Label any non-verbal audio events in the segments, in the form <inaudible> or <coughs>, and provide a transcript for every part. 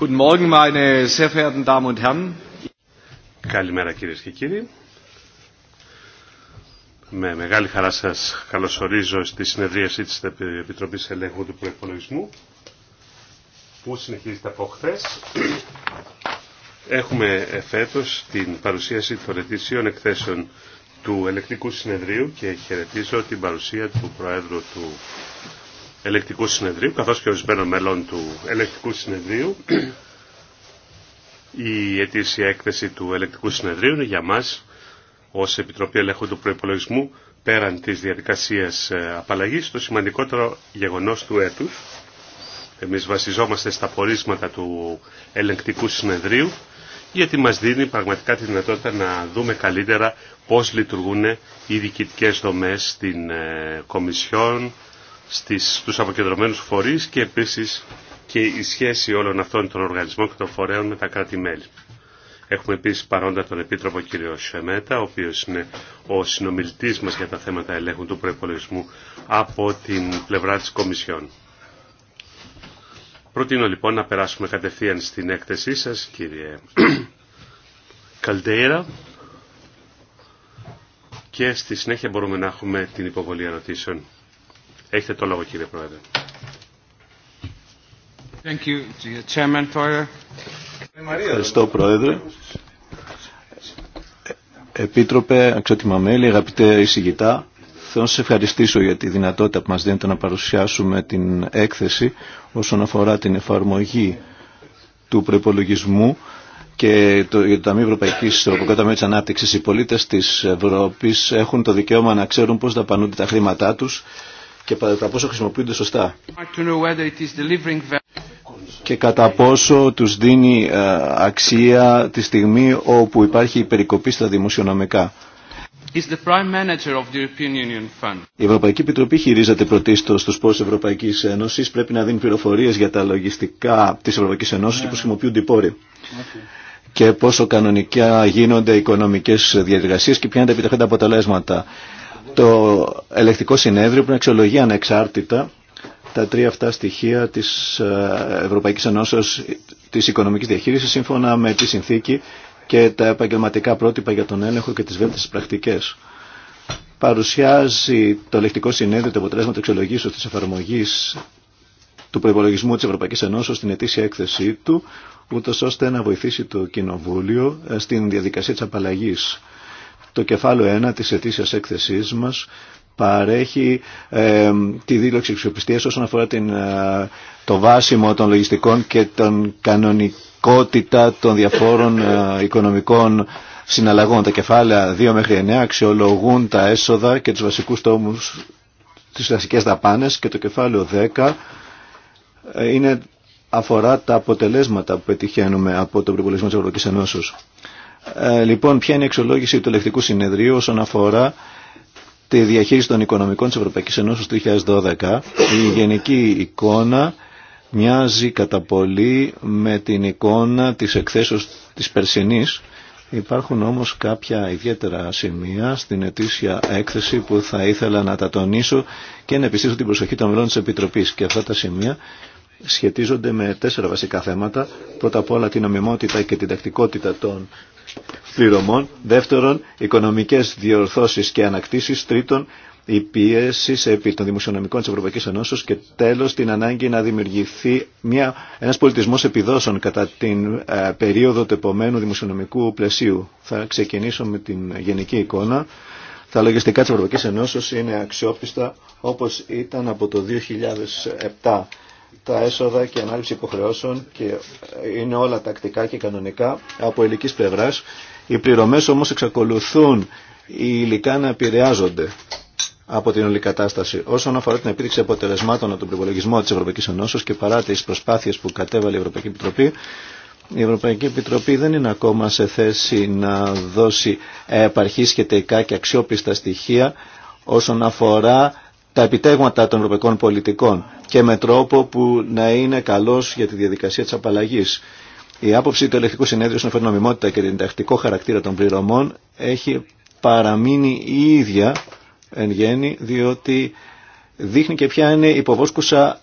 Guten Morgen, meine sehr verehrten Damen und Herren. Καλημέρα κυρίε και κύριοι. Με μεγάλη χαρά σα καλωσορίζω στη συνεδρίαση τη Επιτροπή Ελέγχου του Προπολογισμού που συνεχίζεται από χθε. Έχουμε φέτο την παρουσίαση των ετήσιων εκθέσεων του Ελεκτικού Συνεδρίου και χαιρετίζω την παρουσία του Προέδρου του ελεκτικού συνεδρίου, καθώς και ορισμένων μελών του ελεκτικού συνεδρίου. Η ετήσια έκθεση του ελεκτικού συνεδρίου είναι για μας ως Επιτροπή Ελέγχου του Προϋπολογισμού πέραν της διαδικασίας ε, απαλλαγής το σημαντικότερο γεγονός του έτους. Εμείς βασιζόμαστε στα πορίσματα του Ελεκτικού συνεδρίου γιατί μας δίνει πραγματικά τη δυνατότητα να δούμε καλύτερα πώς λειτουργούν οι διοικητικές δομές στην ε, Κομισιόν, στις, στους αποκεντρωμένους φορείς και επίσης και η σχέση όλων αυτών των οργανισμών και των φορέων με τα κράτη-μέλη. Έχουμε επίσης παρόντα τον Επίτροπο κ. Σεμέτα, ο οποίος είναι ο συνομιλητής μας για τα θέματα ελέγχου του προπολογισμού από την πλευρά της Κομισιόν. Προτείνω λοιπόν να περάσουμε κατευθείαν στην έκθεσή σας, κύριε <clears throat> Καλτέιρα, και στη συνέχεια μπορούμε να έχουμε την υποβολή ερωτήσεων. Έχετε το λόγο κύριε Πρόεδρε. Ευχαριστώ Πρόεδρε. Ε, Επίτροπε, αξιότιμα μέλη, αγαπητέ εισηγητά, θέλω να σας ευχαριστήσω για τη δυνατότητα που μας δίνετε να παρουσιάσουμε την έκθεση όσον αφορά την εφαρμογή του προπολογισμού και το, για το Ταμείο Ευρωπαϊκή Ευρωπαϊκή τη Ανάπτυξη, οι πολίτε τη Ευρώπη έχουν το δικαίωμα να ξέρουν πώ δαπανούνται τα χρήματά του και κατά πόσο χρησιμοποιούνται σωστά και κατά πόσο τους δίνει ε, αξία τη στιγμή όπου υπάρχει η περικοπή στα δημοσιονομικά. Η Ευρωπαϊκή Επιτροπή χειρίζεται πρωτίστω του πόρου Ευρωπαϊκή Ένωση. Πρέπει να δίνει πληροφορίε για τα λογιστικά τη Ευρωπαϊκή Ένωση yeah. και πώ χρησιμοποιούνται οι πόροι. Και πόσο κανονικά γίνονται οι οικονομικέ διαδικασίε και ποια είναι τα αποτελέσματα. Το ελεκτικό συνέδριο που αξιολογεί ανεξάρτητα τα τρία αυτά στοιχεία της ε, Ευρωπαϊκής Ενώσεως της οικονομικής διαχείρισης σύμφωνα με τη συνθήκη και τα επαγγελματικά πρότυπα για τον έλεγχο και τις βέλτιστες πρακτικές. Παρουσιάζει το ελεκτικό συνέδριο το αποτέλεσμα του εξολογήσεως της εφαρμογής του προπολογισμού της Ευρωπαϊκής Ενώσεως στην ετήσια έκθεσή του, ούτως ώστε να βοηθήσει το Κοινοβούλιο ε, στην διαδικασία της απαλλαγής το κεφάλαιο 1 της ετήσιας έκθεσής μας παρέχει ε, τη δήλωση εξοπιστίας όσον αφορά την, ε, το βάσιμο των λογιστικών και την κανονικότητα των διαφόρων ε, οικονομικών συναλλαγών. Τα κεφάλαια 2 μέχρι 9 αξιολογούν τα έσοδα και τους βασικούς τόμους τις βασικές δαπάνες και το κεφάλαιο 10 ε, είναι αφορά τα αποτελέσματα που πετυχαίνουμε από τον προπολογισμό της Ευρωπαϊκής Ενώσεως. Ε, λοιπόν, ποια είναι η εξολόγηση του ελεκτικού συνεδρίου όσον αφορά τη διαχείριση των οικονομικών της Ευρωπαϊκής Ενώσης του 2012. Η γενική εικόνα μοιάζει κατά πολύ με την εικόνα της εκθέσεως της Περσινής. Υπάρχουν όμως κάποια ιδιαίτερα σημεία στην ετήσια έκθεση που θα ήθελα να τα τονίσω και να επιστήσω την προσοχή των μελών της Επιτροπής. Και αυτά τα σημεία σχετίζονται με τέσσερα βασικά θέματα. Πρώτα απ' όλα την ομιμότητα και την τακτικότητα των πληρωμών. Δεύτερον, οικονομικές διορθώσεις και ανακτήσεις. Τρίτον, η πίεση επί των δημοσιονομικών της Ευρωπαϊκής και τέλος την ανάγκη να δημιουργηθεί μια, ένας πολιτισμός επιδόσεων κατά την ε, περίοδο του επομένου δημοσιονομικού πλαισίου. Θα ξεκινήσω με την γενική εικόνα. Τα λογιστικά της Ευρωπαϊκής Ενώσεως είναι αξιόπιστα όπως ήταν από το 2007 τα έσοδα και ανάληψη υποχρεώσεων και είναι όλα τακτικά και κανονικά από ηλικής πλευράς. Οι πληρωμές όμως εξακολουθούν οι υλικά να επηρεάζονται από την όλη κατάσταση. Όσον αφορά την επίδειξη αποτελεσμάτων από τον προπολογισμό της Ευρωπαϊκής Ενώσεως και παρά τις προσπάθειες που κατέβαλε η Ευρωπαϊκή Επιτροπή, η Ευρωπαϊκή Επιτροπή δεν είναι ακόμα σε θέση να δώσει επαρχή σχετικά και αξιόπιστα στοιχεία όσον αφορά τα επιτέγματα των ευρωπαϊκών πολιτικών και με τρόπο που να είναι καλός για τη διαδικασία της απαλλαγής. Η άποψη του ελεκτικού συνέδριου στην φαινομιμότητα και την τακτικό χαρακτήρα των πληρωμών έχει παραμείνει η ίδια εν γέννη διότι δείχνει και ποια είναι υποβόσκουσα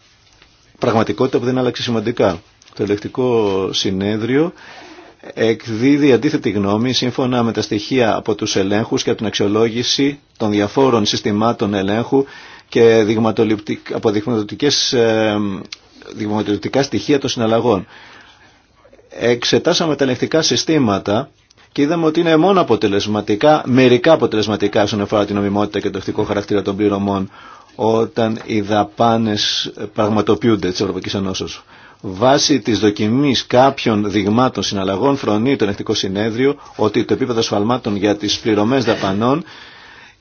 πραγματικότητα που δεν άλλαξε σημαντικά. Το ελεκτικό συνέδριο εκδίδει αντίθετη γνώμη σύμφωνα με τα στοιχεία από τους ελέγχους και από την αξιολόγηση των διαφόρων συστημάτων ελέγχου και από ε, δειγματοληπτικά στοιχεία των συναλλαγών. Εξετάσαμε τα ελεγχτικά συστήματα και είδαμε ότι είναι μόνο αποτελεσματικά, μερικά αποτελεσματικά όσον αφορά την νομιμότητα και το ευτικό χαρακτήρα των πληρωμών όταν οι δαπάνες πραγματοποιούνται της Ευρωπαϊκής Ενώσεως. Βάσει της δοκιμής κάποιων δειγμάτων συναλλαγών φρονεί το Ελεκτικό Συνέδριο ότι το επίπεδο ασφαλμάτων για τις πληρωμές δαπανών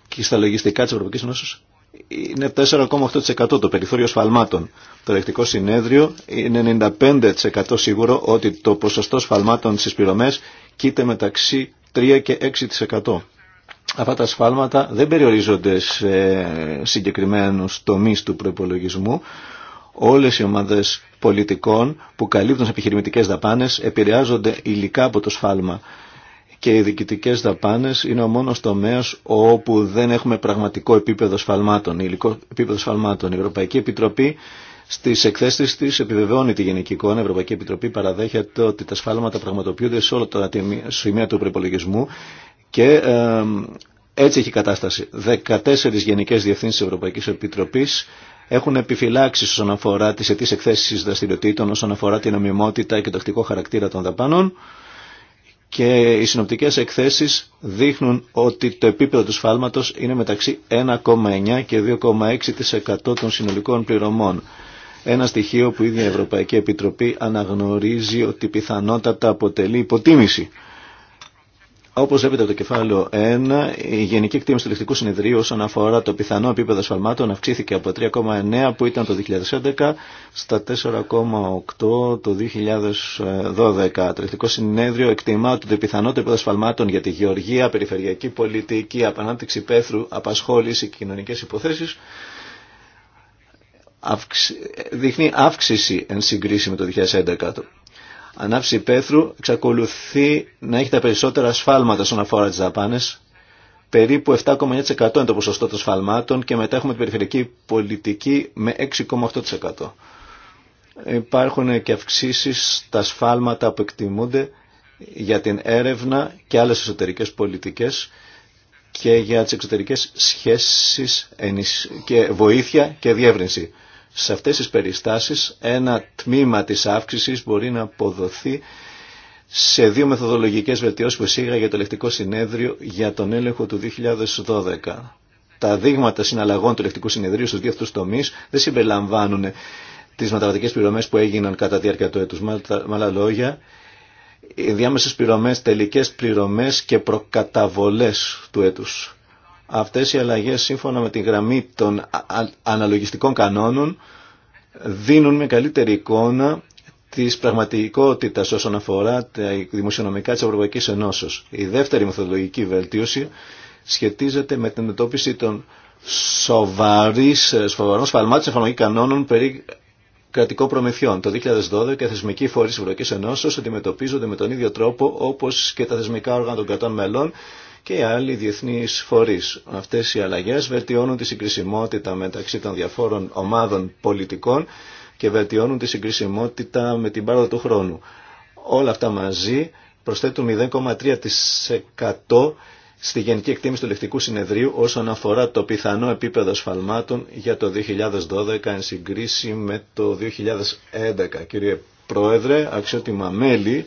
και στα λογιστικά της Ευρωπαϊκής Ένωσης είναι 4,8% το περιθώριο ασφαλμάτων. Το Ελεκτικό Συνέδριο είναι 95% σίγουρο ότι το ποσοστό ασφαλμάτων στις πληρωμές κοίται μεταξύ 3 και 6%. Αυτά τα σφάλματα δεν περιορίζονται σε συγκεκριμένους τομείς του προπολογισμού, όλες οι ομάδες πολιτικών που καλύπτουν σε επιχειρηματικές δαπάνες επηρεάζονται υλικά από το σφάλμα και οι διοικητικές δαπάνες είναι ο μόνος τομέας όπου δεν έχουμε πραγματικό επίπεδο σφαλμάτων, υλικό επίπεδο σφαλμάτων. Η Ευρωπαϊκή Επιτροπή στις εκθέσεις της επιβεβαιώνει τη γενική εικόνα. Η Ευρωπαϊκή Επιτροπή παραδέχεται ότι τα σφάλματα πραγματοποιούνται σε όλα τα σημεία του προπολογισμού και έτσι έχει κατάσταση. 14 γενικές διευθύνσει της Ευρωπαϊκής Επιτροπής έχουν επιφυλάξει όσον αφορά τι αιτήσει εκθέσει δραστηριοτήτων, όσον αφορά την ομιμότητα και τακτικό χαρακτήρα των δαπάνων. Και οι συνοπτικές εκθέσεις δείχνουν ότι το επίπεδο του σφάλματος είναι μεταξύ 1,9 και 2,6% των συνολικών πληρωμών. Ένα στοιχείο που η ίδια η Ευρωπαϊκή Επιτροπή αναγνωρίζει ότι πιθανότατα αποτελεί υποτίμηση όπως βλέπετε από το κεφάλαιο 1, η γενική εκτίμηση του ελεκτικού συνεδρίου όσον αφορά το πιθανό επίπεδο ασφαλμάτων αυξήθηκε από 3,9 που ήταν το 2011 στα 4,8 το 2012. Το ελεκτικό συνέδριο εκτιμά ότι το πιθανό επίπεδο ασφαλμάτων για τη γεωργία, περιφερειακή πολιτική, απανάπτυξη πέθρου, απασχόληση και κοινωνικές υποθέσεις δείχνει αύξηση εν συγκρίση με το 2011 ανάψη πέθρου εξακολουθεί να έχει τα περισσότερα σφάλματα στον αφορά τις δαπάνες. Περίπου 7,9% είναι το ποσοστό των σφαλμάτων και μετά έχουμε την περιφερειακή πολιτική με 6,8%. Υπάρχουν και αυξήσει στα σφάλματα που εκτιμούνται για την έρευνα και άλλες εσωτερικές πολιτικές και για τις εξωτερικές σχέσεις και βοήθεια και διεύρυνση. Σε αυτές τις περιστάσεις ένα τμήμα της αύξησης μπορεί να αποδοθεί σε δύο μεθοδολογικές βελτιώσεις που εισήγαγε για το ελεκτικό συνέδριο για τον έλεγχο του 2012. Τα δείγματα συναλλαγών του ελεκτικού συνεδρίου στους δύο αυτούς τομείς δεν συμπεριλαμβάνουν τις μεταβατικέ πληρωμές που έγιναν κατά διάρκεια του έτους. Με άλλα λόγια, οι διάμεσες πληρωμές, τελικές πληρωμές και προκαταβολές του έτους. Αυτές οι αλλαγές σύμφωνα με τη γραμμή των αναλογιστικών κανόνων δίνουν μια καλύτερη εικόνα της πραγματικότητας όσον αφορά τα δημοσιονομικά της Ευρωπαϊκής Ενώσεως. Η δεύτερη μεθοδολογική βελτίωση σχετίζεται με την εντόπιση των σοβαρής, σοβαρών σφαλμάτων εφαρμογή κανόνων περί κρατικών προμηθειών. Το 2012 οι θεσμικοί φορεί τη Ευρωπαϊκής Ενώσεως αντιμετωπίζονται με τον ίδιο τρόπο όπως και τα θεσμικά όργανα των κρατών μελών και άλλοι διεθνείς φορείς. Αυτές οι αλλαγές βελτιώνουν τη συγκρισιμότητα μεταξύ των διαφόρων ομάδων πολιτικών και βελτιώνουν τη συγκρισιμότητα με την πάροδο του χρόνου. Όλα αυτά μαζί προσθέτουν 0,3% στη Γενική Εκτίμηση του λεκτικού Συνεδρίου όσον αφορά το πιθανό επίπεδο σφαλμάτων για το 2012 εν συγκρίση με το 2011. Κύριε Πρόεδρε, αξιότιμα μέλη,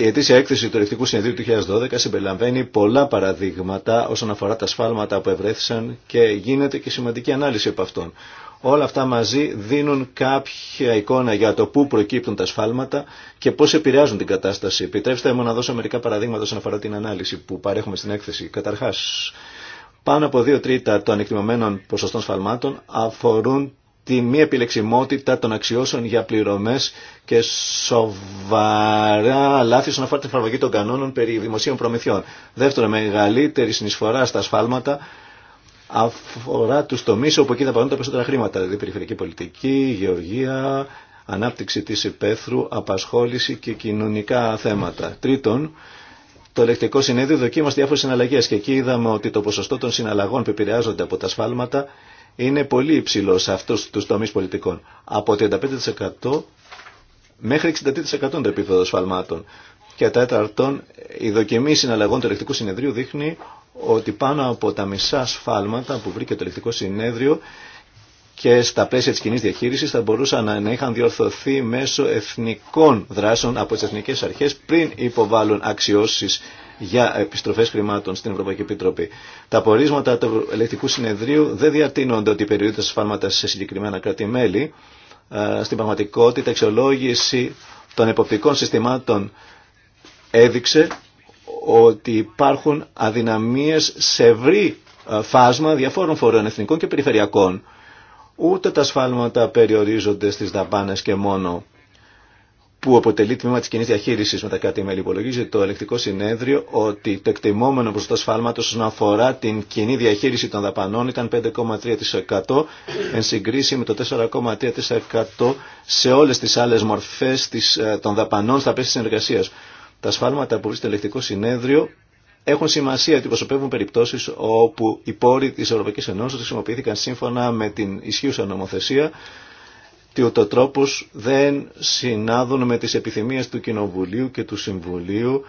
η ετήσια έκθεση του Εκτικού Συνεδρίου του 2012 συμπεριλαμβάνει πολλά παραδείγματα όσον αφορά τα σφάλματα που ευρέθησαν και γίνεται και σημαντική ανάλυση από αυτών. Όλα αυτά μαζί δίνουν κάποια εικόνα για το πού προκύπτουν τα σφάλματα και πώς επηρεάζουν την κατάσταση. Επιτρέψτε μου να δώσω μερικά παραδείγματα όσον αφορά την ανάλυση που παρέχουμε στην έκθεση. Καταρχάς, πάνω από δύο τρίτα των εκτιμωμένων ποσοστών σφαλμάτων αφορούν τη μη επιλεξιμότητα των αξιώσεων για πληρωμές και σοβαρά λάθη στον αφορά την εφαρμογή των κανόνων περί δημοσίων προμηθειών. Δεύτερον, μεγαλύτερη συνεισφορά στα ασφάλματα αφορά τους τομείς όπου εκεί θα παρούν τα περισσότερα χρήματα, δηλαδή περιφερειακή πολιτική, γεωργία, ανάπτυξη της υπαίθρου, απασχόληση και κοινωνικά θέματα. Τρίτον, το ελεκτικό συνέδριο δοκίμασε διάφορε συναλλαγέ και εκεί είδαμε ότι το ποσοστό των συναλλαγών που επηρεάζονται από τα σφάλματα είναι πολύ υψηλό σε αυτούς τους τομείς πολιτικών. Από 35% μέχρι 63% το επίπεδο σφαλμάτων. Και τέταρτον, η δοκιμή συναλλαγών του ελεκτικού συνεδρίου δείχνει ότι πάνω από τα μισά σφάλματα που βρήκε το ελεκτικό συνέδριο και στα πλαίσια της κοινή διαχείρισης θα μπορούσαν να είχαν διορθωθεί μέσω εθνικών δράσεων από τις εθνικές αρχές πριν υποβάλουν αξιώσεις για επιστροφές χρημάτων στην Ευρωπαϊκή Επιτροπή. Τα πορίσματα του ελεκτικού συνεδρίου δεν διατείνονται ότι περιορίζονται σφάλματα σε συγκεκριμένα κράτη-μέλη. Στην πραγματικότητα, εξολόγηση των εποπτικών συστημάτων έδειξε ότι υπάρχουν αδυναμίες σε ευρύ φάσμα διαφόρων φορέων εθνικών και περιφερειακών. Ούτε τα σφάλματα περιορίζονται στις δαπάνες και μόνο που αποτελεί τμήμα τη κοινή διαχείριση με τα κάτι μελη Υπολογίζει το ελεκτικό συνέδριο ότι το εκτιμόμενο ποσοστό σφάλματο όσον αφορά την κοινή διαχείριση των δαπανών ήταν 5,3% εν συγκρίση με το 4,3% σε όλε τι άλλε μορφέ ε, των δαπανών στα πλαίσια συνεργασία. Τα σφάλματα που βρίσκεται στο ελεκτικό συνέδριο έχουν σημασία ότι προσωπεύουν περιπτώσει όπου οι πόροι τη Ευρωπαϊκή Ενώση χρησιμοποιήθηκαν σύμφωνα με την ισχύουσα νομοθεσία ότι ο τρόπο δεν συνάδουν με τις επιθυμίες του Κοινοβουλίου και του Συμβουλίου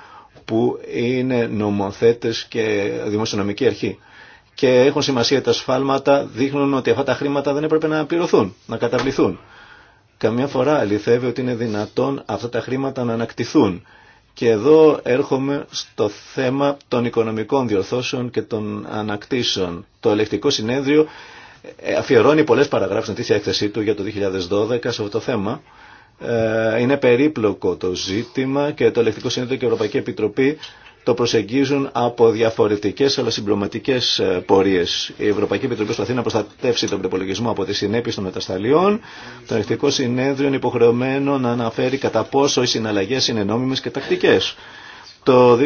που είναι νομοθέτες και δημοσιονομική αρχή. Και έχουν σημασία τα σφάλματα, δείχνουν ότι αυτά τα χρήματα δεν έπρεπε να πληρωθούν, να καταβληθούν. Καμιά φορά αληθεύει ότι είναι δυνατόν αυτά τα χρήματα να ανακτηθούν. Και εδώ έρχομαι στο θέμα των οικονομικών διορθώσεων και των ανακτήσεων. Το ελεκτικό συνέδριο ε, αφιερώνει πολλές παραγράφους στην τέτοια έκθεσή του για το 2012 σε αυτό το θέμα. Ε, είναι περίπλοκο το ζήτημα και το Ελεκτικό Συνέδριο και η Ευρωπαϊκή Επιτροπή το προσεγγίζουν από διαφορετικέ αλλά συμπληρωματικέ ε, πορείε. Η Ευρωπαϊκή Επιτροπή προσπαθεί να προστατεύσει τον προπολογισμό από τι συνέπειε των μετασταλιών. Το Ελεκτικό Συνέδριο είναι υποχρεωμένο να αναφέρει κατά πόσο οι συναλλαγέ είναι νόμιμε και τακτικέ. Το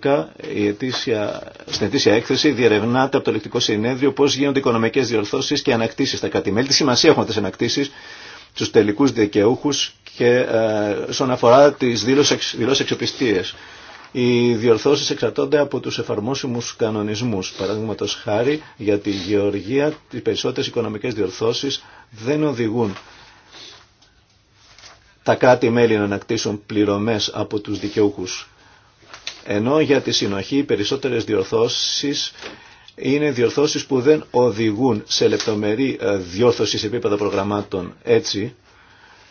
2012 η ετήσια, στην ετήσια έκθεση διερευνάται από το Ελεκτικό Συνέδριο πώς γίνονται οικονομικές διορθώσεις και ανακτήσεις στα κατημέλη. Τι σημασία έχουν αυτές ανακτήσεις στους τελικούς δικαιούχους και σχετικά με αφορά τις δηλώσεις, δηλώσεις Οι διορθώσεις εξαρτώνται από τους εφαρμόσιμους κανονισμούς. Παραδείγματο χάρη για τη γεωργία, τις περισσότερες οικονομικές διορθώσεις δεν οδηγούν τα κάτι μελη να ανακτήσουν πληρωμές από τους δικαιούχους. Ενώ για τη συνοχή οι περισσότερες διορθώσεις είναι διορθώσεις που δεν οδηγούν σε λεπτομερή ε, διόρθωση σε επίπεδα προγραμμάτων. Έτσι,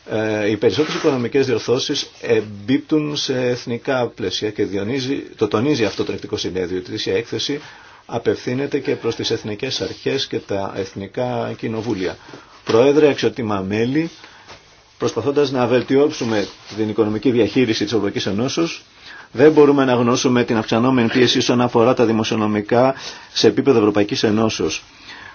ε, οι περισσότερες οικονομικές διορθώσεις εμπίπτουν σε εθνικά πλαίσια και το τονίζει αυτό το εκτικό συνέδριο. Η τρίσια έκθεση απευθύνεται και προς τις εθνικές αρχές και τα εθνικά κοινοβούλια. Πρόεδρε, μέλη, προσπαθώντας να βελτιώσουμε την οικονομική διαχείριση της Ευρωπαϊκής Ενώσεως, δεν μπορούμε να γνώσουμε την αυξανόμενη πίεση όσον αφορά τα δημοσιονομικά σε επίπεδο Ευρωπαϊκής Ενώσεως.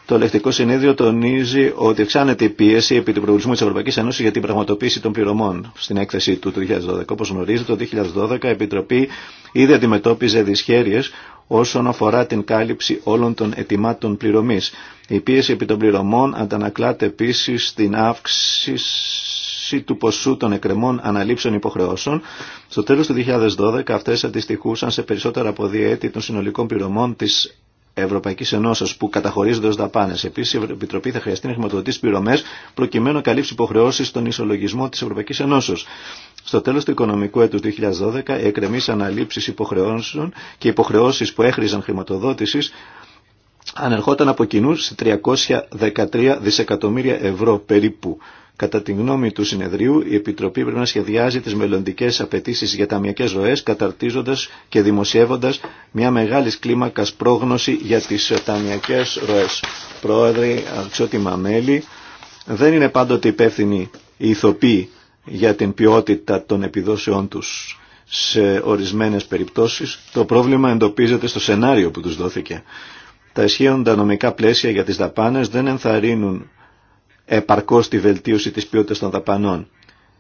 Το ελεκτικό συνέδριο τονίζει ότι αυξάνεται η πίεση επί του προβλησμού τη Ευρωπαϊκή Ένωση για την πραγματοποίηση των πληρωμών στην έκθεση του 2012. Όπω γνωρίζετε, το 2012 η Επιτροπή ήδη αντιμετώπιζε δυσχέρειε όσον αφορά την κάλυψη όλων των ετοιμάτων πληρωμή. Η πίεση επί των πληρωμών αντανακλάται επίση στην αύξηση του ποσού των εκκρεμών αναλήψεων υποχρεώσεων. Στο τέλος του 2012 αυτές αντιστοιχούσαν σε περισσότερα από δύο έτη των συνολικών πληρωμών της Ευρωπαϊκή Ενώσεω που καταχωρίζονται ως δαπάνες. επίση, η Επιτροπή θα χρειαστεί να χρηματοδοτήσει πληρωμέ προκειμένου να καλύψει υποχρεώσει στον ισολογισμό τη Ευρωπαϊκή Ενώσεω. Στο τέλο του οικονομικού έτου 2012, οι εκκρεμεί αναλήψει υποχρεώσεων και υποχρεώσει που έχριζαν χρηματοδότηση ανερχόταν από κοινού σε 313 δισεκατομμύρια ευρώ περίπου. Κατά τη γνώμη του συνεδρίου, η Επιτροπή πρέπει να σχεδιάζει τι μελλοντικέ απαιτήσει για ταμιακέ ροέ, καταρτίζοντα και δημοσιεύοντα μια μεγάλη κλίμακα πρόγνωση για τι ταμιακέ ροέ. Πρόεδρε, αξιότιμα μέλη, δεν είναι πάντοτε υπεύθυνοι οι ηθοποίοι για την ποιότητα των επιδόσεών τους σε ορισμένες περιπτώσεις, το πρόβλημα εντοπίζεται στο σενάριο που τους δόθηκε. Τα ισχύοντα νομικά πλαίσια για τις δαπάνες δεν ενθαρρύνουν επαρκώς τη βελτίωση της ποιότητας των δαπανών.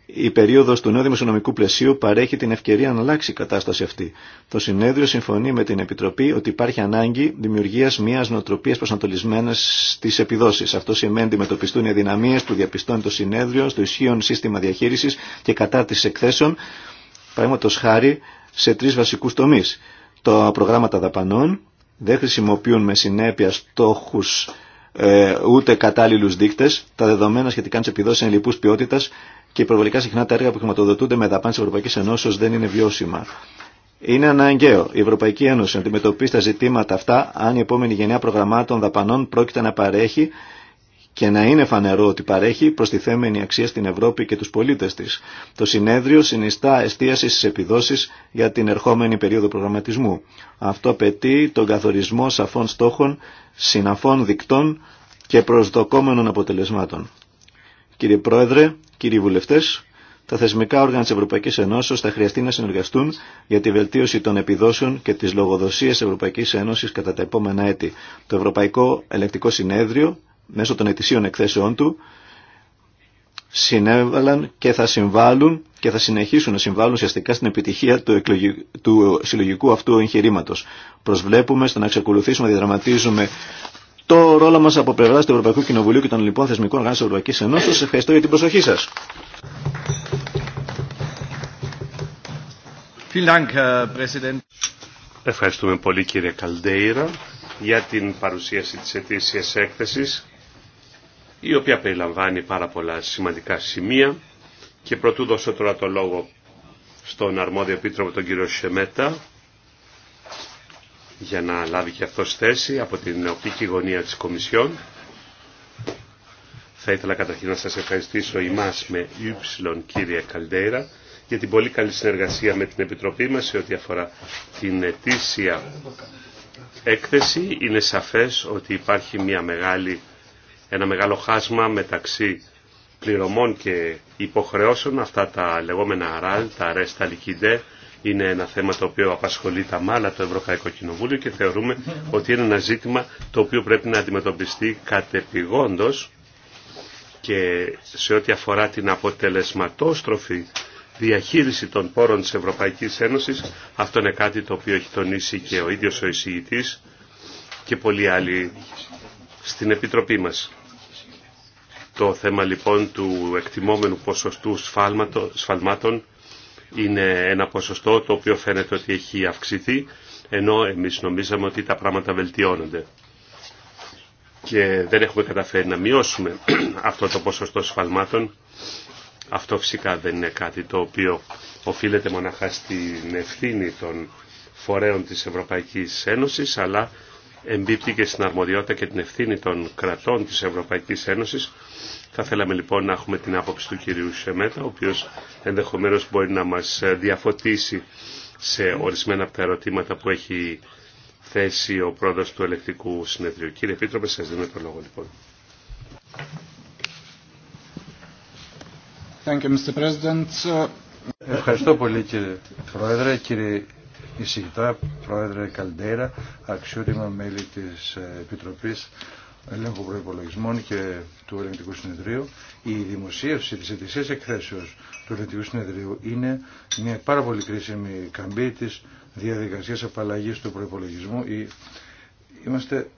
Η περίοδος του νέου δημοσιονομικού πλαισίου παρέχει την ευκαιρία να αλλάξει η κατάσταση αυτή. Το συνέδριο συμφωνεί με την Επιτροπή ότι υπάρχει ανάγκη δημιουργίας μιας νοοτροπίας προσανατολισμένης στις επιδόσεις. Αυτό σημαίνει ότι μετοπιστούν οι αδυναμίες που διαπιστώνει το συνέδριο στο ισχύον σύστημα διαχείρισης και της εκθέσεων, παραδείγματος χάρη σε τρει βασικού τομεί. Τα προγράμματα δαπανών δεν χρησιμοποιούν με συνέπεια στόχους ε, ούτε κατάλληλου δείκτε. Τα δεδομένα σχετικά με τι επιδόσει είναι λοιπού ποιότητα και υπερβολικά συχνά τα έργα που χρηματοδοτούνται με δαπάνε τη Ευρωπαϊκή Ενώσεω δεν είναι βιώσιμα. Είναι αναγκαίο η Ευρωπαϊκή Ένωση να αντιμετωπίσει τα ζητήματα αυτά αν η επόμενη γενιά προγραμμάτων δαπανών πρόκειται να παρέχει και να είναι φανερό ότι παρέχει προ τη θέμενη αξία στην Ευρώπη και του πολίτε τη. Το συνέδριο συνιστά εστίαση στι επιδόσει για την ερχόμενη περίοδο προγραμματισμού. Αυτό απαιτεί τον καθορισμό σαφών στόχων συναφών δικτών και προσδοκόμενων αποτελεσμάτων. Κύριε Πρόεδρε, κύριοι βουλευτές, τα θεσμικά όργανα της Ευρωπαϊκής Ένωσης θα χρειαστεί να συνεργαστούν για τη βελτίωση των επιδόσεων και της λογοδοσίας Ευρωπαϊκής Ένωσης κατά τα επόμενα έτη. Το Ευρωπαϊκό Ελεκτικό Συνέδριο, μέσω των ετησίων εκθέσεών του, συνέβαλαν και θα συμβάλλουν και θα συνεχίσουν να συμβάλλουν ουσιαστικά στην επιτυχία του, του συλλογικού αυτού εγχειρήματο. Προσβλέπουμε στο να ξεκολουθήσουμε, να διαδραματίζουμε το ρόλο μα από πλευρά του Ευρωπαϊκού Κοινοβουλίου και των λοιπόν θεσμικών οργάνων τη Ευρωπαϊκή Ενώσεω. ευχαριστώ για την προσοχή σα. Ευχαριστούμε πολύ κύριε Καλντέιρα για την παρουσίαση της ετήσιας έκθεσης η οποία περιλαμβάνει πάρα πολλά σημαντικά σημεία και πρωτού δώσω τώρα το λόγο στον αρμόδιο επίτροπο τον κύριο Σεμέτα για να λάβει και αυτός θέση από την οπτική γωνία της Κομισιόν. Θα ήθελα καταρχήν να σας ευχαριστήσω εμάς με Y κύριε Καλντέιρα για την πολύ καλή συνεργασία με την Επιτροπή μας σε ό,τι αφορά την ετήσια έκθεση. Είναι σαφές ότι υπάρχει μια μεγάλη ένα μεγάλο χάσμα μεταξύ πληρωμών και υποχρεώσεων. Αυτά τα λεγόμενα ραλ, τα τα λικιντέ είναι ένα θέμα το οποίο απασχολεί τα μάλα το Ευρωπαϊκό Κοινοβούλιο και θεωρούμε ότι είναι ένα ζήτημα το οποίο πρέπει να αντιμετωπιστεί κατεπηγόντως και σε ό,τι αφορά την αποτελεσματόστροφη διαχείριση των πόρων της Ευρωπαϊκής Ένωσης. Αυτό είναι κάτι το οποίο έχει τονίσει και ο ίδιος ο εισηγητής και πολλοί άλλοι στην Επιτροπή μας. Το θέμα λοιπόν του εκτιμόμενου ποσοστού σφαλμάτων είναι ένα ποσοστό το οποίο φαίνεται ότι έχει αυξηθεί, ενώ εμείς νομίζαμε ότι τα πράγματα βελτιώνονται. Και δεν έχουμε καταφέρει να μειώσουμε <clears throat> αυτό το ποσοστό σφαλμάτων. Αυτό φυσικά δεν είναι κάτι το οποίο οφείλεται μοναχά στην ευθύνη των φορέων της Ευρωπαϊκής Ένωσης, αλλά εμπίπτει και στην αρμοδιότητα και την ευθύνη των κρατών της Ευρωπαϊκής Ένωσης θα θέλαμε λοιπόν να έχουμε την άποψη του κυρίου Σεμέτα, ο οποίος ενδεχομένως μπορεί να μας ε, διαφωτίσει σε ορισμένα από τα ερωτήματα που έχει θέσει ο πρόεδρος του Ελεκτικού Συνεδρίου. Κύριε Επίτροπε, σας δίνω το λόγο λοιπόν. Thank you, Mr. Ευχαριστώ πολύ κύριε Πρόεδρε, κύριε Ισηγητά, Πρόεδρε Καλντέρα, αξιότιμα μέλη της ε, Επιτροπής ελέγχου προπολογισμών και του ελεγκτικού συνεδρίου. Η δημοσίευση της ετησία εκθέσεως του ελεγκτικού συνεδρίου είναι μια πάρα πολύ κρίσιμη καμπή της διαδικασίας απαλλαγής του προπολογισμού. Είμαστε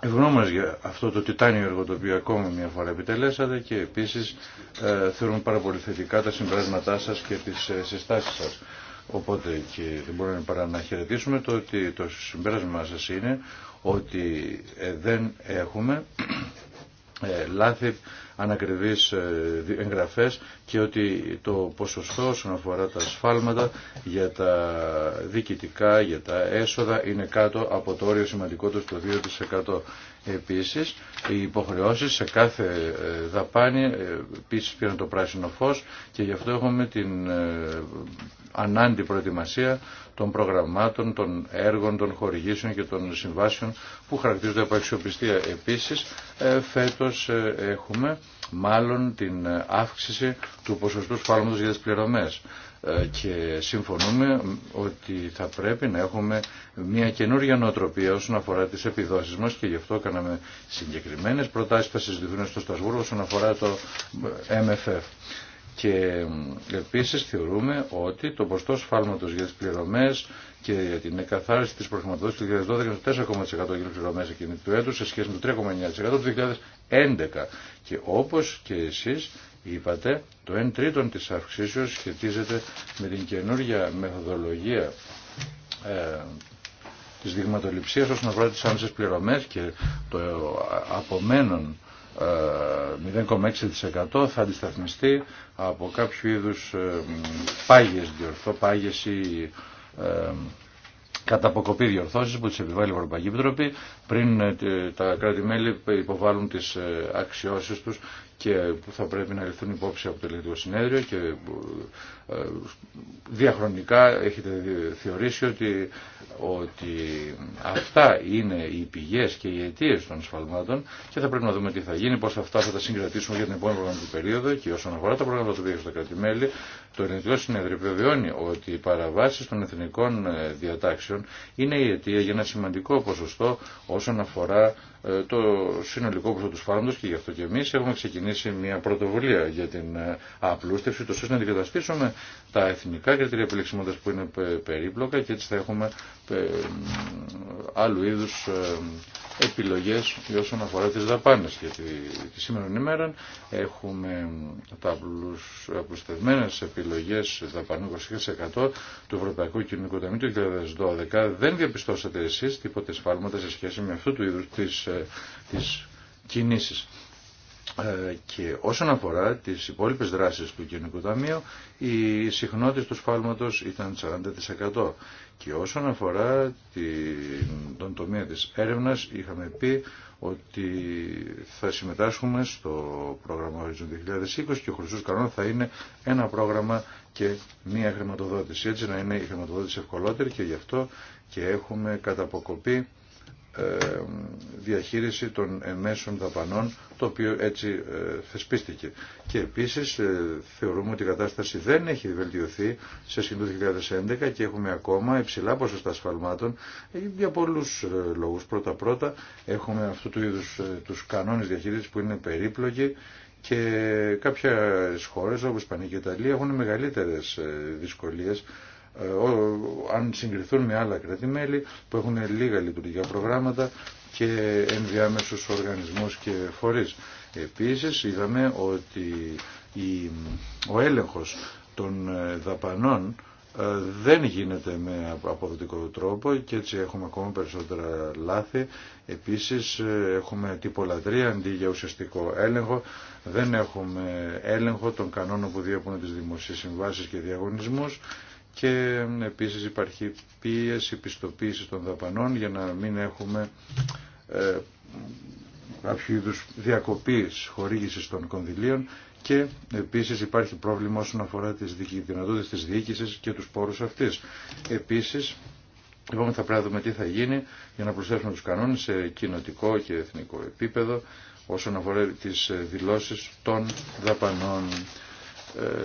ευγνώμες για αυτό το τιτάνιο έργο το οποίο ακόμα μια φορά επιτελέσατε και επίσης ε, θεωρούμε πάρα πολύ θετικά τα συμπεράσματά σας και τις ε, συστάσεις σας. Οπότε και δεν μπορούμε παρά να χαιρετήσουμε το ότι το συμπέρασμα σας είναι ότι ε, δεν έχουμε ε, λάθη ανακριβείς ε, εγγραφές και ότι το ποσοστό όσον αφορά τα σφάλματα για τα διοικητικά, για τα έσοδα είναι κάτω από το όριο σημαντικό του το 2%. Επίσης, οι υποχρεώσεις σε κάθε ε, δαπάνη ε, επίσης πήραν το πράσινο φως και γι' αυτό έχουμε την ε, ανάντη προετοιμασία των προγραμμάτων, των έργων, των χορηγήσεων και των συμβάσεων που χαρακτηρίζονται από αξιοπιστία. Επίσης, φέτος έχουμε μάλλον την αύξηση του ποσοστού σφάλματος για τις πληρωμές. Ε, και συμφωνούμε ότι θα πρέπει να έχουμε μια καινούργια νοοτροπία όσον αφορά τις επιδόσεις μας και γι' αυτό κάναμε συγκεκριμένες προτάσεις που θα συζητηθούν στο Στασβούργο όσον αφορά το MFF. Και επίσης θεωρούμε ότι το ποστό σφάλματος για τις πληρωμές και την εκαθάριση της προχρηματοδότηση του 2012 στο 4,4% για πληρωμέ εκείνη του έτου σε σχέση με το 3,9% του 2011. Και όπως και εσείς είπατε, το 1 τρίτον τη αυξήσεω σχετίζεται με την καινούργια μεθοδολογία ε, τη δειγματοληψίας όσον αφορά τι άμεσε πληρωμές και το απομένον 0,6% ε, θα αντισταθμιστεί από κάποιο είδους ε, πάγιες διορθώ, πάγιες ή κατά αποκοπή διορθώσεις που τις επιβάλλει η Ευρωπαϊκή Επιτροπή πριν ε, τα κράτη-μέλη υποβάλουν τις ε, αξιώσεις τους και που θα πρέπει να ληφθούν υπόψη από το Ελληνικό Συνέδριο και ε, διαχρονικά έχετε θεωρήσει ότι, ότι αυτά είναι οι πηγές και οι αιτίες των ασφαλμάτων και θα πρέπει να δούμε τι θα γίνει, πώς αυτά θα τα συγκρατήσουμε για την επόμενη προγραμματική περίοδο και όσον αφορά τα προγράμματα που έχει στο κρατημέλη, το Ελληνικό Συνέδριο επιβεβαιώνει ότι οι παραβάσεις των εθνικών ε, διατάξεων είναι η αιτία για ένα σημαντικό ποσοστό όσον αφορά ε, το συνολικό ποσό του φάρμαντος και γι' αυτό και εμείς έχουμε ξεκινήσει μια πρωτοβουλία για την ε, απλούστευση, τόσο να αντικαταστήσουμε τα εθνικά κριτήρια επιλεξιμότητα που είναι περίπλοκα και έτσι θα έχουμε ε, άλλου είδους ε, επιλογές όσον αφορά τις δαπάνες γιατί τη σήμερα ημέρα έχουμε τα απλουστευμένες επιλογές δαπανού 20% του Ευρωπαϊκού Κοινωνικού Ταμείου του 2012 δεν διαπιστώσατε εσείς τίποτε σφάλματα σε σχέση με αυτού του είδους τις, ε, τις κινήσεις ε, και όσον αφορά τις υπόλοιπες δράσεις του Κοινωνικού Ταμείου, η συχνότητα του σφάλματος ήταν 40%. Και όσον αφορά τον τομέα της έρευνας, είχαμε πει ότι θα συμμετάσχουμε στο πρόγραμμα Horizon 2020 και ο χρυσός κανόνα θα είναι ένα πρόγραμμα και μία χρηματοδότηση. Έτσι να είναι η χρηματοδότηση ευκολότερη και γι' αυτό και έχουμε καταποκοπή ε, διαχείριση των εμέσων δαπανών το οποίο έτσι ε, θεσπίστηκε. Και επίσης ε, θεωρούμε ότι η κατάσταση δεν έχει βελτιωθεί σε σχέση 2011 και έχουμε ακόμα υψηλά ποσοστά ασφαλμάτων για πολλούς λόγους. Πρώτα-πρώτα έχουμε αυτού του είδους τους κανόνες διαχείρισης που είναι περίπλοκοι και κάποιες χώρες όπως η και Ιταλία έχουν μεγαλύτερες δυσκολίες ε, αν συγκριθούν με άλλα κράτη-μέλη που έχουν λίγα λειτουργικά προγράμματα και ενδιάμεσους οργανισμούς και φορείς. Επίσης είδαμε ότι ο έλεγχος των ε, δαπανών ε, δεν γίνεται με αποδοτικό τρόπο και έτσι έχουμε ακόμα περισσότερα λάθη. Επίσης έχουμε τυπολατρία αντί για ουσιαστικό έλεγχο. Δεν έχουμε έλεγχο των κανόνων που διέπουν τις δημοσίες συμβάσεις και διαγωνισμούς και επίσης υπάρχει πίεση πιστοποίηση των δαπανών για να μην έχουμε ε, κάποιο είδους διακοπής χορήγησης των κονδυλίων και επίσης υπάρχει πρόβλημα όσον αφορά τις δυνατότητες της διοίκησης και τους πόρους αυτής. Επίσης, λοιπόν, θα πρέπει να δούμε τι θα γίνει για να προσθέσουμε τους κανόνες σε κοινοτικό και εθνικό επίπεδο όσον αφορά τις δηλώσεις των δαπανών ε,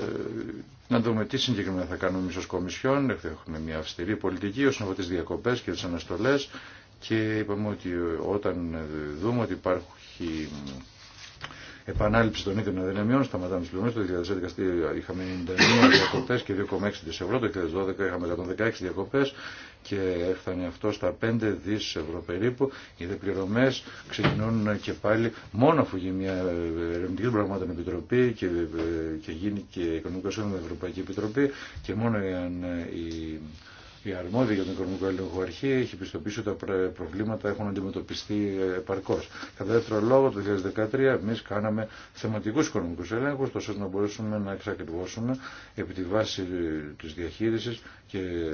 να δούμε τι συγκεκριμένα θα κάνουμε εμεί ω Κομισιόν. Έχουμε μια αυστηρή πολιτική όσον αφορά τι διακοπές και τι αναστολές και είπαμε ότι όταν δούμε ότι υπάρχει επανάληψη των ίδιων αδυναμιών, σταματάμε τι πληρωμέ. Το 2011 είχαμε 91 διακοπέ και 2,6 ευρώ, το 2012 είχαμε 116 διακοπέ και έφτανε αυτό στα 5 δις ευρώ περίπου. Οι δεπληρωμές ξεκινούν και πάλι μόνο αφού γίνει μια ερευνητική πραγμάτων επιτροπή και, ε, και γίνει και οικονομικό την Ευρωπαϊκή Επιτροπή και μόνο αν οι ε, η αρμόδια για τον οικονομικό έλεγχο αρχή έχει πιστοποιήσει ότι τα προβλήματα έχουν αντιμετωπιστεί ε, επαρκώ. Κατά δεύτερο λόγο, το 2013 εμεί κάναμε θεματικού οικονομικού ελέγχου, τόσο να μπορέσουμε να εξακριβώσουμε επί τη βάση ε, τη διαχείριση και ε,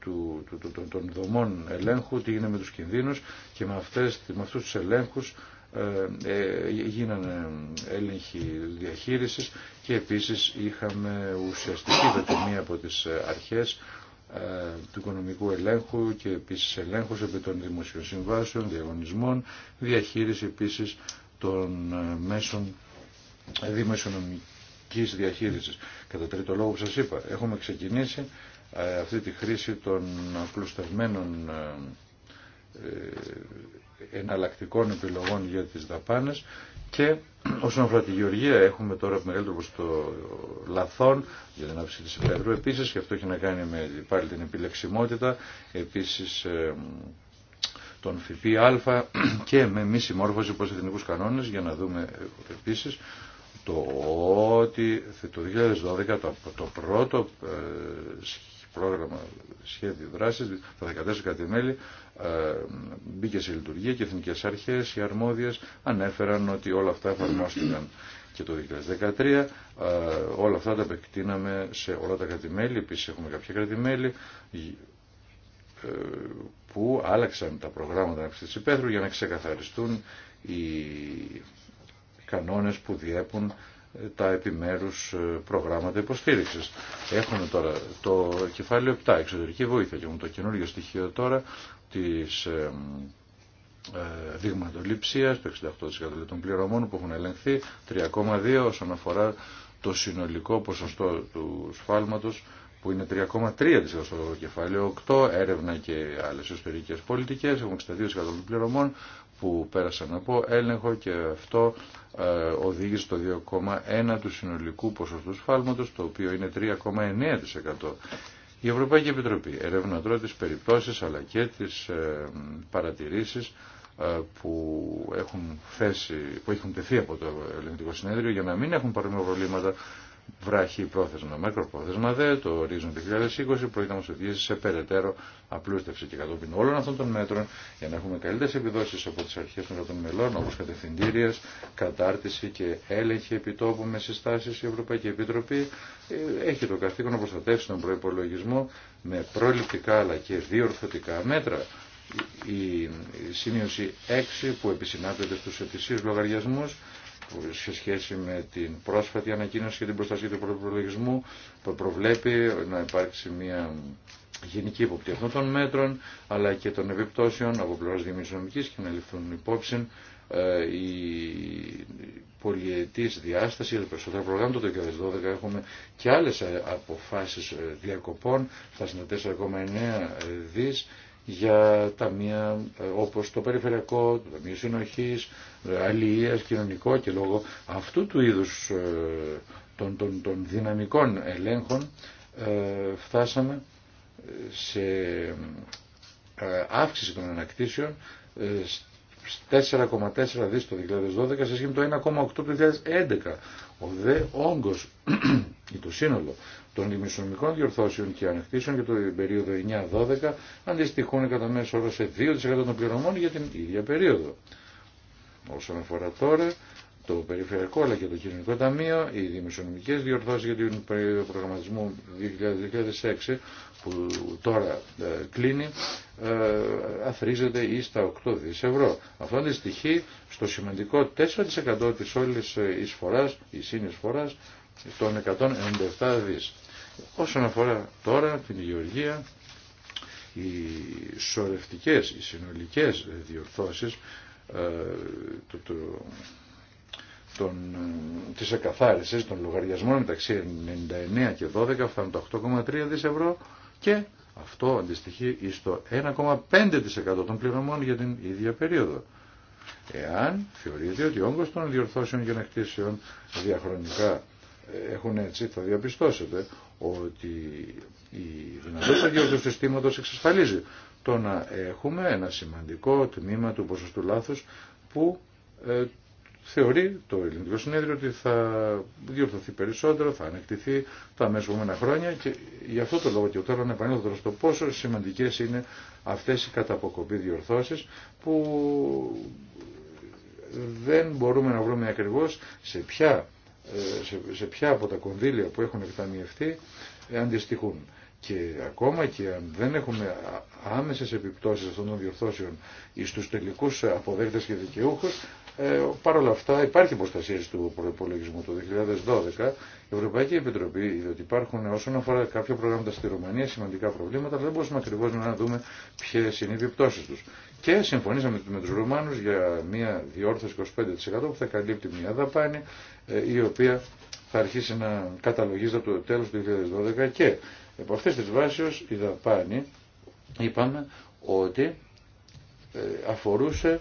του, του, του, των δομών ελέγχου τι γίνεται με του κινδύνου και με, με αυτού του ελέγχου ε, γίνανε έλεγχοι διαχείρισης και επίσης είχαμε ουσιαστική δοκιμή από τις αρχές ε, του οικονομικού ελέγχου και επίσης ελέγχου επί των δημοσίων διαγωνισμών, διαχείριση επίσης των ε, μέσων ε, δημοσιονομικής διαχείρισης. Κατά τρίτο λόγο που σας είπα, έχουμε ξεκινήσει αυτή τη χρήση των απλουστευμένων εναλλακτικών επιλογών για τις δαπάνες και όσον αφορά τη γεωργία έχουμε τώρα μεγαλύτερο ποσοστό λαθών για την άψη της υπέδρου επίσης και αυτό έχει να κάνει με πάλι την επιλεξιμότητα επίσης ε, τον ΦΠΑ και με μη συμμόρφωση προς εθνικούς κανόνες για να δούμε επίσης το ότι το 2012 το, πρώτο ε, πρόγραμμα σχέδιο δράσης, τα 14 κατημέλη ε, μπήκε σε λειτουργία και οι εθνικές αρχές, οι αρμόδιες ανέφεραν ότι όλα αυτά εφαρμόστηκαν και το 2013. Ε, όλα αυτά τα επεκτείναμε σε όλα τα κρατημέλη. Επίσης έχουμε κάποια κρατημέλη ε, που άλλαξαν τα προγράμματα της υπαίθρου για να ξεκαθαριστούν οι κανόνες που διέπουν τα επιμέρους προγράμματα υποστήριξης. Έχουμε τώρα το κεφάλαιο 7, εξωτερική βοήθεια και έχουμε το καινούργιο στοιχείο τώρα της ε, δειγματοληψίας, το 68% των πληρωμών που έχουν ελεγχθεί, 3,2% όσον αφορά το συνολικό ποσοστό του σφάλματος που είναι 3,3% στο κεφάλαιο 8, έρευνα και άλλες ιστορικές πολιτικές, έχουν 62% των πληρωμών που πέρασαν από έλεγχο και αυτό ε, οδήγησε στο 2,1% του συνολικού ποσοστού σφάλματος, το οποίο είναι 3,9%. Η Ευρωπαϊκή Επιτροπή ερεύνα τώρα τις περιπτώσεις αλλά και τις ε, παρατηρήσεις ε, που έχουν, θέσει, που έχουν τεθεί από το Ελληνικό Συνέδριο για να μην έχουν παρόμοια προβλήματα βράχη πρόθεσμα, μακροπρόθεσμα δε, το ορίζον 2020 πρόκειται να μας οδηγήσει σε περαιτέρω απλούστευση και κατόπιν όλων αυτών των μέτρων για να έχουμε καλύτερες επιδόσεις από τις αρχές των κρατών μελών όπως κατευθυντήριας, κατάρτιση και έλεγχη επιτόπου με συστάσεις η Ευρωπαϊκή Επιτροπή ε, έχει το καθήκον να προστατεύσει τον προϋπολογισμό με προληπτικά αλλά και διορθωτικά μέτρα η σημείωση 6 που επισυνάπτεται στους ετησίους λογαριασμούς σε σχέση με την πρόσφατη ανακοίνωση για την προστασία του προπολογισμού που προβλέπει να υπάρξει μια γενική υποπτή αυτών των μέτρων αλλά και των επιπτώσεων από πλευράς δημοσιονομικής και να ληφθούν υπόψη ε, η πολυετής διάσταση για τα περισσότερα προγράμματα το 2012 έχουμε και άλλες ε, αποφάσεις ε, διακοπών στα 4,9 δις για ταμεία ε, όπως το περιφερειακό, το Ταμείο Συνοχής, ε, αλληλείας, κοινωνικό και λόγω αυτού του είδους ε, των, των, των δυναμικών ελέγχων φτάσαμε σε αύξηση των ανακτήσεων 4,4 δις το 2012 σε σχέση με το 1,8 το 2011. Ο δε όγκος <clears throat> ή το σύνολο των δημοσιονομικών διορθώσεων και ανεκτήσεων για το περίοδο 9-12 αντιστοιχούν κατά μέσο όρο σε 2% των πληρωμών για την ίδια περίοδο. Όσον αφορά τώρα το Περιφερειακό αλλά και το Κοινωνικό Ταμείο, οι δημοσιονομικές διορθώσει για την περίοδο προγραμματισμού 2006 που τώρα ε, κλείνει, ε, αθρίζεται ή στα 8 δις ευρώ. Αυτό αντιστοιχεί στο σημαντικό 4% της όλης εισφοράς, η συνεισφοράς των 197 δις. Όσον αφορά τώρα την υγειοργία, οι σορευτικές, οι συνολικές διορθώσεις ε, το, το, των, ε, της εκαθάρισης των λογαριασμών μεταξύ 99 και 12 φτάνουν το 8,3 δις ευρώ και αυτό αντιστοιχεί στο 1,5% των πληρωμών για την ίδια περίοδο. Εάν θεωρείται ότι ο όγκος των διορθώσεων και ανακτήσεων διαχρονικά ε, έχουν έτσι, θα διαπιστώσετε ότι η δυνατότητα διόρθωσης του συστήματος εξασφαλίζει το να έχουμε ένα σημαντικό τμήμα του ποσοστού λάθους που ε, θεωρεί το ελληνικό συνέδριο ότι θα διορθωθεί περισσότερο, θα ανεκτηθεί τα μέσα επόμενα χρόνια και γι' αυτό το λόγο και τώρα να επανέλθω στο πόσο σημαντικές είναι αυτές οι καταποκοπή διορθώσεις που δεν μπορούμε να βρούμε ακριβώς σε ποια ε, σε, ποια από τα κονδύλια που έχουν εκταμιευτεί ε, αντιστοιχούν. Και ακόμα και αν δεν έχουμε άμεσες επιπτώσεις αυτών των διορθώσεων τους τελικούς αποδέκτες και δικαιούχους, ε, αυτά υπάρχει προστασία του προπολογισμού του 2012. Η Ευρωπαϊκή Επιτροπή είδε ότι υπάρχουν όσον αφορά κάποια προγράμματα στη Ρωμανία σημαντικά προβλήματα, αλλά δεν μπορούσαμε ακριβώ να δούμε ποιε είναι οι επιπτώσει του και συμφωνήσαμε με τους Ρουμάνους για μια διόρθωση 25% που θα καλύπτει μια δαπάνη ε, η οποία θα αρχίσει να καταλογίζεται από το τέλος του 2012 και από αυτές τις βάσεις η δαπάνη είπαμε ότι ε, αφορούσε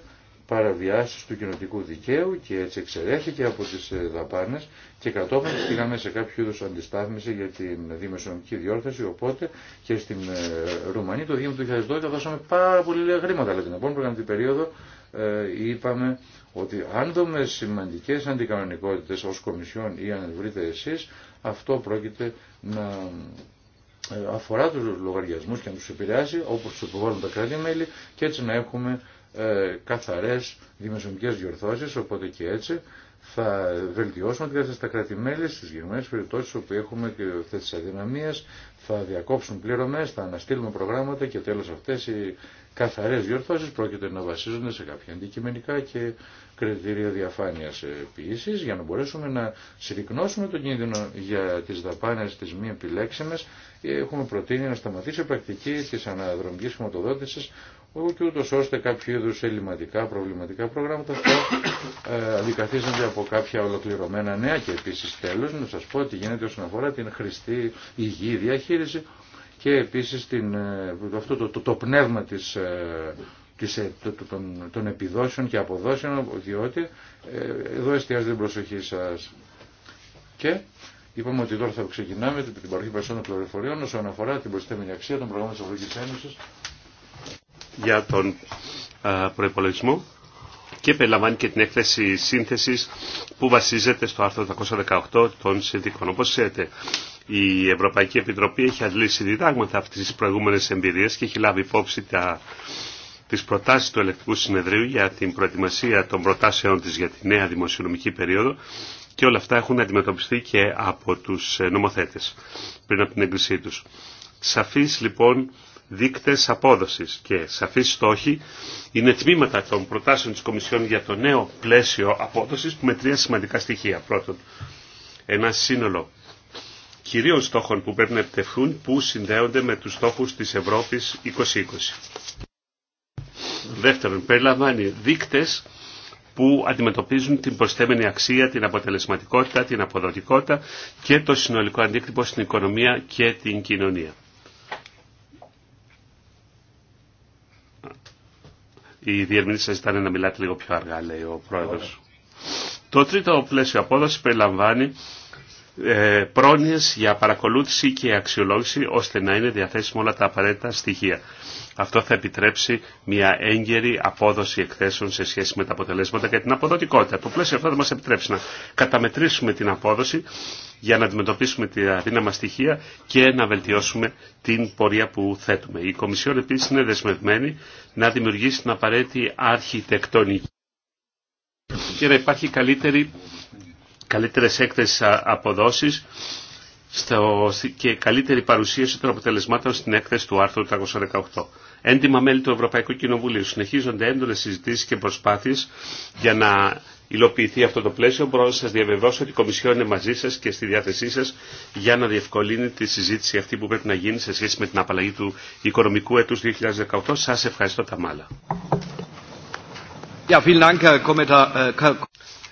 παραβιάσεις του κοινοτικού δικαίου και έτσι εξαιρέθηκε από τις ε, δαπάνες και κατόπιν πήγαμε σε κάποιο είδους αντιστάθμιση για την δημοσιονομική διόρθωση οπότε και στην ε, Ρουμανία το Δήμο του 2012 δώσαμε πάρα πολύ λίγα χρήματα αλλά την επόμενη προγραμματική περίοδο ε, είπαμε ότι αν δούμε σημαντικές αντικανονικότητες ως Κομισιόν ή αν βρείτε εσείς αυτό πρόκειται να αφορά τους λογαριασμούς και να τους επηρεάσει όπως τους υποβάλλουν τα κράτη-μέλη και έτσι να έχουμε ε, καθαρές δημοσιονομικές διορθώσεις, οπότε και έτσι θα βελτιώσουμε την κατάσταση στα κρατη στις γεγονές περιπτώσεις όπου έχουμε και αυτές τις αδυναμίες, θα διακόψουν πληρωμές, θα αναστείλουμε προγράμματα και τέλος αυτές οι καθαρές διορθώσεις πρόκειται να βασίζονται σε κάποια αντικειμενικά και κριτήρια διαφάνειας επίση, για να μπορέσουμε να συρρυκνώσουμε τον κίνδυνο για τις δαπάνες της μη επιλέξιμες έχουμε προτείνει να σταματήσει η πρακτική της αναδρομικής χρηματοδότησης και ούτως ώστε κάποιο είδους ελληματικά, προβληματικά προγράμματα θα ε, αντικαθίζονται από κάποια ολοκληρωμένα νέα και επίσης τέλος να σας πω ότι γίνεται όσον αφορά την χρηστή υγιή διαχείριση και επίσης ε, αυτό το, το, το πνεύμα της, ε, ε, το, των, των, επιδόσεων και αποδόσεων διότι εδώ εστιάζεται την προσοχή σας και Είπαμε ότι τώρα θα ξεκινάμε την παροχή περισσότερων πληροφοριών όσον αφορά την προσθέμενη αξία των προγράμματων τη Ευρωπαϊκή Ένωση για τον προϋπολογισμό και περιλαμβάνει και την έκθεση σύνθεσης που βασίζεται στο άρθρο 218 των συνδικών. Όπως ξέρετε, η Ευρωπαϊκή Επιτροπή έχει αντλήσει διδάγματα αυτής της προηγούμενες εμπειρίες και έχει λάβει υπόψη τα, τις προτάσεις του Ελεκτικού Συνεδρίου για την προετοιμασία των προτάσεων της για τη νέα δημοσιονομική περίοδο και όλα αυτά έχουν αντιμετωπιστεί και από τους νομοθέτες πριν από την έγκρισή τους. Σαφής λοιπόν δείκτες απόδοσης και σαφείς στόχοι είναι τμήματα των προτάσεων της Κομισιόν για το νέο πλαίσιο απόδοσης με τρία σημαντικά στοιχεία. Πρώτον, ένα σύνολο κυρίων στόχων που πρέπει να επιτευχθούν που συνδέονται με τους στόχους της Ευρώπης 2020. Δεύτερον, περιλαμβάνει δείκτες που αντιμετωπίζουν την προσθέμενη αξία, την αποτελεσματικότητα, την αποδοτικότητα και το συνολικό αντίκτυπο στην οικονομία και την κοινωνία. Οι διερμηνείς σας ζητάνε να μιλάτε λίγο πιο αργά, λέει ο πρόεδρος. Το τρίτο πλαίσιο απόδοση περιλαμβάνει ε, πρόνοιες για παρακολούθηση και αξιολόγηση ώστε να είναι διαθέσιμα όλα τα απαραίτητα στοιχεία. Αυτό θα επιτρέψει μια έγκαιρη απόδοση εκθέσεων σε σχέση με τα αποτελέσματα και την αποδοτικότητα. Το πλαίσιο αυτό θα μας επιτρέψει να καταμετρήσουμε την απόδοση για να αντιμετωπίσουμε τη δύναμα στοιχεία και να βελτιώσουμε την πορεία που θέτουμε. Η Κομισιόν επίσης είναι δεσμευμένη να δημιουργήσει την απαραίτητη αρχιτεκτονική και να υπάρχει καλύτερη καλύτερες έκθεσεις αποδόσεις στο, και καλύτερη παρουσίαση των αποτελεσμάτων στην έκθεση του άρθρου 318. Έντιμα μέλη του Ευρωπαϊκού Κοινοβουλίου. Συνεχίζονται έντονε συζητήσει και προσπάθειε για να υλοποιηθεί αυτό το πλαίσιο. Μπορώ να σα διαβεβαιώσω ότι η Κομισιόν είναι μαζί σα και στη διάθεσή σα για να διευκολύνει τη συζήτηση αυτή που πρέπει να γίνει σε σχέση με την απαλλαγή του οικονομικού έτου 2018. Σα ευχαριστώ τα μάλα.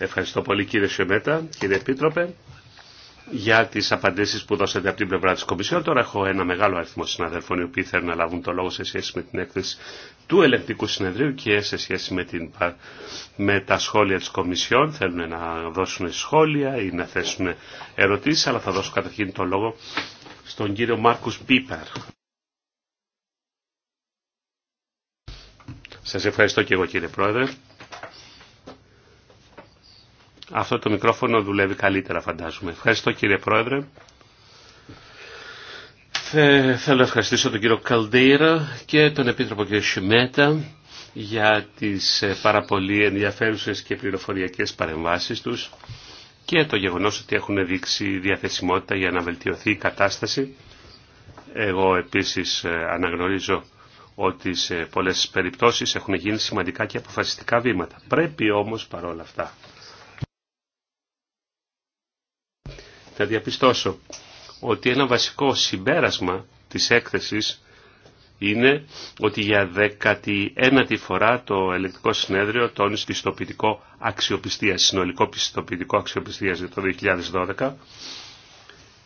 Ευχαριστώ πολύ κύριε Σιωμέτα, κύριε Επίτροπε, για τις απαντήσεις που δώσατε από την πλευρά τη Κομισιόν. Τώρα έχω ένα μεγάλο αριθμό συναδελφών οι οποίοι θέλουν να λάβουν το λόγο σε σχέση με την έκθεση του ελεκτικού συνεδρίου και σε σχέση με, την, με τα σχόλια της Κομισιόν. Θέλουν να δώσουν σχόλια ή να θέσουν ερωτήσει, αλλά θα δώσω καταρχήν το λόγο στον κύριο Μάρκου Πίπερ. Σας ευχαριστώ και εγώ κύριε Πρόεδρε. Αυτό το μικρόφωνο δουλεύει καλύτερα φαντάζομαι. Ευχαριστώ κύριε Πρόεδρε. θέλω να ευχαριστήσω τον κύριο Καλντήρα και τον Επίτροπο κύριο Σιμέτα για τις ε, πάρα πολύ ενδιαφέρουσες και πληροφοριακές παρεμβάσεις τους και το γεγονός ότι έχουν δείξει διαθεσιμότητα για να βελτιωθεί η κατάσταση. Εγώ επίσης ε, αναγνωρίζω ότι σε πολλές περιπτώσεις έχουν γίνει σημαντικά και αποφασιστικά βήματα. Πρέπει όμως παρόλα αυτά να διαπιστώσω ότι ένα βασικό συμπέρασμα της έκθεσης είναι ότι για 19η φορά το ελεκτικό συνέδριο τόνισε πιστοποιητικό αξιοπιστία, συνολικό πιστοποιητικό αξιοπιστία για το 2012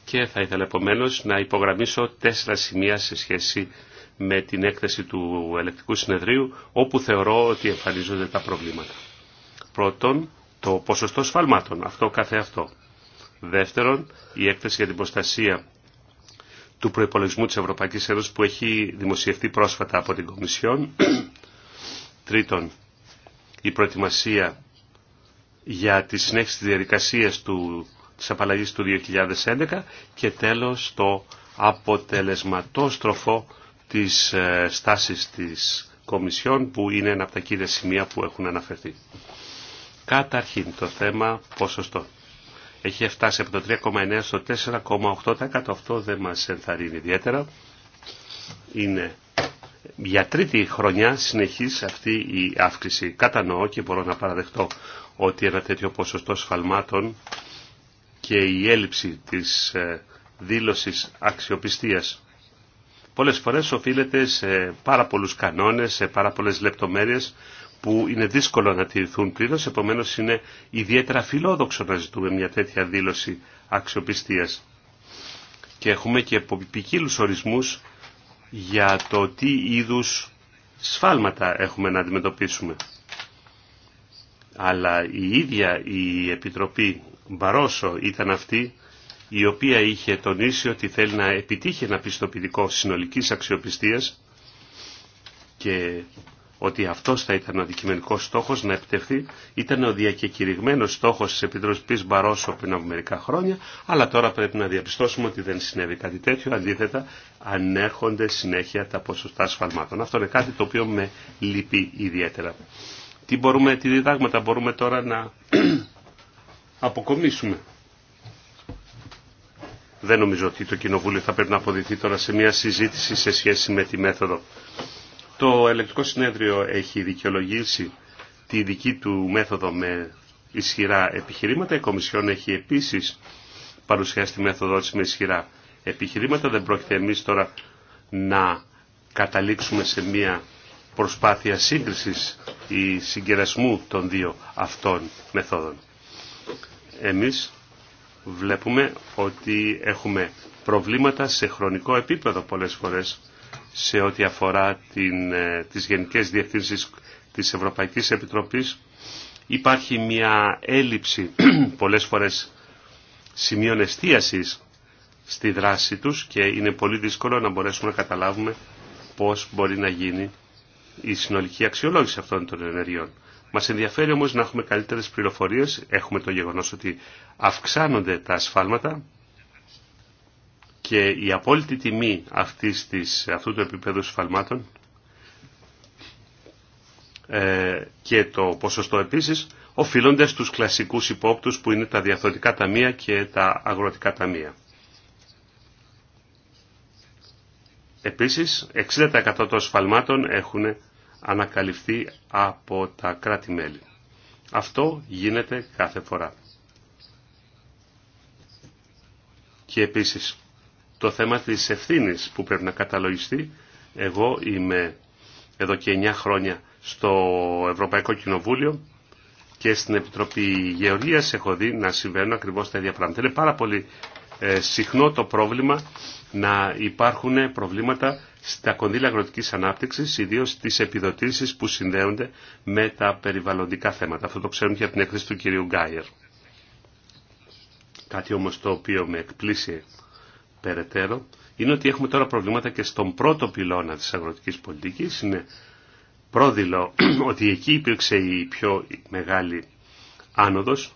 και θα ήθελα επομένω να υπογραμμίσω τέσσερα σημεία σε σχέση με την έκθεση του ελεκτικού συνεδρίου όπου θεωρώ ότι εμφανίζονται τα προβλήματα. Πρώτον, το ποσοστό σφαλμάτων, αυτό καθεαυτό. Δεύτερον, η έκθεση για την προστασία του προϋπολογισμού της Ευρωπαϊκής Ένωσης που έχει δημοσιευτεί πρόσφατα από την Κομισιόν. Τρίτον, η προετοιμασία για τη συνέχιση της διαδικασίας του, της απαλλαγής του 2011 και τέλος το αποτελεσματόστροφο της ε, στάσης της Κομισιόν που είναι ένα από τα κύρια σημεία που έχουν αναφερθεί. Καταρχήν το θέμα ποσοστό έχει φτάσει από το 3,9% στο 4,8%. Αυτό δεν μας ενθαρρύνει ιδιαίτερα. Είναι για τρίτη χρονιά συνεχής αυτή η αύξηση. Κατανοώ και μπορώ να παραδεχτώ ότι ένα τέτοιο ποσοστό σφαλμάτων και η έλλειψη της ε, δήλωσης αξιοπιστίας πολλές φορές οφείλεται σε πάρα πολλούς κανόνες, σε πάρα πολλές λεπτομέρειες που είναι δύσκολο να τηρηθούν πλήρω. Επομένω είναι ιδιαίτερα φιλόδοξο να ζητούμε μια τέτοια δήλωση αξιοπιστίας. Και έχουμε και ποικίλου ορισμούς για το τι είδους σφάλματα έχουμε να αντιμετωπίσουμε. Αλλά η ίδια η Επιτροπή Μπαρόσο ήταν αυτή η οποία είχε τονίσει ότι θέλει να επιτύχει ένα πιστοποιητικό συνολικής αξιοπιστίας και ότι αυτό θα ήταν ο αντικειμενικός στόχος να επιτευχθεί. Ήταν ο διακεκηρυγμένος στόχος της Επιτροπής Μπαρόσο πριν από μερικά χρόνια, αλλά τώρα πρέπει να διαπιστώσουμε ότι δεν συνέβη κάτι τέτοιο. Αντίθετα, ανέρχονται συνέχεια τα ποσοστά σφαλμάτων. Αυτό είναι κάτι το οποίο με λυπεί ιδιαίτερα. Τι, μπορούμε, τι διδάγματα μπορούμε τώρα να <clears throat> αποκομίσουμε. Δεν νομίζω ότι το Κοινοβούλιο θα πρέπει να αποδηθεί τώρα σε μια συζήτηση σε σχέση με τη μέθοδο το ελεκτικό συνέδριο έχει δικαιολογήσει τη δική του μέθοδο με ισχυρά επιχειρήματα. Η Κομισιόν έχει επίσης παρουσιάσει τη μέθοδο της με ισχυρά επιχειρήματα. Δεν πρόκειται εμείς τώρα να καταλήξουμε σε μια προσπάθεια σύγκρισης ή συγκερασμού των δύο αυτών μεθόδων. Εμείς βλέπουμε ότι έχουμε προβλήματα σε χρονικό επίπεδο πολλές φορές σε ό,τι αφορά την, ε, τις Γενικές Διευθύνσεις της Ευρωπαϊκής Επιτροπής υπάρχει μια έλλειψη <clears throat> πολλές φορές σημείων εστίασης στη δράση τους και είναι πολύ δύσκολο να μπορέσουμε να καταλάβουμε πώς μπορεί να γίνει η συνολική αξιολόγηση αυτών των ενεργειών. Μας ενδιαφέρει όμως να έχουμε καλύτερες πληροφορίες, έχουμε το γεγονός ότι αυξάνονται τα ασφάλματα και η απόλυτη τιμή αυτής της, αυτού του επίπεδου σφαλμάτων ε, και το ποσοστό επίσης οφείλονται στους κλασικούς υπόπτους που είναι τα διαθωτικά ταμεία και τα αγροτικά ταμεία. Επίσης, 60% των σφαλμάτων έχουν ανακαλυφθεί από τα κράτη-μέλη. Αυτό γίνεται κάθε φορά. Και επίσης, το θέμα της ευθύνη που πρέπει να καταλογιστεί. Εγώ είμαι εδώ και 9 χρόνια στο Ευρωπαϊκό Κοινοβούλιο και στην Επιτροπή Γεωργίας έχω δει να συμβαίνουν ακριβώς τα ίδια πράγματα. Είναι πάρα πολύ ε, συχνό το πρόβλημα να υπάρχουν προβλήματα στα κονδύλια αγροτικής ανάπτυξης, ιδίως στις επιδοτήσεις που συνδέονται με τα περιβαλλοντικά θέματα. Αυτό το ξέρουμε και από την έκθεση του κυρίου Γκάιερ. Κάτι όμως το οποίο με εκπλήσει περαιτέρω είναι ότι έχουμε τώρα προβλήματα και στον πρώτο πυλώνα της αγροτικής πολιτικής. Είναι πρόδειλο <clears throat> ότι εκεί υπήρξε η πιο μεγάλη άνοδος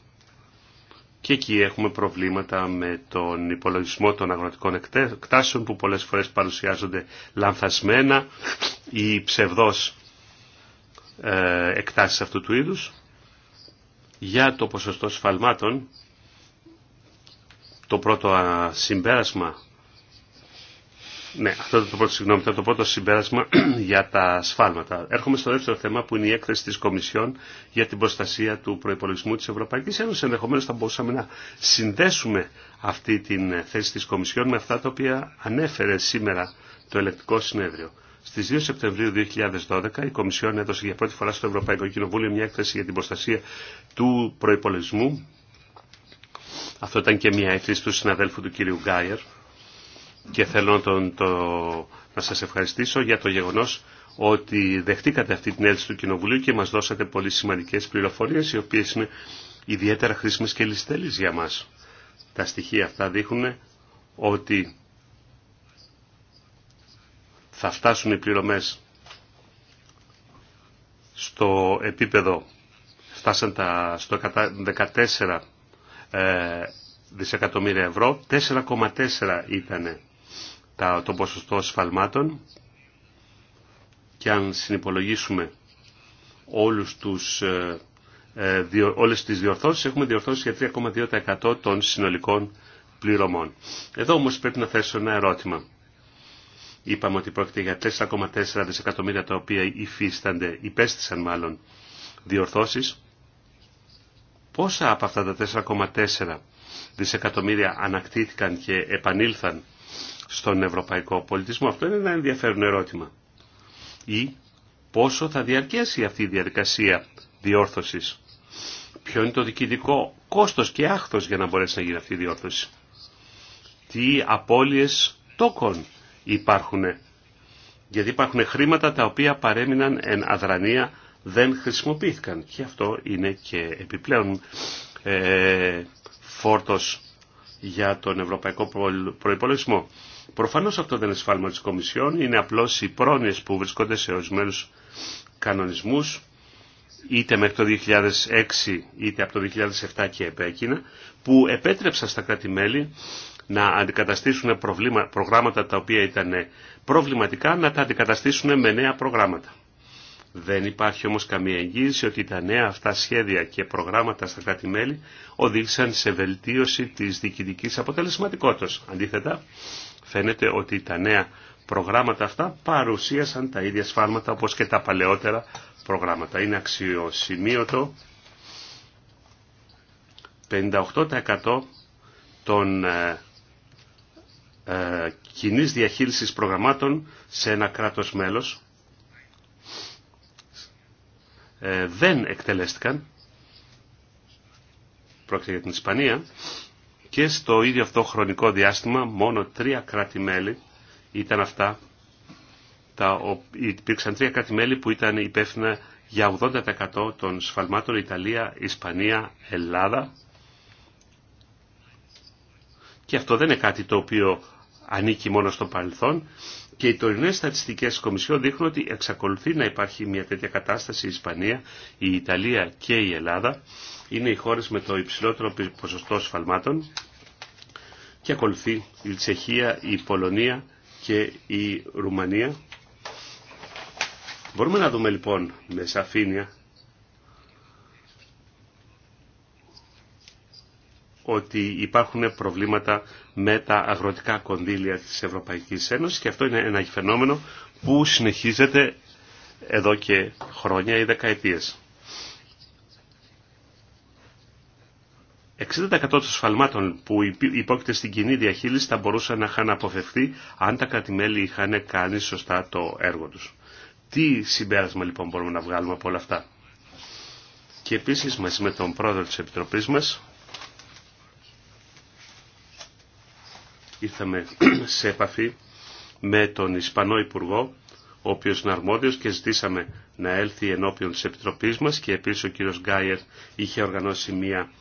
και εκεί έχουμε προβλήματα με τον υπολογισμό των αγροτικών εκτάσεων που πολλές φορές παρουσιάζονται λανθασμένα ή ψευδός ε, εκτάσεις αυτού του είδους. Για το ποσοστό σφαλμάτων το πρώτο συμπέρασμα ναι, αυτό το πρώτο, συγγνώμη, το πρώτο συμπέρασμα <clears throat> για τα σφάλματα. Έρχομαι στο δεύτερο θέμα που είναι η έκθεση τη Κομισιόν για την προστασία του προπολογισμού τη Ευρωπαϊκή Ένωση. Ενδεχομένω θα μπορούσαμε να συνδέσουμε αυτή την ε, θέση τη Κομισιόν με αυτά τα οποία ανέφερε σήμερα το ελεκτικό συνέδριο. Στι 2 Σεπτεμβρίου 2012 η Κομισιόν έδωσε για πρώτη φορά στο Ευρωπαϊκό Κοινοβούλιο μια έκθεση για την προστασία του προπολογισμού αυτό ήταν και μια έκκληση του συναδέλφου του κύριου Γκάιερ και θέλω να, τον, το, να σας ευχαριστήσω για το γεγονός ότι δεχτήκατε αυτή την έλυση του Κοινοβουλίου και μας δώσατε πολύ σημαντικές πληροφορίες οι οποίες είναι ιδιαίτερα χρήσιμες και ληστέλης για μας. Τα στοιχεία αυτά δείχνουν ότι θα φτάσουν οι πληρωμές στο επίπεδο, φτάσαν τα, στο 14 ε, δισεκατομμύρια ευρώ, 4,4 ήταν το ποσοστό σφαλμάτων και αν συνυπολογίσουμε όλους τους, ε, ε, όλες τις διορθώσεις έχουμε διορθώσει για 3,2% των συνολικών πληρωμών. Εδώ όμως πρέπει να θέσω ένα ερώτημα. Είπαμε ότι πρόκειται για 4,4 δισεκατομμύρια τα οποία υφίστανται, υπέστησαν μάλλον διορθώσεις Πόσα από αυτά τα 4,4 δισεκατομμύρια ανακτήθηκαν και επανήλθαν στον ευρωπαϊκό πολιτισμό. Αυτό είναι ένα ενδιαφέρον ερώτημα. Ή πόσο θα διαρκέσει αυτή η διαδικασία διόρθωσης. Ποιο είναι το διοικητικό κόστος και άχθος για να μπορέσει να γίνει αυτή η διόρθωση. Τι απώλειες τόκων υπάρχουν. Γιατί υπάρχουν χρήματα τα οποία παρέμειναν εν αδρανία δεν χρησιμοποιήθηκαν. Και αυτό είναι και επιπλέον ε, φόρτος για τον ευρωπαϊκό προϋπολογισμό. Προφανώς αυτό δεν είναι σφάλμα της Κομισιόν, είναι απλώς οι πρόνοιες που βρισκόνται σε ορισμένου κανονισμούς, είτε μέχρι το 2006 είτε από το 2007 και επέκεινα, που επέτρεψαν στα κράτη-μέλη να αντικαταστήσουν προβλήμα, προγράμματα τα οποία ήταν προβληματικά, να τα αντικαταστήσουν με νέα προγράμματα. Δεν υπάρχει όμως καμία εγγύηση ότι τα νέα αυτά σχέδια και προγράμματα στα κράτη-μέλη οδήγησαν σε βελτίωση της διοικητικής αποτελεσματικότητας. Αντίθετα, φαίνεται ότι τα νέα προγράμματα αυτά παρουσίασαν τα ίδια σφάλματα όπως και τα παλαιότερα προγράμματα. Είναι αξιοσημείωτο 58% των ε, ε, κοινής διαχείρισης προγραμμάτων σε ένα κράτος μέλος ε, δεν εκτελέστηκαν. Πρόκειται για την Ισπανία. Και στο ίδιο αυτό χρονικό διάστημα μόνο τρία κράτη-μέλη ήταν αυτά. Τα, υπήρξαν τρία κράτη-μέλη που ήταν υπεύθυνα για 80% των σφαλμάτων Ιταλία, Ισπανία, Ελλάδα. Και αυτό δεν είναι κάτι το οποίο ανήκει μόνο στο παρελθόν. Και οι στατιστικέ τη κομισιόν δείχνουν ότι εξακολουθεί να υπάρχει μια τέτοια κατάσταση η Ισπανία, η Ιταλία και η Ελλάδα. Είναι οι χώρε με το υψηλότερο ποσοστό σφαλμάτων και ακολουθεί η Τσεχία, η Πολωνία και η Ρουμανία. Μπορούμε να δούμε λοιπόν με σαφήνεια ότι υπάρχουν προβλήματα με τα αγροτικά κονδύλια της Ευρωπαϊκής Ένωσης και αυτό είναι ένα φαινόμενο που συνεχίζεται εδώ και χρόνια ή δεκαετίες. 60% των σφαλμάτων που υπόκειται στην κοινή διαχείριση θα μπορούσαν να είχαν αποφευθεί αν τα κρατημέλη είχαν κάνει σωστά το έργο τους. Τι συμπέρασμα λοιπόν μπορούμε να βγάλουμε από όλα αυτά. Και επίσης μαζί με τον πρόεδρο της Επιτροπής μας ήρθαμε σε επαφή με τον Ισπανό Υπουργό, ο οποίος είναι αρμόδιο και ζητήσαμε να έλθει ενώπιον τη Επιτροπή μας και επίση ο κύριο Γκάιερ είχε οργανώσει μία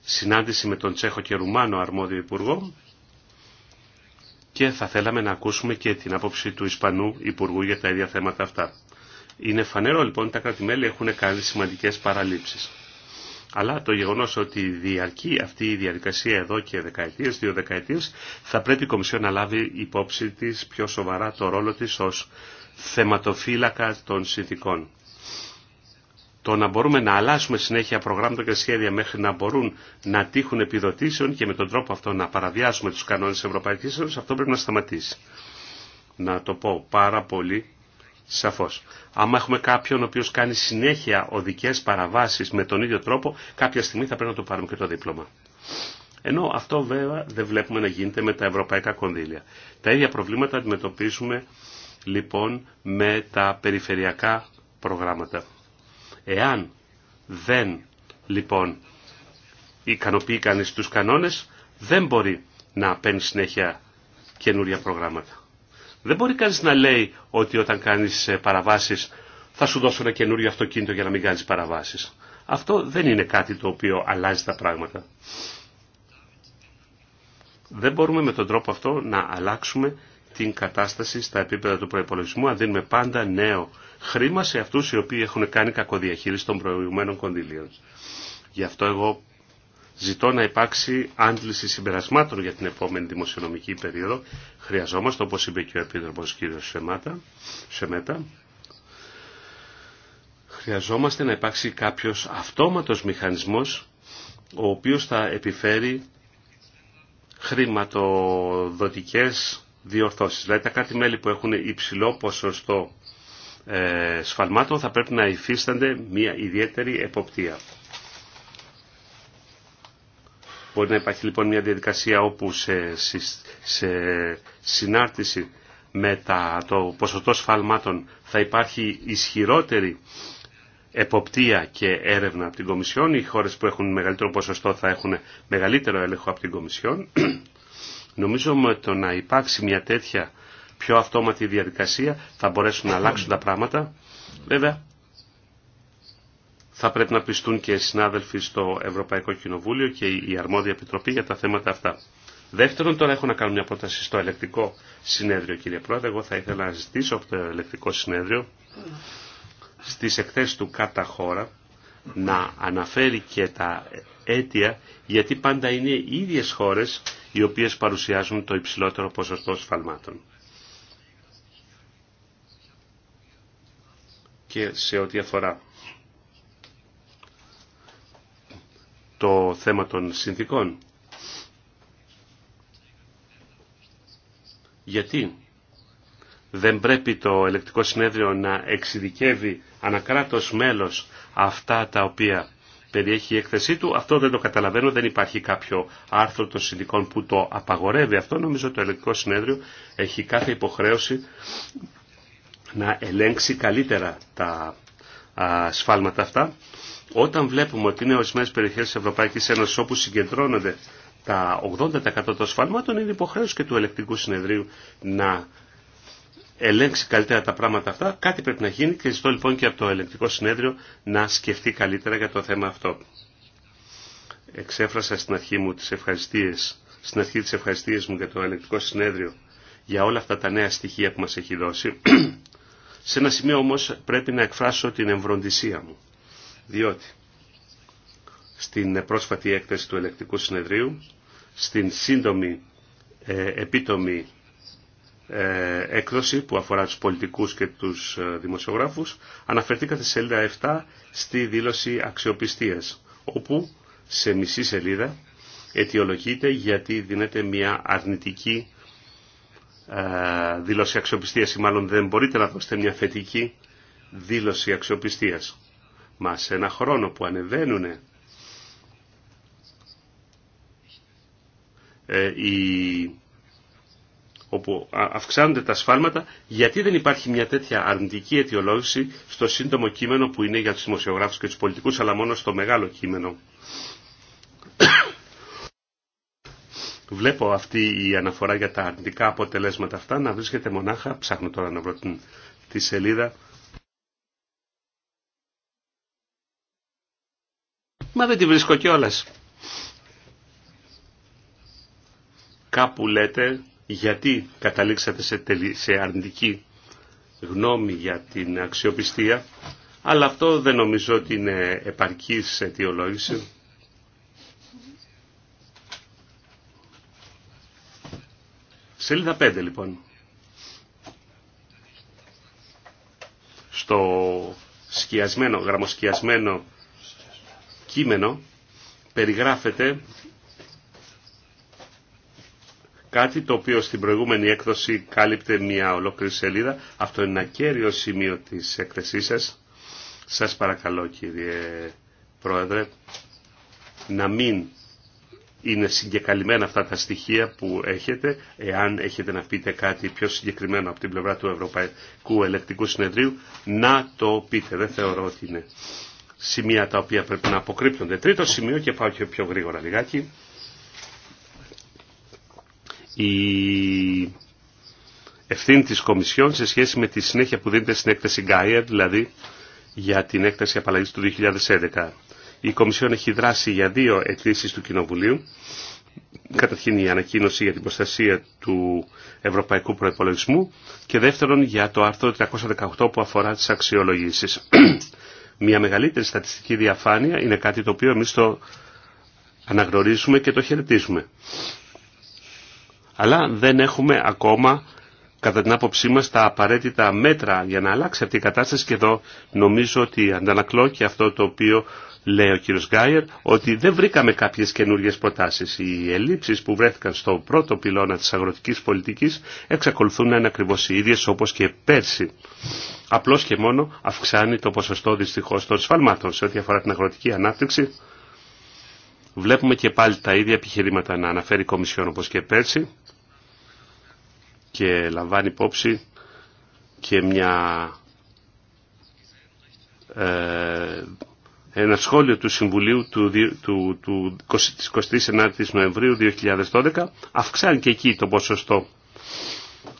συνάντηση με τον Τσέχο και Ρουμάνο αρμόδιο Υπουργό και θα θέλαμε να ακούσουμε και την άποψη του Ισπανού Υπουργού για τα ίδια θέματα αυτά. Είναι φανερό λοιπόν ότι τα κράτη-μέλη έχουν κάνει σημαντικές παραλήψεις. Αλλά το γεγονό ότι διαρκεί αυτή η διαδικασία εδώ και δεκαετίε, δύο δεκαετίε, θα πρέπει η Κομισιόν να λάβει υπόψη τη πιο σοβαρά το ρόλο τη ω θεματοφύλακα των συνθηκών. Το να μπορούμε να αλλάσουμε συνέχεια προγράμματα και σχέδια μέχρι να μπορούν να τύχουν επιδοτήσεων και με τον τρόπο αυτό να παραβιάσουμε τους κανόνες της Ευρωπαϊκής αυτό πρέπει να σταματήσει. Να το πω πάρα πολύ Σαφώς. Άμα έχουμε κάποιον ο οποίος κάνει συνέχεια οδικές παραβάσεις με τον ίδιο τρόπο, κάποια στιγμή θα πρέπει να του πάρουμε και το δίπλωμα. Ενώ αυτό βέβαια δεν βλέπουμε να γίνεται με τα ευρωπαϊκά κονδύλια. Τα ίδια προβλήματα αντιμετωπίζουμε λοιπόν με τα περιφερειακά προγράμματα. Εάν δεν λοιπόν ικανοποιεί κανείς τους κανόνες, δεν μπορεί να παίρνει συνέχεια καινούρια προγράμματα. Δεν μπορεί κανείς να λέει ότι όταν κάνεις ε, παραβάσεις θα σου δώσω ένα καινούριο αυτοκίνητο για να μην κάνει παραβάσεις. Αυτό δεν είναι κάτι το οποίο αλλάζει τα πράγματα. Δεν μπορούμε με τον τρόπο αυτό να αλλάξουμε την κατάσταση στα επίπεδα του προπολογισμού, αν δίνουμε πάντα νέο χρήμα σε αυτούς οι οποίοι έχουν κάνει κακοδιαχείριση των προηγουμένων κονδυλίων. Γι' αυτό εγώ ζητώ να υπάρξει άντληση συμπερασμάτων για την επόμενη δημοσιονομική περίοδο. Χρειαζόμαστε, όπως είπε και ο Επίτροπος κ. Σεμέτα, χρειαζόμαστε να υπάρξει κάποιος αυτόματος μηχανισμός ο οποίος θα επιφέρει χρηματοδοτικές διορθώσεις. Δηλαδή τα κάτι μέλη που έχουν υψηλό ποσοστό ε, σφαλμάτων θα πρέπει να υφίστανται μια ιδιαίτερη εποπτεία. Μπορεί να υπάρχει λοιπόν μια διαδικασία όπου σε, σε, συνάρτηση με τα, το ποσοστό σφαλμάτων θα υπάρχει ισχυρότερη εποπτεία και έρευνα από την Κομισιόν. Οι χώρες που έχουν μεγαλύτερο ποσοστό θα έχουν μεγαλύτερο έλεγχο από την Κομισιόν. <clears throat> Νομίζω με το να υπάρξει μια τέτοια πιο αυτόματη διαδικασία θα μπορέσουν να αλλάξουν τα πράγματα. Βέβαια, θα πρέπει να πιστούν και οι συνάδελφοι στο Ευρωπαϊκό Κοινοβούλιο και η αρμόδια επιτροπή για τα θέματα αυτά. Δεύτερον, τώρα έχω να κάνω μια πρόταση στο ελεκτικό συνέδριο, κύριε Πρόεδρε. Εγώ θα ήθελα να ζητήσω από το ελεκτικό συνέδριο στις εκθέσεις του κατά χώρα να αναφέρει και τα αίτια, γιατί πάντα είναι οι ίδιες χώρες οι οποίες παρουσιάζουν το υψηλότερο ποσοστό σφαλμάτων. Και σε ό,τι αφορά το θέμα των συνθήκων. Γιατί δεν πρέπει το ελεκτικό συνέδριο να εξειδικεύει ανακράτος μέλος αυτά τα οποία περιέχει η έκθεσή του. Αυτό δεν το καταλαβαίνω, δεν υπάρχει κάποιο άρθρο των συνδικών που το απαγορεύει. Αυτό νομίζω το ελεκτικό συνέδριο έχει κάθε υποχρέωση να ελέγξει καλύτερα τα σφάλματα αυτά. Όταν βλέπουμε ότι είναι ορισμένε περιοχέ τη Ευρωπαϊκή Ένωση όπου συγκεντρώνονται τα 80% των σφάλματων, είναι υποχρέωση και του ελεκτικού συνεδρίου να ελέγξει καλύτερα τα πράγματα αυτά. Κάτι πρέπει να γίνει και ζητώ λοιπόν και από το ελεκτικό συνέδριο να σκεφτεί καλύτερα για το θέμα αυτό. Εξέφρασα στην αρχή μου τις ευχαριστίες, στην αρχή της ευχαριστίας μου για το ελεκτικό συνέδριο για όλα αυτά τα νέα στοιχεία που μας έχει δώσει σε ένα σημείο όμως πρέπει να εκφράσω την εμβροντισία μου, διότι στην πρόσφατη έκθεση του ελεκτικού συνεδρίου, στην σύντομη ε, επίτομη ε, έκδοση που αφορά τους πολιτικούς και τους ε, δημοσιογράφους, αναφερθήκατε σελίδα 7 στη δήλωση αξιοπιστίας, όπου σε μισή σελίδα αιτιολογείται γιατί δίνεται μια αρνητική ε, δήλωση αξιοπιστίας ή μάλλον δεν μπορείτε να δώσετε μια θετική δήλωση αξιοπιστίας. Μα σε ένα χρόνο που ανεβαίνουν ε, όπου αυξάνονται τα σφάλματα, γιατί δεν υπάρχει μια τέτοια αρνητική αιτιολόγηση στο σύντομο κείμενο που είναι για τους δημοσιογράφους και τους πολιτικούς, αλλά μόνο στο μεγάλο κείμενο βλέπω αυτή η αναφορά για τα αρνητικά αποτελέσματα αυτά να βρίσκεται μονάχα, ψάχνω τώρα να βρω την, τη σελίδα. Μα δεν τη βρίσκω κιόλα. Κάπου λέτε γιατί καταλήξατε σε, αρνητική γνώμη για την αξιοπιστία, αλλά αυτό δεν νομίζω ότι είναι επαρκής αιτιολόγηση. Σελίδα 5 λοιπόν. Στο σκιασμένο, γραμμοσκιασμένο κείμενο περιγράφεται κάτι το οποίο στην προηγούμενη έκδοση κάλυπτε μια ολόκληρη σελίδα. Αυτό είναι ένα κέριο σημείο της έκθεσής σας. Σας παρακαλώ κύριε Πρόεδρε να μην είναι συγκεκαλυμμένα αυτά τα στοιχεία που έχετε, εάν έχετε να πείτε κάτι πιο συγκεκριμένο από την πλευρά του Ευρωπαϊκού Ελεκτικού Συνεδρίου, να το πείτε. Δεν θεωρώ ότι είναι σημεία τα οποία πρέπει να αποκρύπτονται. Τρίτο σημείο, και πάω και πιο γρήγορα λιγάκι, η ευθύνη της Κομισιόν σε σχέση με τη συνέχεια που δίνεται στην έκθεση Γκάιερ, δηλαδή για την έκθεση απαλλαγής του 2011. Η Κομισιόν έχει δράσει για δύο εκκλήσεις του Κοινοβουλίου. Καταρχήν η ανακοίνωση για την προστασία του ευρωπαϊκού προϋπολογισμού και δεύτερον για το άρθρο 318 που αφορά τις αξιολογήσεις. <clears throat> Μια μεγαλύτερη στατιστική διαφάνεια είναι κάτι το οποίο εμείς το αναγνωρίζουμε και το χαιρετίζουμε. Αλλά δεν έχουμε ακόμα κατά την άποψή μας τα απαραίτητα μέτρα για να αλλάξει αυτή η κατάσταση και εδώ νομίζω ότι αντανακλώ και αυτό το οποίο λέει ο κύριος Γκάιερ, ότι δεν βρήκαμε κάποιες καινούργιες προτάσεις. Οι ελλείψεις που βρέθηκαν στο πρώτο πυλώνα της αγροτικής πολιτικής εξακολουθούν να είναι ακριβώς οι ίδιες όπως και πέρσι. Απλώς και μόνο αυξάνει το ποσοστό δυστυχώς των σφαλμάτων σε ό,τι αφορά την αγροτική ανάπτυξη. Βλέπουμε και πάλι τα ίδια επιχειρήματα να αναφέρει η Κομισιόν όπως και πέρσι και λαμβάνει υπόψη και μια ε, ένα σχόλιο του Συμβουλίου του, του, του, της 29ης Νοεμβρίου 2012 αυξάνει και εκεί το ποσοστό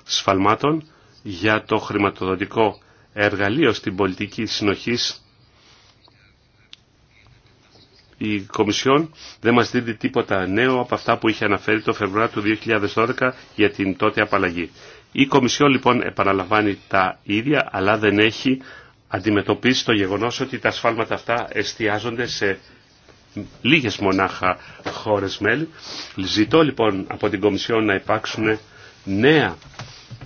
σφαλμάτων για το χρηματοδοτικό εργαλείο στην πολιτική συνοχής η Κομισιόν δεν μας δίνει τίποτα νέο από αυτά που είχε αναφέρει το Φεβρουάριο του 2012 για την τότε απαλλαγή. Η Κομισιόν λοιπόν επαναλαμβάνει τα ίδια αλλά δεν έχει αντιμετωπίσει το γεγονός ότι τα ασφάλματα αυτά εστιάζονται σε λίγες μονάχα χώρες μέλη. Ζητώ λοιπόν από την Κομισιόν να υπάρξουν νέα,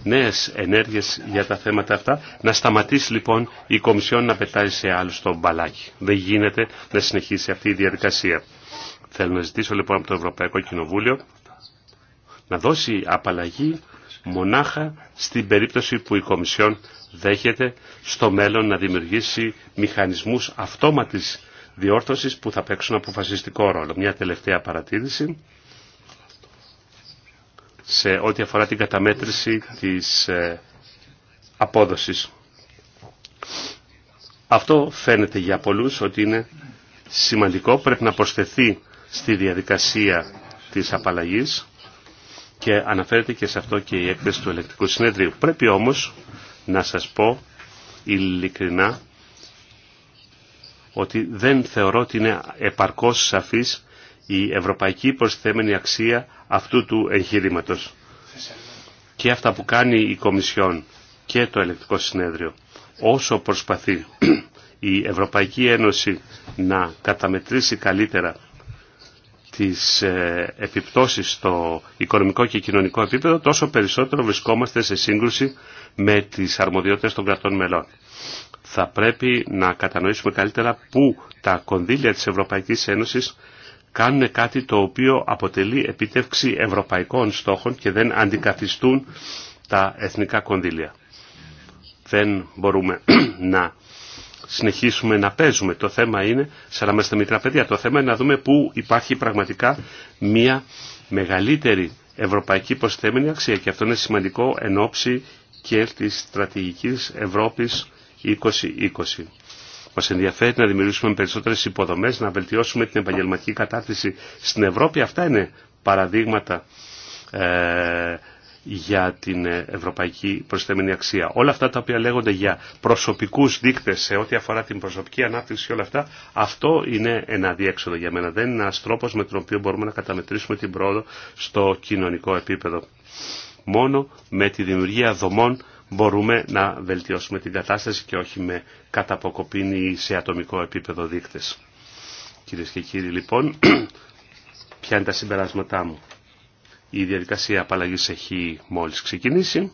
νέες ενέργειες για τα θέματα αυτά. Να σταματήσει λοιπόν η Κομισιόν να πετάει σε άλλους το μπαλάκι. Δεν γίνεται να συνεχίσει αυτή η διαδικασία. Θέλω να ζητήσω λοιπόν από το Ευρωπαϊκό Κοινοβούλιο να δώσει απαλλαγή μονάχα στην περίπτωση που η Κομισιόν δέχεται στο μέλλον να δημιουργήσει μηχανισμούς αυτόματης διόρθωσης που θα παίξουν αποφασιστικό ρόλο. Μια τελευταία παρατήρηση σε ό,τι αφορά την καταμέτρηση της ε, απόδοσης. Αυτό φαίνεται για πολλούς ότι είναι σημαντικό, πρέπει να προσθεθεί στη διαδικασία της απαλλαγής και αναφέρεται και σε αυτό και η έκθεση του ελεκτικού συνεδρίου. Πρέπει όμως να σας πω ειλικρινά ότι δεν θεωρώ ότι είναι επαρκώς σαφής η ευρωπαϊκή προσθέμενη αξία αυτού του εγχειρήματο. Και αυτά που κάνει η Κομισιόν και το Ελεκτικό Συνέδριο όσο προσπαθεί η Ευρωπαϊκή Ένωση να καταμετρήσει καλύτερα τις ε, επιπτώσεις στο οικονομικό και κοινωνικό επίπεδο, τόσο περισσότερο βρισκόμαστε σε σύγκρουση με τις αρμοδιότητες των κρατών μελών. Θα πρέπει να κατανοήσουμε καλύτερα πού τα κονδύλια της Ευρωπαϊκής Ένωσης κάνουν κάτι το οποίο αποτελεί επίτευξη ευρωπαϊκών στόχων και δεν αντικαθιστούν τα εθνικά κονδύλια. Δεν μπορούμε <clears throat> να συνεχίσουμε να παίζουμε. Το θέμα είναι, σαν να είμαστε μικρά παιδιά, το θέμα είναι να δούμε πού υπάρχει πραγματικά μια μεγαλύτερη ευρωπαϊκή προσθέμενη αξία και αυτό είναι σημαντικό εν ώψη και της στρατηγικής Ευρώπης 2020. Μα ενδιαφέρει να δημιουργήσουμε περισσότερε υποδομέ, να βελτιώσουμε την επαγγελματική κατάρτιση στην Ευρώπη. Αυτά είναι παραδείγματα ε, για την ευρωπαϊκή προσθέμενη αξία. Όλα αυτά τα οποία λέγονται για προσωπικούς δείκτες σε ό,τι αφορά την προσωπική ανάπτυξη και όλα αυτά, αυτό είναι ένα διέξοδο για μένα. Δεν είναι ένας τρόπος με τον οποίο μπορούμε να καταμετρήσουμε την πρόοδο στο κοινωνικό επίπεδο. Μόνο με τη δημιουργία δομών μπορούμε να βελτιώσουμε την κατάσταση και όχι με καταποκοπήν ή σε ατομικό επίπεδο δείκτες. Κυρίε και κύριοι, λοιπόν, <clears throat> ποια είναι τα συμπεράσματά μου. Η διαδικασία απαλλαγή έχει μόλις ξεκινήσει.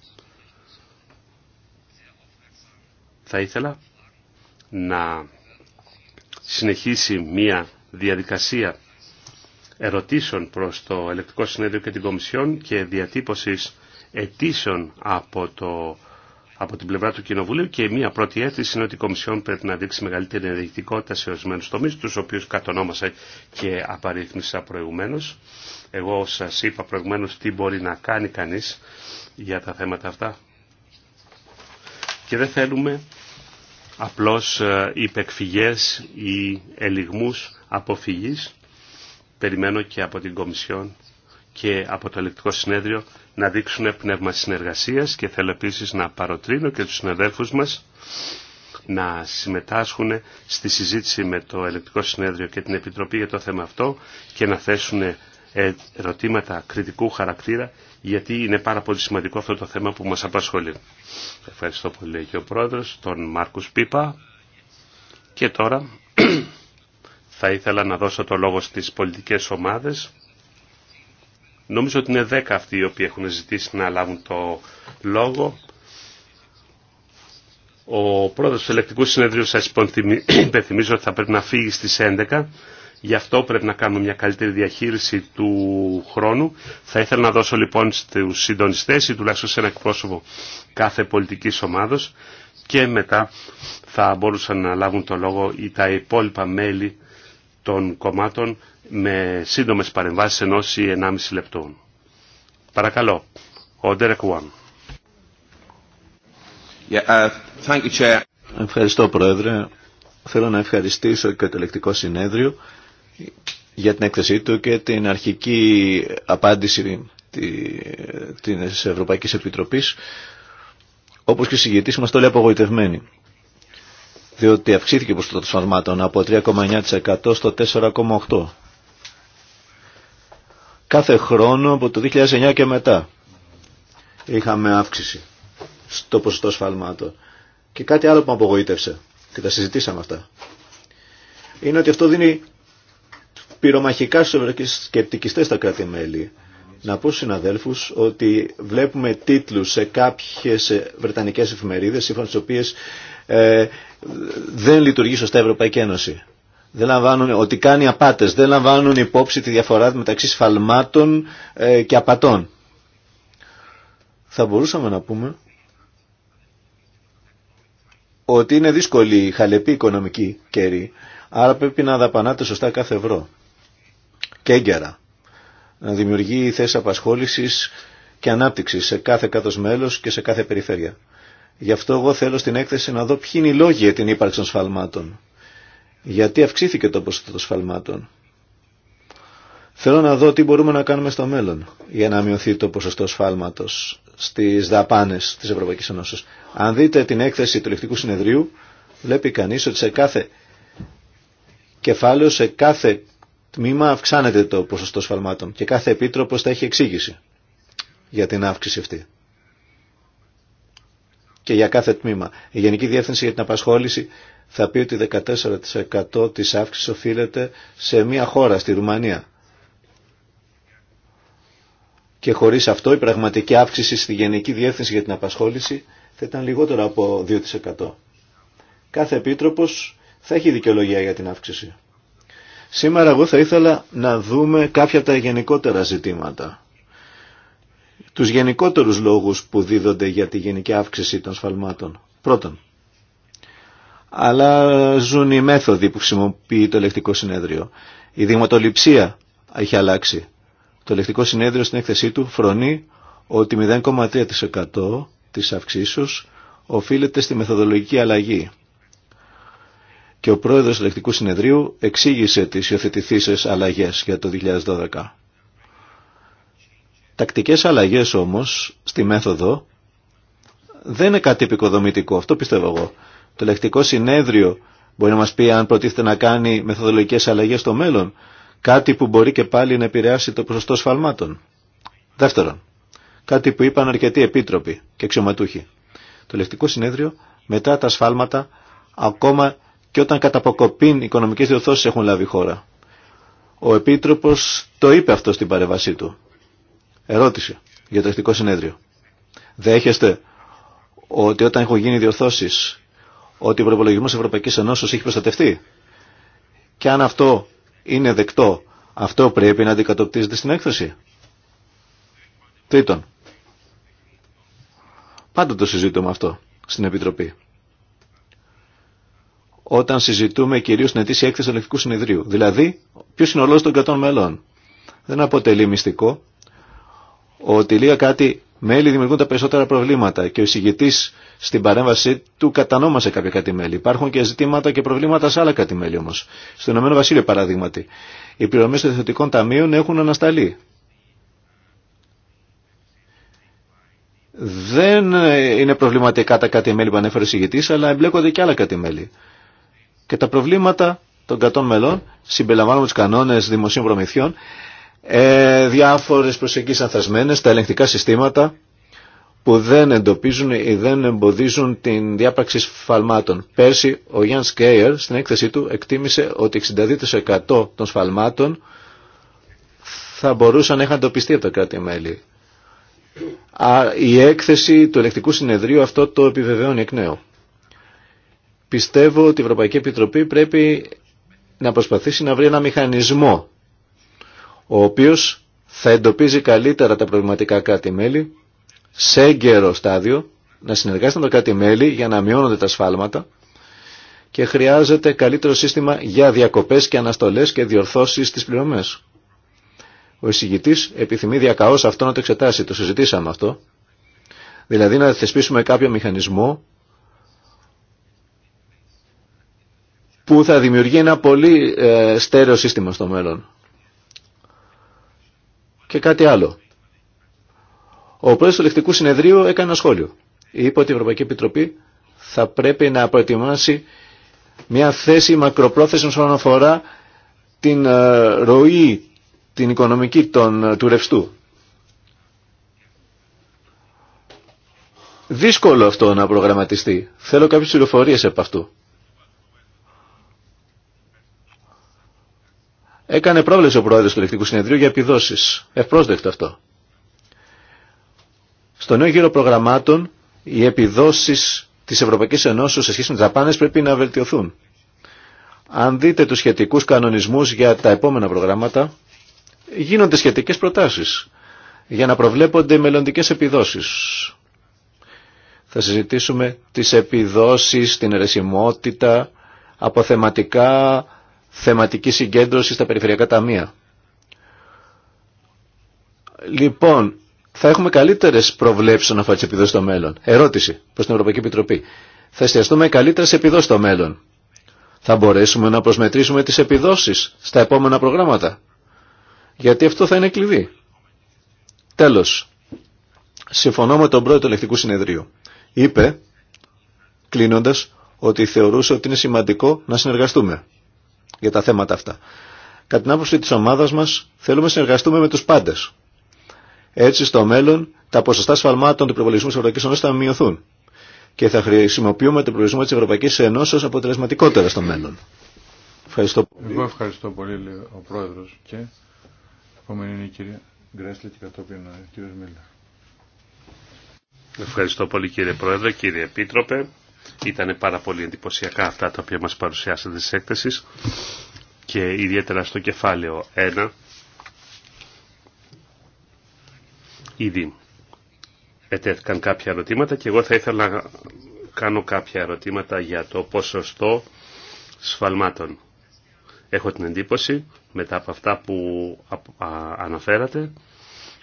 Θα ήθελα να συνεχίσει μία διαδικασία ερωτήσεων προς το Ελεκτικό Συνέδριο και την Κομισιόν και διατύπωσης αιτήσεων από, το, από την πλευρά του Κοινοβουλίου και μία πρώτη αίτηση είναι ότι η Κομισιόν πρέπει να δείξει μεγαλύτερη ενεργητικότητα σε ορισμένου τομεί, του οποίου κατονόμασα και απαρίθμησα προηγουμένω. Εγώ σα είπα προηγουμένω τι μπορεί να κάνει κανεί για τα θέματα αυτά. Και δεν θέλουμε απλώς ε, υπεκφυγές ή ελιγμούς αποφυγής περιμένω και από την Κομισιόν και από το Ελεκτικό Συνέδριο να δείξουν πνεύμα συνεργασίας και θέλω επίσης να παροτρύνω και τους συναδέλφους μας να συμμετάσχουν στη συζήτηση με το Ελεκτικό Συνέδριο και την Επιτροπή για το θέμα αυτό και να θέσουν ε, ερωτήματα κριτικού χαρακτήρα γιατί είναι πάρα πολύ σημαντικό αυτό το θέμα που μας απασχολεί. Ευχαριστώ πολύ και ο Πρόεδρος, τον Μάρκους Πίπα και τώρα θα ήθελα να δώσω το λόγο στις πολιτικές ομάδες. Νομίζω ότι είναι 10 αυτοί οι οποίοι έχουν ζητήσει να λάβουν το λόγο. Ο πρόεδρος του ελεκτικού συνεδρίου σας <clears throat> υπενθυμίζω ότι θα πρέπει να φύγει στις 11. Γι' αυτό πρέπει να κάνουμε μια καλύτερη διαχείριση του χρόνου. Θα ήθελα να δώσω λοιπόν στους συντονιστές ή τουλάχιστον σε ένα εκπρόσωπο κάθε πολιτικής ομάδος και μετά θα μπορούσαν να λάβουν το λόγο ή τα υπόλοιπα μέλη των κομμάτων με σύντομες παρεμβάσεις ενός ή ενάμιση λεπτών. Παρακαλώ, ο Ντέρεκ Ουάν. Uh, Ευχαριστώ Πρόεδρε. Θέλω να ευχαριστήσω και το ελεκτικό συνέδριο για την έκθεσή του και την αρχική απάντηση της Ευρωπαϊκής Επιτροπής. Όπως και ο μας το όλοι απογοητευμένοι διότι αυξήθηκε προς το σφαλμάτων από 3,9% στο 4,8%. Κάθε χρόνο από το 2009 και μετά είχαμε αύξηση στο ποσοστό σφαλμάτων. Και κάτι άλλο που με απογοήτευσε και τα συζητήσαμε αυτά. Είναι ότι αυτό δίνει πυρομαχικά και σκεπτικιστές στα κράτη-μέλη. Να πω στους συναδέλφους ότι βλέπουμε τίτλους σε κάποιες βρετανικές εφημερίδες σύμφωνα οποίες ε, δεν λειτουργεί σωστά η Ευρωπαϊκή Ένωση. Δεν λαμβάνουν, ότι κάνει απάτες, δεν λαμβάνουν υπόψη τη διαφορά μεταξύ σφαλμάτων ε, και απατών. Θα μπορούσαμε να πούμε ότι είναι δύσκολη η χαλεπή οικονομική καιρή, άρα πρέπει να δαπανάτε σωστά κάθε ευρώ και έγκαιρα. Να δημιουργεί θέσει απασχόλησης και ανάπτυξης σε κάθε κάτω και σε κάθε περιφέρεια. Γι' αυτό εγώ θέλω στην έκθεση να δω ποιοι είναι οι λόγοι για την ύπαρξη των σφαλμάτων. Γιατί αυξήθηκε το ποσοστό των σφαλμάτων. Θέλω να δω τι μπορούμε να κάνουμε στο μέλλον για να μειωθεί το ποσοστό σφάλματο στι δαπάνε τη Ευρωπαϊκή Ένωση. Αν δείτε την έκθεση του λεκτικού Συνεδρίου, βλέπει κανεί ότι σε κάθε κεφάλαιο, σε κάθε τμήμα αυξάνεται το ποσοστό σφαλμάτων και κάθε επίτροπος θα έχει εξήγηση για την αύξηση αυτή και για κάθε τμήμα. Η Γενική Διεύθυνση για την Απασχόληση θα πει ότι 14% της αύξησης οφείλεται σε μια χώρα, στη Ρουμανία. Και χωρίς αυτό η πραγματική αύξηση στη Γενική Διεύθυνση για την Απασχόληση θα ήταν λιγότερο από 2%. Κάθε επίτροπος θα έχει δικαιολογία για την αύξηση. Σήμερα εγώ θα ήθελα να δούμε κάποια από τα γενικότερα ζητήματα τους γενικότερους λόγους που δίδονται για τη γενική αύξηση των σφαλμάτων. Πρώτον, αλλάζουν οι μέθοδοι που χρησιμοποιεί το ελεκτικό συνέδριο. Η δειγματοληψία έχει αλλάξει. Το ελεκτικό συνέδριο στην έκθεσή του φρονεί ότι 0,3% της αυξήσεως οφείλεται στη μεθοδολογική αλλαγή. Και ο πρόεδρος του ελεκτικού συνεδρίου εξήγησε τις υιοθετηθήσεις αλλαγές για το 2012. Τακτικές αλλαγές όμως στη μέθοδο δεν είναι κάτι επικοδομητικό, αυτό πιστεύω εγώ. Το λέκτικό συνέδριο μπορεί να μας πει αν προτίθεται να κάνει μεθοδολογικές αλλαγές στο μέλλον, κάτι που μπορεί και πάλι να επηρεάσει το ποσοστό σφαλμάτων. Δεύτερον, κάτι που είπαν αρκετοί επίτροποι και αξιωματούχοι. Το λεκτικό συνέδριο μετά τα σφάλματα ακόμα και όταν κατά αποκοπήν οικονομικές διορθώσεις έχουν λάβει χώρα. Ο Επίτροπος το είπε αυτό στην παρέμβασή του. Ερώτηση για το εθνικό συνέδριο. Δέχεστε ότι όταν έχουν γίνει διορθώσεις ότι ο προπολογισμό Ευρωπαϊκής Ενώσεως έχει προστατευτεί και αν αυτό είναι δεκτό αυτό πρέπει να αντικατοπτρίζεται στην έκθεση. Τρίτον, πάντα το συζητούμε αυτό στην Επιτροπή. Όταν συζητούμε κυρίω την ετήσια έκθεση του Ελεκτικού Συνεδρίου. Δηλαδή, ποιο είναι ο λόγο των κρατών μελών. Δεν αποτελεί μυστικό ότι λίγα κάτι μέλη δημιουργούν τα περισσότερα προβλήματα και ο εισηγητή στην παρέμβασή του κατανόμασε κάποια κάτι μέλη. Υπάρχουν και ζητήματα και προβλήματα σε άλλα κάτι μέλη όμω. Στον Ηνωμένο Βασίλειο, παραδείγματι, οι πληρωμέ των διεθντικών ταμείων έχουν ανασταλεί. Δεν είναι προβληματικά τα κάτι μέλη που ανέφερε ο εισηγητή, αλλά εμπλέκονται και άλλα κάτι μέλη. Και τα προβλήματα των κατών μελών συμπεριλαμβάνουμε του κανόνε δημοσίων προμηθειών ε, διάφορες προσεγγίσεις ανθασμένες, τα ελεγκτικά συστήματα που δεν εντοπίζουν ή δεν εμποδίζουν την διάπραξη σφαλμάτων. Πέρσι ο Γιάνν Σκέιερ στην έκθεσή του εκτίμησε ότι 62% των σφαλμάτων θα μπορούσαν να είχαν εντοπιστεί από τα κράτη-μέλη. Η έκθεση του ελεκτικού συνεδρίου αυτό το επιβεβαιώνει εκ νέου. Πιστεύω ότι η Ευρωπαϊκή Επιτροπή πρέπει να προσπαθήσει να βρει ένα μηχανισμό ο οποίος θα εντοπίζει καλύτερα τα προβληματικά κράτη-μέλη σε έγκαιρο στάδιο, να συνεργάζεται με τα κράτη-μέλη για να μειώνονται τα σφάλματα και χρειάζεται καλύτερο σύστημα για διακοπές και αναστολές και διορθώσεις στις πληρωμές. Ο εισηγητής επιθυμεί διακαώς αυτό να το εξετάσει, το συζητήσαμε αυτό. Δηλαδή να θεσπίσουμε κάποιο μηχανισμό που θα δημιουργεί ένα πολύ ε, στέρεο σύστημα στο μέλλον. Και κάτι άλλο. Ο πρόεδρος του λεκτικού Συνεδρίου έκανε ένα σχόλιο. Είπε ότι η Ευρωπαϊκή Επιτροπή θα πρέπει να προετοιμάσει μια θέση μακροπρόθεση όσον αφορά την ε, ροή, την οικονομική των, ε, του ρευστού. Δύσκολο αυτό να προγραμματιστεί. Θέλω κάποιες πληροφορίε από αυτού. Έκανε πρόβλεψη ο πρόεδρος του Ελεκτικού Συνεδρίου για επιδόσεις. Ευπρόσδεκτο αυτό. Στο νέο γύρο προγραμμάτων οι επιδόσεις της Ευρωπαϊκής Ενώσεως σε σχέση με τις δαπάνες πρέπει να βελτιωθούν. Αν δείτε τους σχετικούς κανονισμούς για τα επόμενα προγράμματα, γίνονται σχετικές προτάσεις για να προβλέπονται μελλοντικές επιδόσεις. Θα συζητήσουμε τις επιδόσεις, την ερεσιμότητα, αποθεματικά, θεματική συγκέντρωση στα περιφερειακά ταμεία. Λοιπόν, θα έχουμε καλύτερες προβλέψεις να αφορά τις επιδόσεις στο μέλλον. Ερώτηση προς την Ευρωπαϊκή Επιτροπή. Θα εστιαστούμε καλύτερα σε επιδόσεις στο μέλλον. Θα μπορέσουμε να προσμετρήσουμε τις επιδόσεις στα επόμενα προγράμματα. Γιατί αυτό θα είναι κλειδί. Τέλος. Συμφωνώ με τον πρώτο του ελεκτικού συνεδρίου. Είπε, κλείνοντας, ότι θεωρούσε ότι είναι σημαντικό να συνεργαστούμε για τα θέματα αυτά. Κατά την άποψη της ομάδας μας θέλουμε να συνεργαστούμε με τους πάντες. Έτσι στο μέλλον τα ποσοστά σφαλμάτων του προπολογισμού τη Ευρωπαϊκής Ενωση θα μειωθούν και θα χρησιμοποιούμε τον προπολογισμό της Ευρωπαϊκής Ένωσης αποτελεσματικότερα στο μέλλον. Ευχαριστώ πολύ. Εγώ ευχαριστώ πολύ λέει ο Πρόεδρος και επόμενη είναι η κυρία Γκρέσλη και κατόπιν ο κύριος Μίλλα. Ευχαριστώ πολύ κύριε Πρόεδρε, κύριε Επίτροπε. Ήταν πάρα πολύ εντυπωσιακά αυτά τα οποία μας παρουσιάσατε της έκθεσης και ιδιαίτερα στο κεφάλαιο 1 ήδη ετέθηκαν κάποια ερωτήματα και εγώ θα ήθελα να κάνω κάποια ερωτήματα για το ποσοστό σφαλμάτων. Έχω την εντύπωση μετά από αυτά που αναφέρατε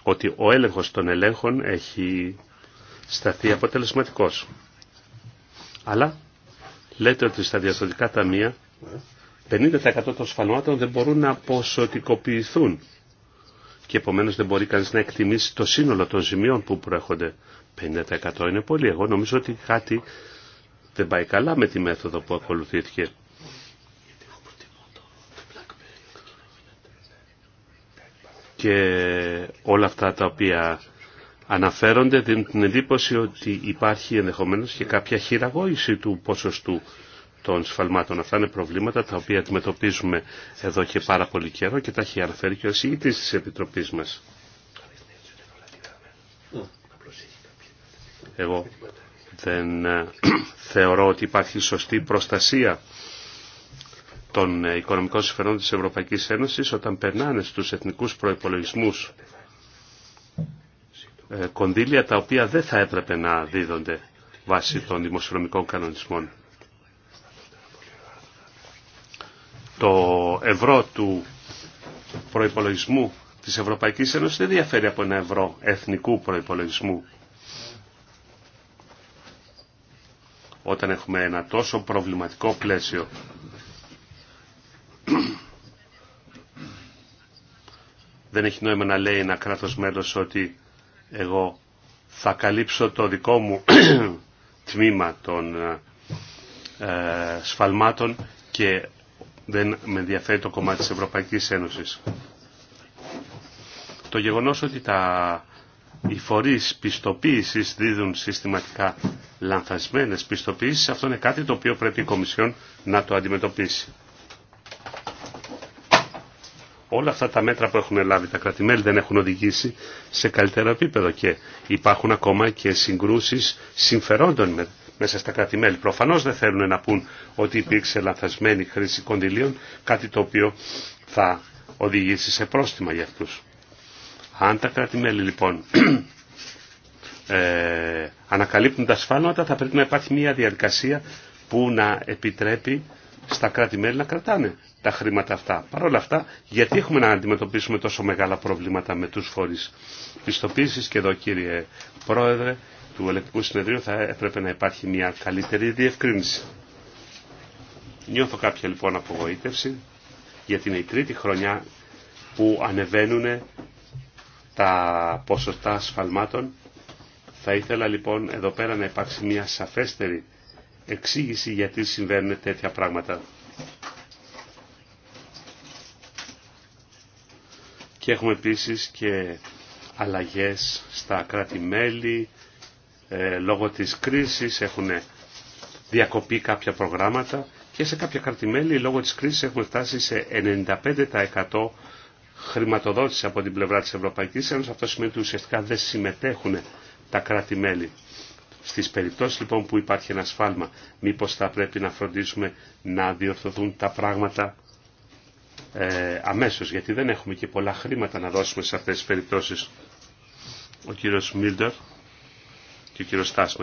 ότι ο έλεγχος των ελέγχων έχει σταθεί αποτελεσματικός. Αλλά λέτε ότι στα διαστατικά ταμεία 50% των σφαλμάτων δεν μπορούν να ποσοτικοποιηθούν και επομένως δεν μπορεί κανείς να εκτιμήσει το σύνολο των ζημιών που προέρχονται. 50% είναι πολύ. Εγώ νομίζω ότι κάτι δεν πάει καλά με τη μέθοδο που ακολουθήθηκε. Και όλα αυτά τα οποία αναφέρονται την εντύπωση ότι υπάρχει ενδεχομένως και κάποια χειραγώγηση του ποσοστού των σφαλμάτων. Αυτά είναι προβλήματα τα οποία αντιμετωπίζουμε εδώ και πάρα πολύ καιρό και τα έχει αναφέρει και ο συγητής της Επιτροπής μας. Εγώ δεν ε, <clears throat> θεωρώ ότι υπάρχει σωστή προστασία των ε, οικονομικών συμφερόντων της Ευρωπαϊκής Ένωσης όταν περνάνε στους εθνικούς προϋπολογισμούς ε, κονδύλια τα οποία δεν θα έπρεπε να δίδονται βάσει των δημοσιονομικών κανονισμών. Το ευρώ του προϋπολογισμού της Ευρωπαϊκής Ένωσης δεν διαφέρει από ένα ευρώ εθνικού προϋπολογισμού. Όταν έχουμε ένα τόσο προβληματικό πλαίσιο δεν έχει νόημα να λέει ένα κράτος μέλος ότι εγώ θα καλύψω το δικό μου <clears throat> τμήμα των ε, σφαλμάτων και δεν με ενδιαφέρει το κομμάτι της Ευρωπαϊκής Ένωσης. Το γεγονός ότι τα, οι φορείς πιστοποίησης δίδουν συστηματικά λανθασμένες πιστοποίησεις, αυτό είναι κάτι το οποίο πρέπει η Κομισιόν να το αντιμετωπίσει όλα αυτά τα μέτρα που έχουν λάβει τα κρατημέλη δεν έχουν οδηγήσει σε καλύτερο επίπεδο και υπάρχουν ακόμα και συγκρούσεις συμφερόντων μέσα στα κρατημέλη. Προφανώς δεν θέλουν να πούν ότι υπήρξε λανθασμένη χρήση κονδυλίων, κάτι το οποίο θα οδηγήσει σε πρόστιμα για αυτούς. Αν τα κρατημέλη λοιπόν <clears throat> ε, ανακαλύπτουν τα ασφάλματα, θα πρέπει να υπάρχει μια διαδικασία που να επιτρέπει στα κράτη-μέλη να κρατάνε τα χρήματα αυτά. Παρ' όλα αυτά, γιατί έχουμε να αντιμετωπίσουμε τόσο μεγάλα προβλήματα με τους φορείς πιστοποίησης και εδώ κύριε Πρόεδρε του Ελεκτικού Συνεδρίου θα έπρεπε να υπάρχει μια καλύτερη διευκρίνηση. Νιώθω κάποια λοιπόν απογοήτευση γιατί είναι η τρίτη χρονιά που ανεβαίνουν τα ποσοστά ασφαλμάτων. Θα ήθελα λοιπόν εδώ πέρα να υπάρξει μια σαφέστερη εξήγηση γιατί συμβαίνουν τέτοια πράγματα. Και έχουμε επίσης και αλλαγές στα κράτη-μέλη, ε, λόγω της κρίσης έχουν διακοπεί κάποια προγράμματα και σε κάποια κράτη-μέλη λόγω της κρίσης έχουμε φτάσει σε 95% χρηματοδότηση από την πλευρά της Ευρωπαϊκής Ένωσης. Αυτό σημαίνει ότι ουσιαστικά δεν συμμετέχουν τα κράτη-μέλη. Στις περιπτώσεις λοιπόν που υπάρχει ένα σφάλμα, μήπως θα πρέπει να φροντίσουμε να διορθωθούν τα πράγματα ε, αμέσως, γιατί δεν έχουμε και πολλά χρήματα να δώσουμε σε αυτές τις περιπτώσεις. Ο κύριος μιλτερ και ο κύριος Στάς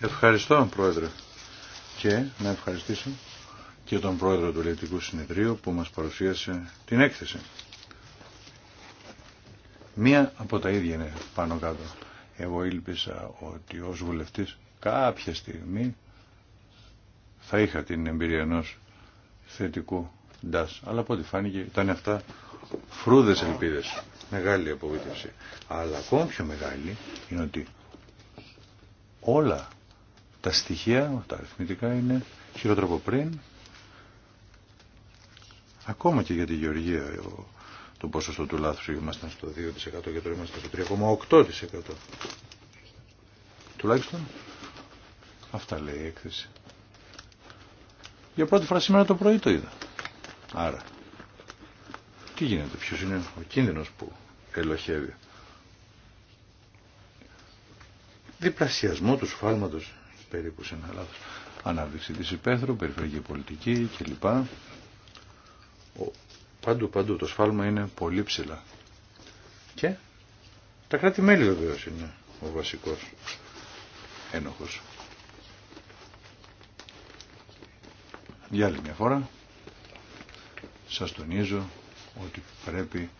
Ευχαριστώ Πρόεδρε και να ευχαριστήσω και τον Πρόεδρο του Λεπτικού Συνεδρίου που μας παρουσίασε την έκθεση. Μία από τα ίδια είναι πάνω κάτω. Εγώ ήλπισα ότι ως βουλευτής κάποια στιγμή θα είχα την εμπειρία ενό θετικού ντάς. Αλλά από ό,τι φάνηκε ήταν αυτά φρούδες ελπίδες. Μεγάλη απογοήτευση. Αλλά ακόμα πιο μεγάλη είναι ότι όλα τα στοιχεία, τα αριθμητικά είναι από πριν. Ακόμα και για τη Γεωργία το ποσοστό του λάθους ήμασταν στο 2% και τώρα είμαστε στο 3,8% τουλάχιστον αυτά λέει η έκθεση για πρώτη φορά σήμερα το πρωί το είδα άρα τι γίνεται ποιος είναι ο κίνδυνος που ελοχεύει διπλασιασμό του σφάλματος περίπου σε ένα λάθος ανάπτυξη της υπαίθρου, περιφερειακή πολιτική κλπ Παντού, παντού το σφάλμα είναι πολύ ψηλά. Και τα κράτη-μέλη βεβαίως είναι ο βασικός ένοχος. Για άλλη μια φορά σας τονίζω ότι πρέπει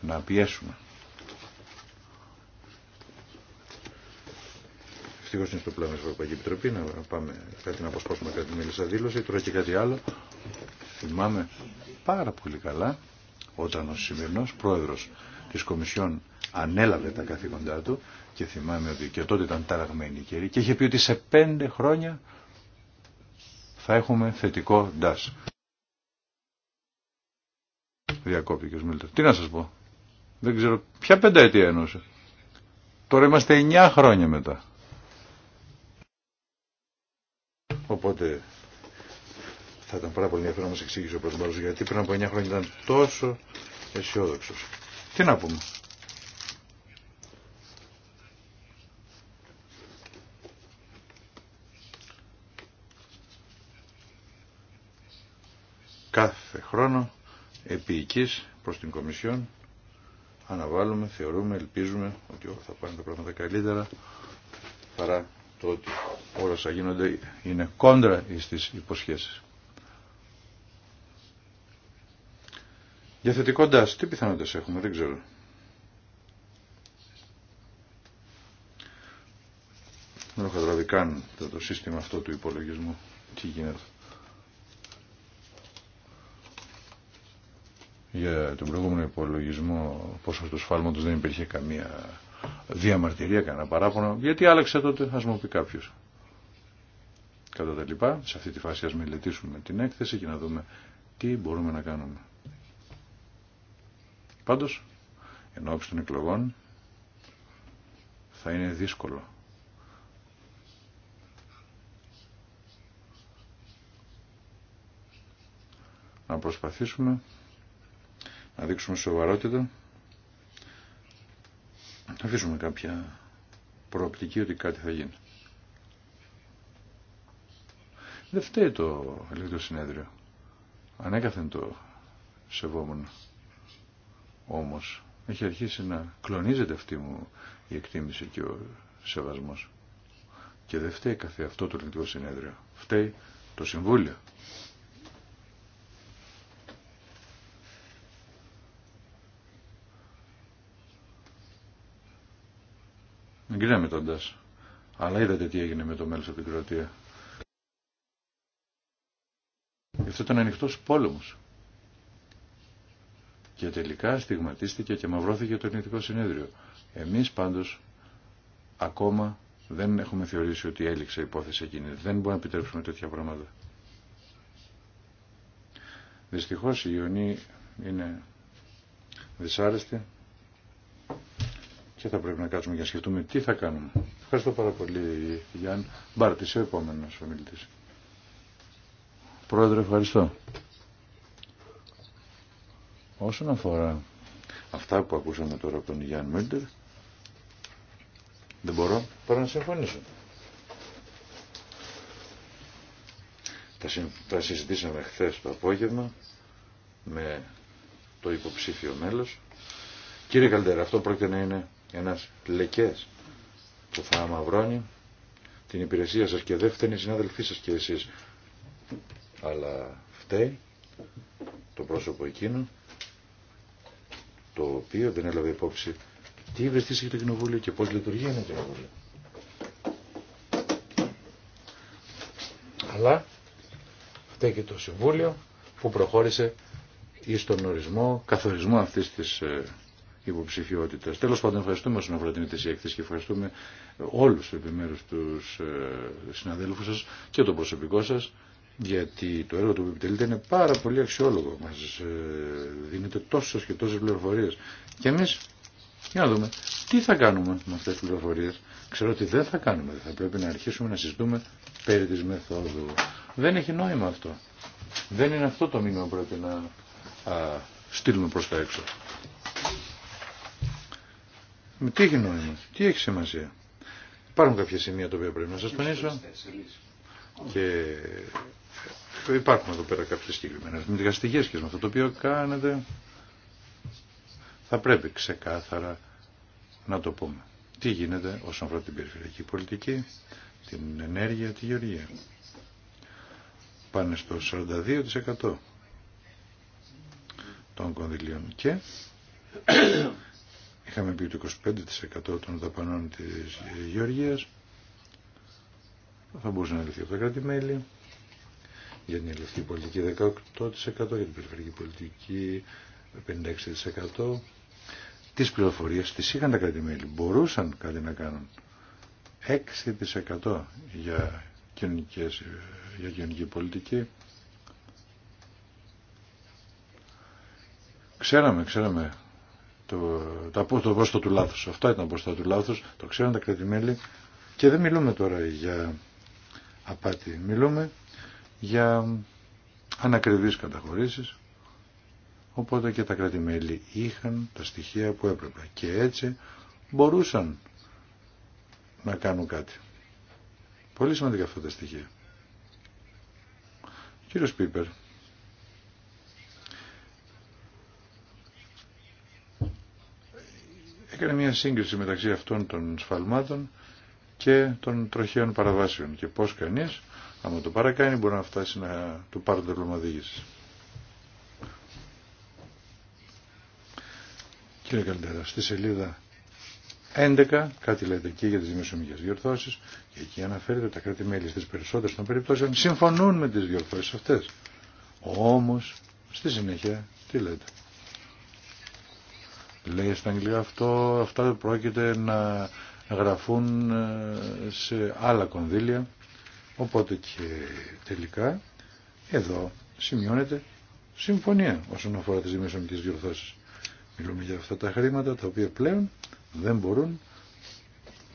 να πιέσουμε. Ευτυχώ είναι στο πλάνο τη Ευρωπαϊκή Επιτροπή να πάμε κάτι να αποσπάσουμε κάτι μέλη σαν δήλωση, τώρα και κάτι άλλο. Θυμάμαι πάρα πολύ καλά όταν ο σημερινός πρόεδρος της Κομισιόν ανέλαβε τα καθήκοντά του και θυμάμαι ότι και τότε ήταν ταραγμένη η και είχε πει ότι σε πέντε χρόνια θα έχουμε θετικό ντάς. Διακόπηκε ο Σμίλτερ. Τι να σας πω. Δεν ξέρω ποια πενταετία ενώσε. Τώρα είμαστε εννιά χρόνια μετά. Οπότε θα ήταν πάρα πολύ ενδιαφέρον να μα εξηγήσει ο πρόεδρο γιατί πριν από 9 χρόνια ήταν τόσο αισιόδοξο. Τι να πούμε. Κάθε χρόνο επί οικής προς την Κομισιόν αναβάλουμε, θεωρούμε, ελπίζουμε ότι θα πάνε τα πράγματα καλύτερα παρά το ότι όλα σα γίνονται είναι κόντρα στις υποσχέσεις. τας, τι πιθανότητες έχουμε, δεν ξέρω. Δεν έχω καταλάβει καν το, σύστημα αυτό του υπολογισμού. Τι γίνεται. Για τον προηγούμενο υπολογισμό πόσο του σφάλματος δεν υπήρχε καμία διαμαρτυρία, κανένα παράπονο. Γιατί άλλαξε τότε, ας μου πει κάποιο. Κατά τα λοιπά, σε αυτή τη φάση ας μελετήσουμε την έκθεση και να δούμε τι μπορούμε να κάνουμε. Πάντως, εν των εκλογών θα είναι δύσκολο. Να προσπαθήσουμε να δείξουμε σοβαρότητα, να αφήσουμε κάποια προοπτική ότι κάτι θα γίνει. Δεν φταίει το ελεύθερο συνέδριο. Ανέκαθεν το σεβόμουν όμως έχει αρχίσει να κλονίζεται αυτή μου η εκτίμηση και ο σεβασμός. Και δεν φταίει καθ' αυτό το ελληνικό συνέδριο. Φταίει το Συμβούλιο. Μην κρίναμε τον Τάσο. Αλλά είδατε τι έγινε με το μέλος από την Κροατία. Αυτό ήταν ανοιχτός πόλεμος και τελικά στιγματίστηκε και μαυρώθηκε το ελληνικό συνέδριο. Εμείς πάντως ακόμα δεν έχουμε θεωρήσει ότι έληξε η υπόθεση εκείνη. Δεν μπορούμε να επιτρέψουμε τέτοια πράγματα. Δυστυχώς η Ιωνή είναι δυσάρεστη και θα πρέπει να κάτσουμε και να σκεφτούμε τι θα κάνουμε. Ευχαριστώ πάρα πολύ Γιάννη. Μπάρτης, ο επόμενος ομιλητής. Πρόεδρε, ευχαριστώ. Όσον αφορά αυτά που ακούσαμε τώρα από τον Γιάν Μίλτερ, δεν μπορώ παρά να συμφωνήσω. Τα, συ, συζητήσαμε χθε το απόγευμα με το υποψήφιο μέλος. Κύριε Καλτέρα, αυτό πρόκειται να είναι ένας λεκές που θα αμαυρώνει την υπηρεσία σας και δεν φταίνει οι συνάδελφοί σας και εσείς. Αλλά φταίει το πρόσωπο εκείνο το οποίο δεν έλαβε υπόψη τι ευαισθήσει το κοινοβούλιο και πώς λειτουργεί ένα κοινοβούλιο. Αλλά φταίει το Συμβούλιο που προχώρησε ή στον ορισμό, καθορισμό αυτής της ε, υποψηφιότητα. Τέλο πάντων, ευχαριστούμε όσον αφορά την ετησία και ευχαριστούμε όλου του επιμέρου του ε, συναδέλφου σα και τον προσωπικό σα γιατί το έργο που επιτελείται είναι πάρα πολύ αξιόλογο. Μας ε, δίνεται τόσες και τόσες πληροφορίες. Και εμείς, για να δούμε, τι θα κάνουμε με αυτές τις πληροφορίες. Ξέρω ότι δεν θα κάνουμε, θα πρέπει να αρχίσουμε να συζητούμε περί της μεθόδου. Δεν έχει νόημα αυτό. Δεν είναι αυτό το μήνυμα που πρέπει να στείλουμε προς τα έξω. Με τι έχει νόημα, τι έχει σημασία. Υπάρχουν κάποια σημεία τα οποία πρέπει να σας τονίσω ναι, και υπάρχουν εδώ πέρα κάποιες συγκεκριμένες με και με αυτό το οποίο κάνετε θα πρέπει ξεκάθαρα να το πούμε. Τι γίνεται όσον αφορά την περιφερειακή πολιτική, την ενέργεια, τη γεωργία. Πάνε στο 42% των κονδυλίων και <coughs> είχαμε πει το 25% των δαπανών της γεωργίας θα μπορούσε να λυθεί από τα κράτη-μέλη για την ελευθερική πολιτική 18%, για την περιφερειακή πολιτική 56%. Τις πληροφορίες τις είχαν τα κρατημέλη, μπορούσαν κάτι να κάνουν. 6% για, για κοινωνική πολιτική. Ξέραμε, ξέραμε το, το, το του λάθους. Αυτά ήταν πόστο του λάθους. Το ξέραν τα κρατημέλη. Και δεν μιλούμε τώρα για απάτη. Μιλούμε για ανακριβείς καταχωρήσεις οπότε και τα κρατημέλη είχαν τα στοιχεία που έπρεπε και έτσι μπορούσαν να κάνουν κάτι. Πολύ σημαντικά αυτά τα στοιχεία. Κύριος Πίπερ, έκανε μια σύγκριση μεταξύ αυτών των σφαλμάτων και των τροχαίων παραβάσεων και πώς κανείς Άμα το παρακάνει μπορεί να φτάσει να του πάρει το λομαδίγηση. Κύριε Καλτέρα, στη σελίδα 11 κάτι λέτε εκεί για τις δημοσιονομικές διορθώσεις και εκεί αναφέρεται τα κράτη-μέλη στις περισσότερες των περιπτώσεων συμφωνούν με τις διορθώσεις αυτές. Όμως, στη συνέχεια, τι λέτε. Λέει στα αγγλικά αυτό, αυτά πρόκειται να γραφούν ε, σε άλλα κονδύλια Οπότε και τελικά εδώ σημειώνεται συμφωνία όσον αφορά τις δημοσιονομικές διορθώσεις. Μιλούμε για αυτά τα χρήματα τα οποία πλέον δεν μπορούν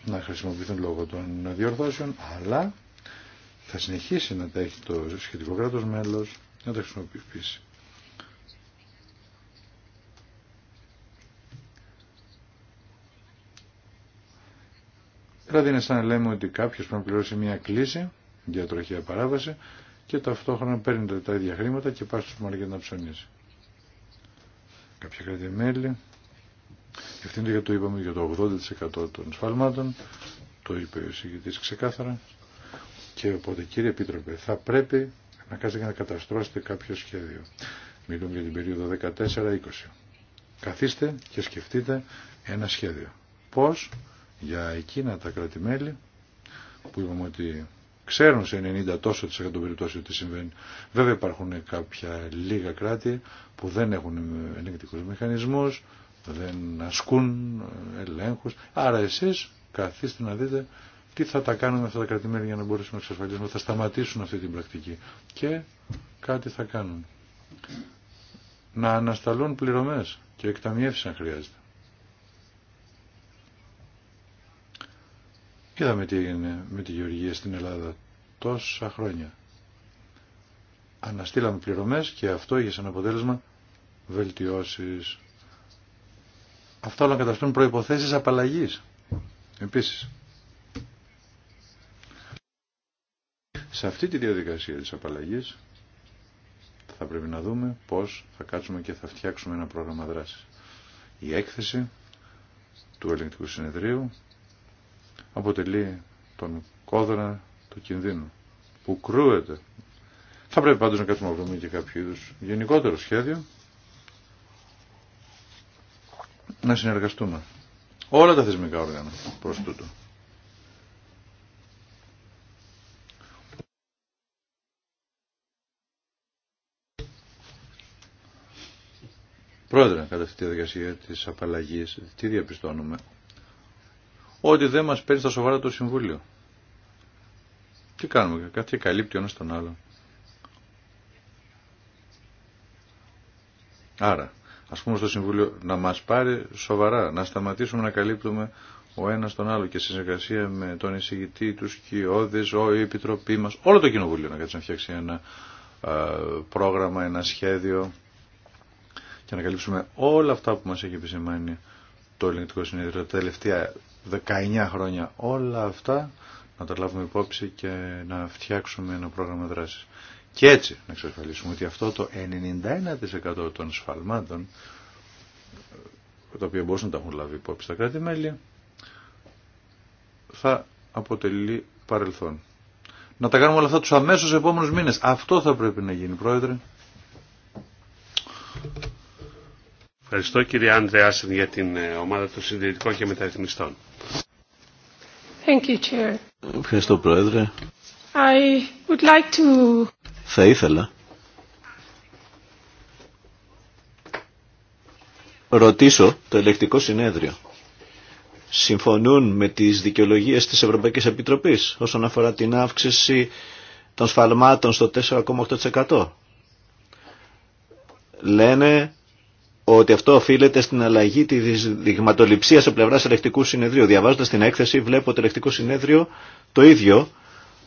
να χρησιμοποιηθούν λόγω των διορθώσεων, αλλά θα συνεχίσει να τα έχει το σχετικό κράτος μέλος να τα χρησιμοποιήσει. Δηλαδή είναι σαν να λέμε ότι κάποιος πρέπει να πληρώσει μια κλίση διατροχή παράβαση και ταυτόχρονα παίρνει τα ίδια χρήματα και πάει στους μάρκετ να ψωνίσει. Κάποια κράτη-μέλη ευθύνεται για το είπαμε για το 80% των σφαλμάτων, το είπε ο συγκεκριτή ξεκάθαρα και οπότε κύριε Επίτροπε θα πρέπει να κάνετε και να καταστρώσετε κάποιο σχέδιο. Μιλούμε για την περίοδο 14-20. Καθίστε και σκεφτείτε ένα σχέδιο. Πώς για εκείνα τα κράτη-μέλη που είπαμε ότι ξέρουν σε 90 τόσο τις τι συμβαίνει. Βέβαια υπάρχουν κάποια λίγα κράτη που δεν έχουν ελεγκτικούς μηχανισμούς, δεν ασκούν ελέγχους. Άρα εσείς καθίστε να δείτε τι θα τα κάνουν αυτά τα κρατημέρια για να μπορέσουμε να εξασφαλίσουμε. Θα σταματήσουν αυτή την πρακτική και κάτι θα κάνουν. Να ανασταλούν πληρωμές και εκταμιεύσεις αν χρειάζεται. Και είδαμε τι έγινε με τη γεωργία στην Ελλάδα τόσα χρόνια. Αναστήλαμε πληρωμές και αυτό είχε σαν αποτέλεσμα βελτιώσεις. Αυτά όλα καταστούν προϋποθέσεις απαλλαγής. Επίσης, σε αυτή τη διαδικασία της απαλλαγής θα πρέπει να δούμε πώς θα κάτσουμε και θα φτιάξουμε ένα πρόγραμμα δράσης. Η έκθεση του ελεγκτικού συνεδρίου αποτελεί τον κόδρα του κινδύνου που κρούεται. Θα πρέπει πάντως να κάτσουμε να βρούμε και κάποιο είδου γενικότερο σχέδιο να συνεργαστούμε. Όλα τα θεσμικά όργανα προς τούτο. Πρόεδρε, κατά αυτή τη διαδικασία της απαλλαγής, τι διαπιστώνουμε, ότι δεν μας παίρνει στα σοβαρά το Συμβούλιο. Τι κάνουμε, κάτι καλύπτει ο ένας τον άλλο. Άρα, ας πούμε στο Συμβούλιο να μας πάρει σοβαρά, να σταματήσουμε να καλύπτουμε ο ένας τον άλλο και σε συνεργασία με τον εισηγητή, τους σκιώδες, ό, η Επιτροπή μας, όλο το Κοινοβούλιο να κάτσει να φτιάξει ένα πρόγραμμα, ένα σχέδιο και να καλύψουμε όλα αυτά που μας έχει επισημάνει το Ελληνικό Συνέδριο τα τελευταία 19 χρόνια. Όλα αυτά να τα λάβουμε υπόψη και να φτιάξουμε ένα πρόγραμμα δράσης. Και έτσι να εξασφαλίσουμε ότι αυτό το 91% των σφαλμάτων τα οποία μπορούσαν να τα έχουν λάβει υπόψη τα κράτη-μέλη θα αποτελεί παρελθόν. Να τα κάνουμε όλα αυτά τους αμέσως επόμενους μήνες. Αυτό θα πρέπει να γίνει, Πρόεδρε. Ευχαριστώ κύριε Άσεν για την ε, ομάδα των συντηρητικών και μεταρρυθμιστών. Thank you, Chair. Ευχαριστώ Πρόεδρε. I would like to... Θα ήθελα ρωτήσω το ελεκτικό συνέδριο. Συμφωνούν με τις δικαιολογίες της Ευρωπαϊκής Επιτροπής όσον αφορά την αύξηση των σφαλμάτων στο 4,8%. Λένε ότι αυτό οφείλεται στην αλλαγή τη δειγματοληψία από πλευρά ελεκτικού συνεδρίου. Διαβάζοντα την έκθεση, βλέπω ότι το ελεκτικό συνέδριο το ίδιο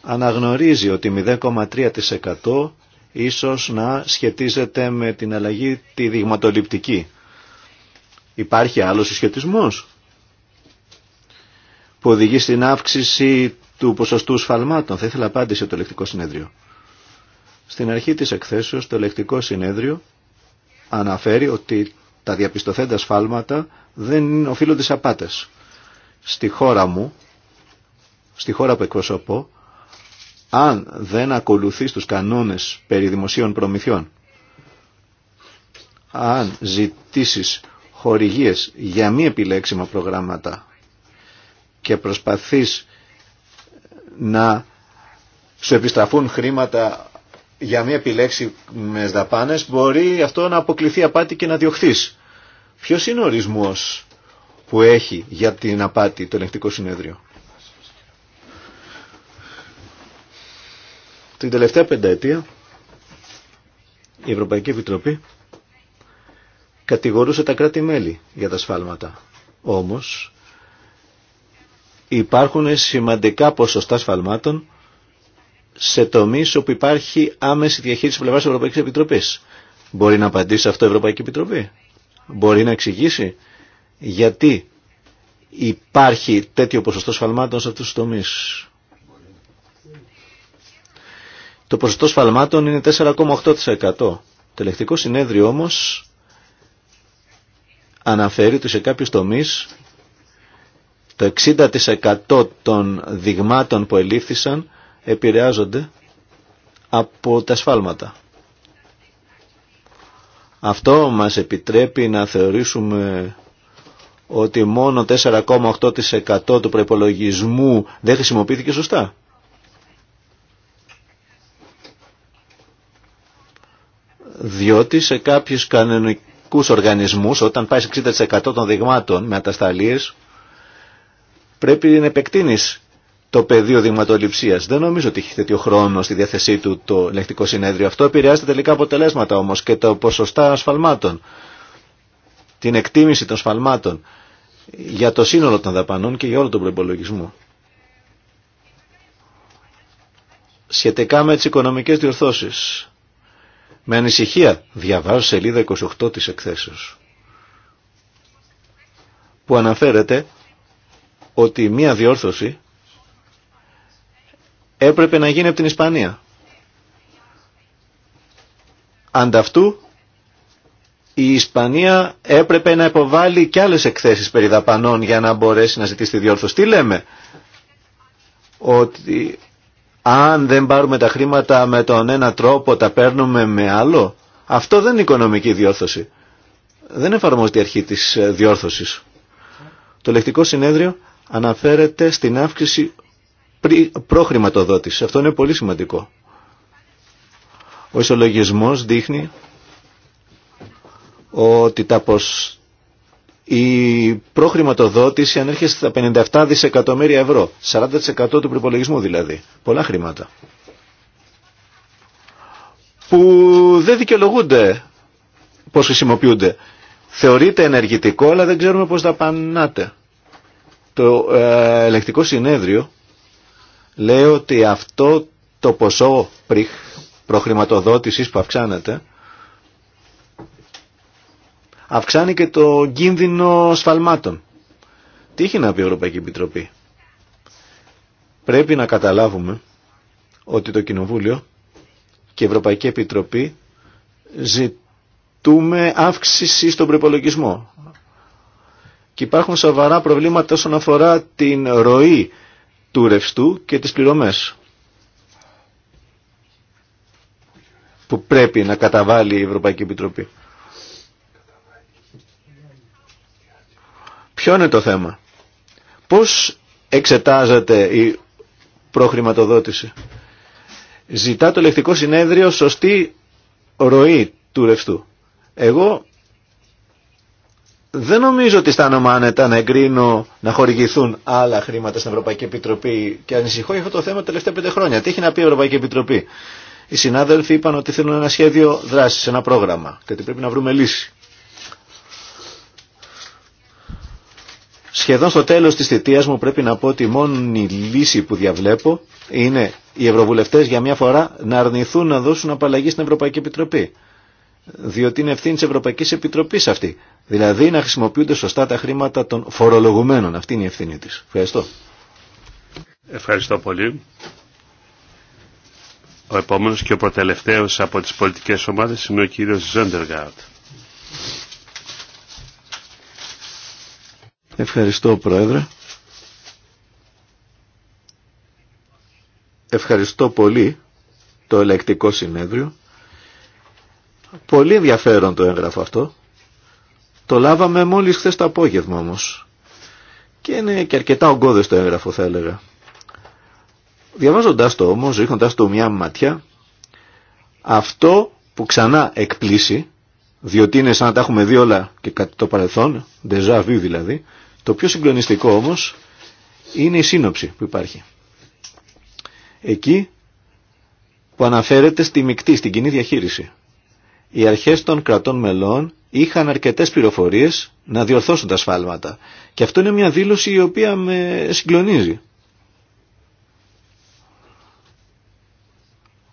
αναγνωρίζει ότι 0,3% ίσως να σχετίζεται με την αλλαγή τη δειγματοληπτική. Υπάρχει άλλος συσχετισμός που οδηγεί στην αύξηση του ποσοστού σφαλμάτων. Θα ήθελα απάντηση από το ελεκτικό συνέδριο. Στην αρχή της εκθέσεως το ελεκτικό συνέδριο αναφέρει ότι τα διαπιστωθέντα σφάλματα δεν οφείλονται σε απάτες. Στη χώρα μου, στη χώρα που εκπροσωπώ, αν δεν ακολουθείς τους κανόνες περί δημοσίων προμηθειών, αν ζητήσεις χορηγίες για μη επιλέξιμα προγράμματα και προσπαθείς να σου επιστραφούν χρήματα για μια επιλέξη με δαπάνε μπορεί αυτό να αποκληθεί απάτη και να διωχθεί. Ποιο είναι ο ορισμό που έχει για την απάτη το ελεγκτικό συνέδριο. Την τελευταία πενταετία η Ευρωπαϊκή Επιτροπή κατηγορούσε τα κράτη-μέλη για τα σφάλματα. Όμως υπάρχουν σημαντικά ποσοστά σφαλμάτων σε τομεί όπου υπάρχει άμεση διαχείριση πλευρά της Ευρωπαϊκής Επιτροπής. Μπορεί να απαντήσει αυτό η Ευρωπαϊκή Επιτροπή. Μπορεί να εξηγήσει γιατί υπάρχει τέτοιο ποσοστό σφαλμάτων σε αυτού του τομείς. Το ποσοστό σφαλμάτων είναι 4,8%. Το ελεκτικό συνέδριο όμως αναφέρει ότι σε κάποιους τομείς το 60% των δειγμάτων που ελήφθησαν επηρεάζονται από τα σφάλματα. Αυτό μας επιτρέπει να θεωρήσουμε ότι μόνο 4,8% του προπολογισμού δεν χρησιμοποιήθηκε σωστά. Διότι σε κάποιους κανονικούς οργανισμούς, όταν πάει σε 60% των δειγμάτων με ατασταλίες, πρέπει να επεκτείνεις το πεδίο δειγματοληψία. Δεν νομίζω ότι έχει τέτοιο χρόνο στη διάθεσή του το ελεκτικό συνέδριο. Αυτό επηρεάζει τελικά αποτελέσματα όμω και τα ποσοστά ασφαλμάτων. Την εκτίμηση των ασφαλμάτων για το σύνολο των δαπανών και για όλο τον προπολογισμό. Σχετικά με τις οικονομικές διορθώσεις. Με ανησυχία διαβάζω σελίδα 28 της εκθέσεως που αναφέρεται ότι μία διόρθωση έπρεπε να γίνει από την Ισπανία. Ανταυτού, η Ισπανία έπρεπε να υποβάλει κι άλλες εκθέσεις περί δαπανών για να μπορέσει να ζητήσει τη διόρθωση. Τι λέμε, ότι αν δεν πάρουμε τα χρήματα με τον ένα τρόπο τα παίρνουμε με άλλο. Αυτό δεν είναι οικονομική διόρθωση. Δεν εφαρμόζεται η αρχή της διόρθωσης. Το λεκτικό συνέδριο αναφέρεται στην αύξηση προχρηματοδότηση. Αυτό είναι πολύ σημαντικό. Ο ισολογισμός δείχνει ότι τα πως... η προχρηματοδότηση ανέρχεται στα 57 δισεκατομμύρια ευρώ, 40% του προπολογισμού δηλαδή, πολλά χρήματα, που δεν δικαιολογούνται πώς χρησιμοποιούνται. Θεωρείται ενεργητικό, αλλά δεν ξέρουμε πώς δαπανάται. Το ε, ελεκτικό συνέδριο λέει ότι αυτό το ποσό προχρηματοδότησης που αυξάνεται αυξάνει και το κίνδυνο σφαλμάτων. Τι έχει να πει η Ευρωπαϊκή Επιτροπή. Πρέπει να καταλάβουμε ότι το Κοινοβούλιο και η Ευρωπαϊκή Επιτροπή ζητούμε αύξηση στον προπολογισμό. Και υπάρχουν σοβαρά προβλήματα όσον αφορά την ροή του ρευστού και τις πληρωμές που πρέπει να καταβάλει η Ευρωπαϊκή Επιτροπή. Ποιο είναι το θέμα. Πώς εξετάζεται η προχρηματοδότηση. Ζητά το λεκτικό συνέδριο σωστή ροή του ρευστού. Εγώ δεν νομίζω ότι αισθάνομαι άνετα να εγκρίνω να χορηγηθούν άλλα χρήματα στην Ευρωπαϊκή Επιτροπή και ανησυχώ για αυτό το θέμα τα τελευταία πέντε χρόνια. Τι έχει να πει η Ευρωπαϊκή Επιτροπή. Οι συνάδελφοι είπαν ότι θέλουν ένα σχέδιο δράση, ένα πρόγραμμα και ότι πρέπει να βρούμε λύση. Σχεδόν στο τέλο τη θητείας μου πρέπει να πω ότι η μόνη λύση που διαβλέπω είναι οι ευρωβουλευτέ για μια φορά να αρνηθούν να δώσουν απαλλαγή στην Ευρωπαϊκή Επιτροπή διότι είναι ευθύνη της Ευρωπαϊκής Επιτροπής αυτή. Δηλαδή να χρησιμοποιούνται σωστά τα χρήματα των φορολογουμένων. Αυτή είναι η ευθύνη της. Ευχαριστώ. Ευχαριστώ πολύ. Ο επόμενος και ο προτελευταίος από τις πολιτικές ομάδες είναι ο κύριος Ζέντεργαρτ. Ευχαριστώ Πρόεδρε. Ευχαριστώ πολύ το ελεκτικό συνέδριο Πολύ ενδιαφέρον το έγγραφο αυτό. Το λάβαμε μόλις χθες το απόγευμα όμως. Και είναι και αρκετά ογκώδες το έγγραφο θα έλεγα. Διαβάζοντάς το όμως, ρίχνοντας το μια ματιά, αυτό που ξανά εκπλήσει, διότι είναι σαν να τα έχουμε δει όλα και κάτι το παρελθόν, déjà vu δηλαδή, το πιο συγκλονιστικό όμως είναι η σύνοψη που υπάρχει. Εκεί που αναφέρεται στη μεικτή, στην κοινή διαχείριση οι αρχές των κρατών μελών είχαν αρκετές πληροφορίες να διορθώσουν τα σφάλματα. Και αυτό είναι μια δήλωση η οποία με συγκλονίζει.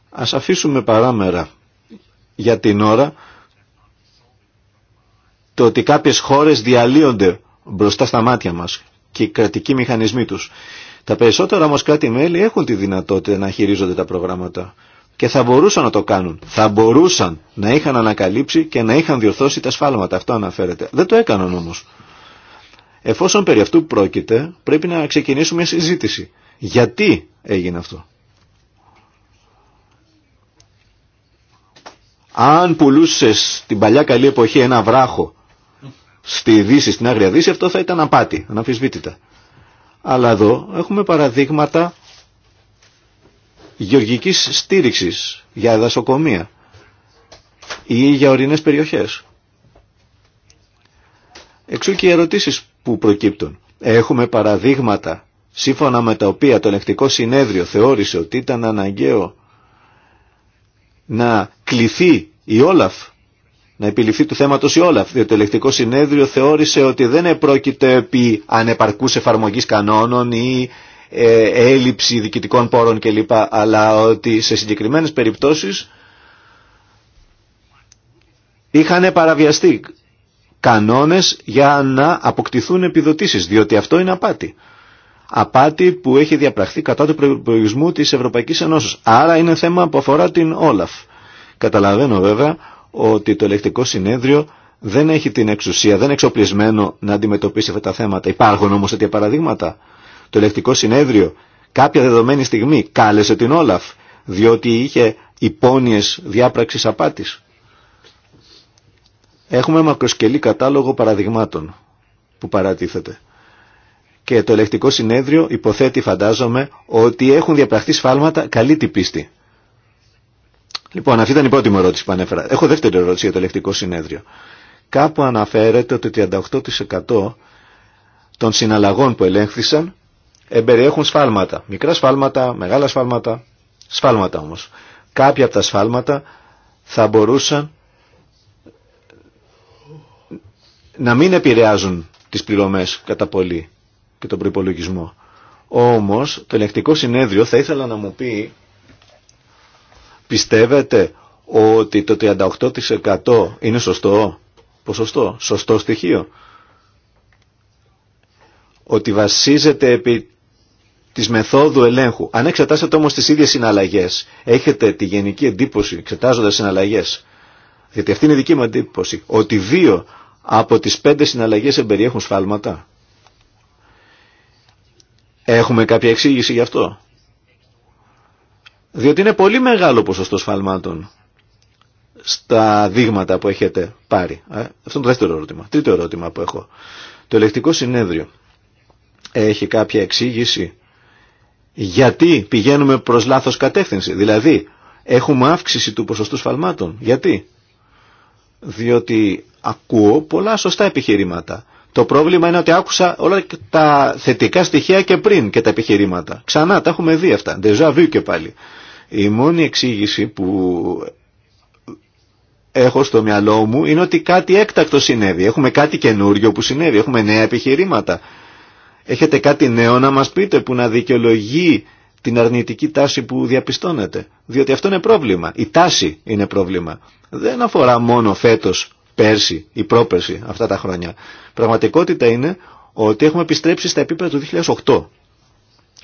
Ας αφήσουμε παράμερα για την ώρα το ότι κάποιες χώρες διαλύονται μπροστά στα μάτια μας και οι κρατικοί μηχανισμοί τους. Τα περισσότερα όμως κράτη-μέλη έχουν τη δυνατότητα να χειρίζονται τα προγράμματα και θα μπορούσαν να το κάνουν. Θα μπορούσαν να είχαν ανακαλύψει και να είχαν διορθώσει τα σφάλματα. Αυτό αναφέρεται. Δεν το έκαναν όμως. Εφόσον περί αυτού πρόκειται, πρέπει να ξεκινήσουμε μια συζήτηση. Γιατί έγινε αυτό. Αν πουλούσε την παλιά καλή εποχή ένα βράχο στη Δύση, στην Άγρια Δύση, αυτό θα ήταν απάτη, αναμφισβήτητα. Αλλά εδώ έχουμε παραδείγματα γεωργικής στήριξης για δασοκομεία ή για ορεινές περιοχές. Εξού και οι ερωτήσεις που προκύπτουν. Έχουμε παραδείγματα σύμφωνα με τα οποία το ελεκτικό συνέδριο θεώρησε ότι ήταν αναγκαίο να κληθεί η Όλαφ, να επιληφθεί του θέματος η Όλαφ, διότι το ελεκτικό συνέδριο θεώρησε ότι δεν επρόκειται επί ανεπαρκούς εφαρμογής κανόνων ή ε, έλλειψη διοικητικών πόρων κλπ. Αλλά ότι σε συγκεκριμένες περιπτώσεις είχαν παραβιαστεί κανόνες για να αποκτηθούν επιδοτήσεις, διότι αυτό είναι απάτη. Απάτη που έχει διαπραχθεί κατά του προϋπολογισμού της Ευρωπαϊκής Ενώσης. Άρα είναι θέμα που αφορά την Όλαφ. Καταλαβαίνω βέβαια ότι το ελεκτικό συνέδριο δεν έχει την εξουσία, δεν είναι εξοπλισμένο να αντιμετωπίσει αυτά τα θέματα. Υπάρχουν όμως τέτοια παραδείγματα. Το ελεκτικό συνέδριο κάποια δεδομένη στιγμή κάλεσε την Όλαφ διότι είχε υπόνοιες διάπραξης απάτης. Έχουμε μακροσκελή κατάλογο παραδειγμάτων που παρατίθεται. Και το ελεκτικό συνέδριο υποθέτει φαντάζομαι ότι έχουν διαπραχθεί σφάλματα καλή την πίστη. Λοιπόν, αυτή ήταν η πρώτη μου ερώτηση που ανέφερα. Έχω δεύτερη ερώτηση για το ελεκτικό συνέδριο. Κάπου αναφέρεται ότι 38% των συναλλαγών που ελέγχθησαν εμπεριέχουν σφάλματα. Μικρά σφάλματα, μεγάλα σφάλματα, σφάλματα όμως. Κάποια από τα σφάλματα θα μπορούσαν να μην επηρεάζουν τις πληρωμές κατά πολύ και τον προϋπολογισμό. Όμως το ελεκτικό συνέδριο θα ήθελα να μου πει πιστεύετε ότι το 38% είναι σωστό ποσοστό, σωστό στοιχείο ότι βασίζεται επί της μεθόδου ελέγχου. Αν εξετάσετε όμως τις ίδιες συναλλαγές, έχετε τη γενική εντύπωση εξετάζοντας συναλλαγές, γιατί αυτή είναι η δική μου εντύπωση, ότι δύο από τις πέντε συναλλαγές εμπεριέχουν σφάλματα. Έχουμε κάποια εξήγηση γι' αυτό. Διότι είναι πολύ μεγάλο ποσοστό σφαλμάτων στα δείγματα που έχετε πάρει. Ε, αυτό είναι το δεύτερο ερώτημα. Τρίτο ερώτημα που έχω. Το ελεκτικό συνέδριο έχει κάποια εξήγηση γιατί πηγαίνουμε προς λάθος κατεύθυνση. Δηλαδή, έχουμε αύξηση του ποσοστού σφαλμάτων. Γιατί. Διότι ακούω πολλά σωστά επιχειρήματα. Το πρόβλημα είναι ότι άκουσα όλα τα θετικά στοιχεία και πριν και τα επιχειρήματα. Ξανά τα έχουμε δει αυτά. Ντεζά βίου και πάλι. Η μόνη εξήγηση που έχω στο μυαλό μου είναι ότι κάτι έκτακτο συνέβη. Έχουμε κάτι καινούριο που συνέβη. Έχουμε νέα επιχειρήματα. Έχετε κάτι νέο να μας πείτε που να δικαιολογεί την αρνητική τάση που διαπιστώνετε; Διότι αυτό είναι πρόβλημα. Η τάση είναι πρόβλημα. Δεν αφορά μόνο φέτος, πέρσι ή πρόπερσι αυτά τα χρόνια. Πραγματικότητα είναι ότι έχουμε επιστρέψει στα επίπεδα του 2008.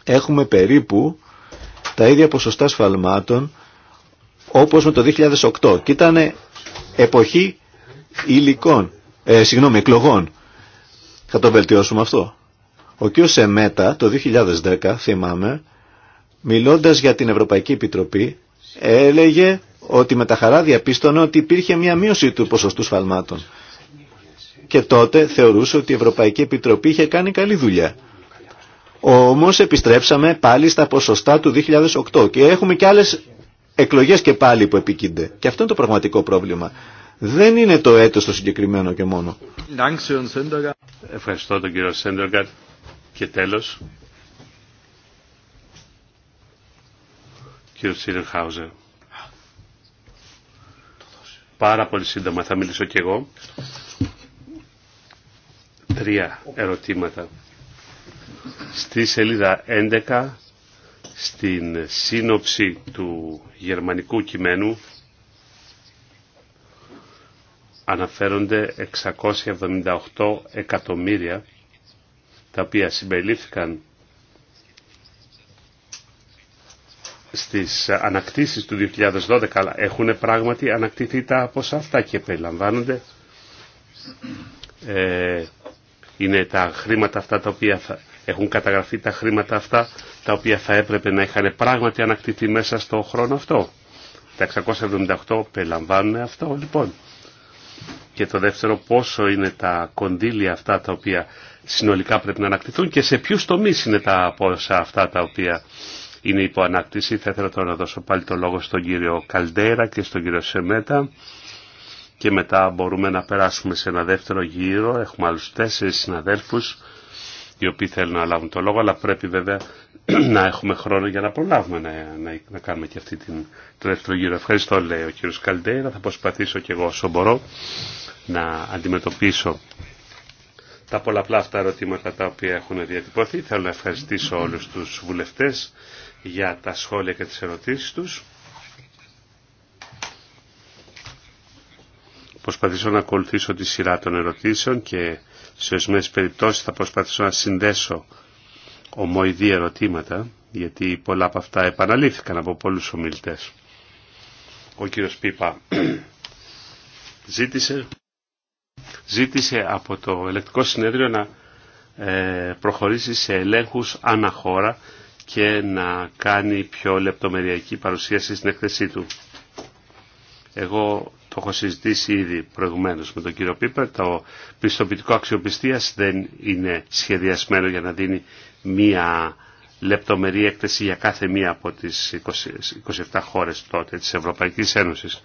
Έχουμε περίπου τα ίδια ποσοστά σφαλμάτων όπως με το 2008 και ήταν εποχή υλικών, ε, εκλογών. Θα το βελτιώσουμε αυτό. Ο κ. Σεμέτα το 2010, θυμάμαι, μιλώντας για την Ευρωπαϊκή Επιτροπή, έλεγε ότι με τα χαρά διαπίστωνε ότι υπήρχε μια μείωση του ποσοστού σφαλμάτων. Και τότε θεωρούσε ότι η Ευρωπαϊκή Επιτροπή είχε κάνει καλή δουλειά. Όμως επιστρέψαμε πάλι στα ποσοστά του 2008 και έχουμε και άλλες εκλογές και πάλι που επικίνδυνε. Και αυτό είναι το πραγματικό πρόβλημα. Δεν είναι το έτος το συγκεκριμένο και μόνο. Ευχαριστώ τον κύριο Σέντεργατ. Και τέλος, κύριο Χάουζερ, Πάρα πολύ σύντομα θα μιλήσω κι εγώ. Τρία ερωτήματα. Στη σελίδα 11, στην σύνοψη του γερμανικού κειμένου, αναφέρονται 678 εκατομμύρια τα οποία συμπεριλήφθηκαν στις ανακτήσεις του 2012, αλλά έχουν πράγματι ανακτηθεί τα από αυτά και περιλαμβάνονται. Ε, είναι τα χρήματα αυτά τα οποία έχουν καταγραφεί τα χρήματα αυτά τα οποία θα έπρεπε να είχαν πράγματι ανακτηθεί μέσα στο χρόνο αυτό. Τα 678 περιλαμβάνουν αυτό λοιπόν και το δεύτερο πόσο είναι τα κονδύλια αυτά τα οποία συνολικά πρέπει να ανακτηθούν και σε ποιους τομείς είναι τα πόσα αυτά τα οποία είναι υπό ανάκτηση. Θα ήθελα τώρα να δώσω πάλι το λόγο στον κύριο Καλντέρα και στον κύριο Σεμέτα και μετά μπορούμε να περάσουμε σε ένα δεύτερο γύρο. Έχουμε άλλους τέσσερις συναδέλφους οι οποίοι θέλουν να λάβουν το λόγο, αλλά πρέπει βέβαια <clears throat> να έχουμε χρόνο για να προλάβουμε να, να, να κάνουμε και αυτή την, το δεύτερο γύρο. Ευχαριστώ, λέει ο κύριος Καλντέρα. Θα προσπαθήσω και εγώ όσο μπορώ να αντιμετωπίσω τα πολλαπλά αυτά ερωτήματα τα οποία έχουν διατυπωθεί. Θέλω να ευχαριστήσω όλους τους βουλευτές για τα σχόλια και τις ερωτήσεις τους. Προσπαθήσω να ακολουθήσω τη σειρά των ερωτήσεων και σε ορισμένε περιπτώσεις θα προσπαθήσω να συνδέσω ομοειδή ερωτήματα γιατί πολλά από αυτά επαναλήφθηκαν από πολλούς ομιλητές. Ο κύριος Πίπα ζήτησε ζήτησε από το ελεκτικό συνέδριο να ε, προχωρήσει σε ελέγχους αναχώρα και να κάνει πιο λεπτομεριακή παρουσίαση στην έκθεσή του. Εγώ το έχω συζητήσει ήδη προηγουμένως με τον κύριο Πίπερ. Το πιστοποιητικό αξιοπιστίας δεν είναι σχεδιασμένο για να δίνει μία λεπτομερή έκθεση για κάθε μία από τις 27 χώρες τότε της Ευρωπαϊκής Ένωσης.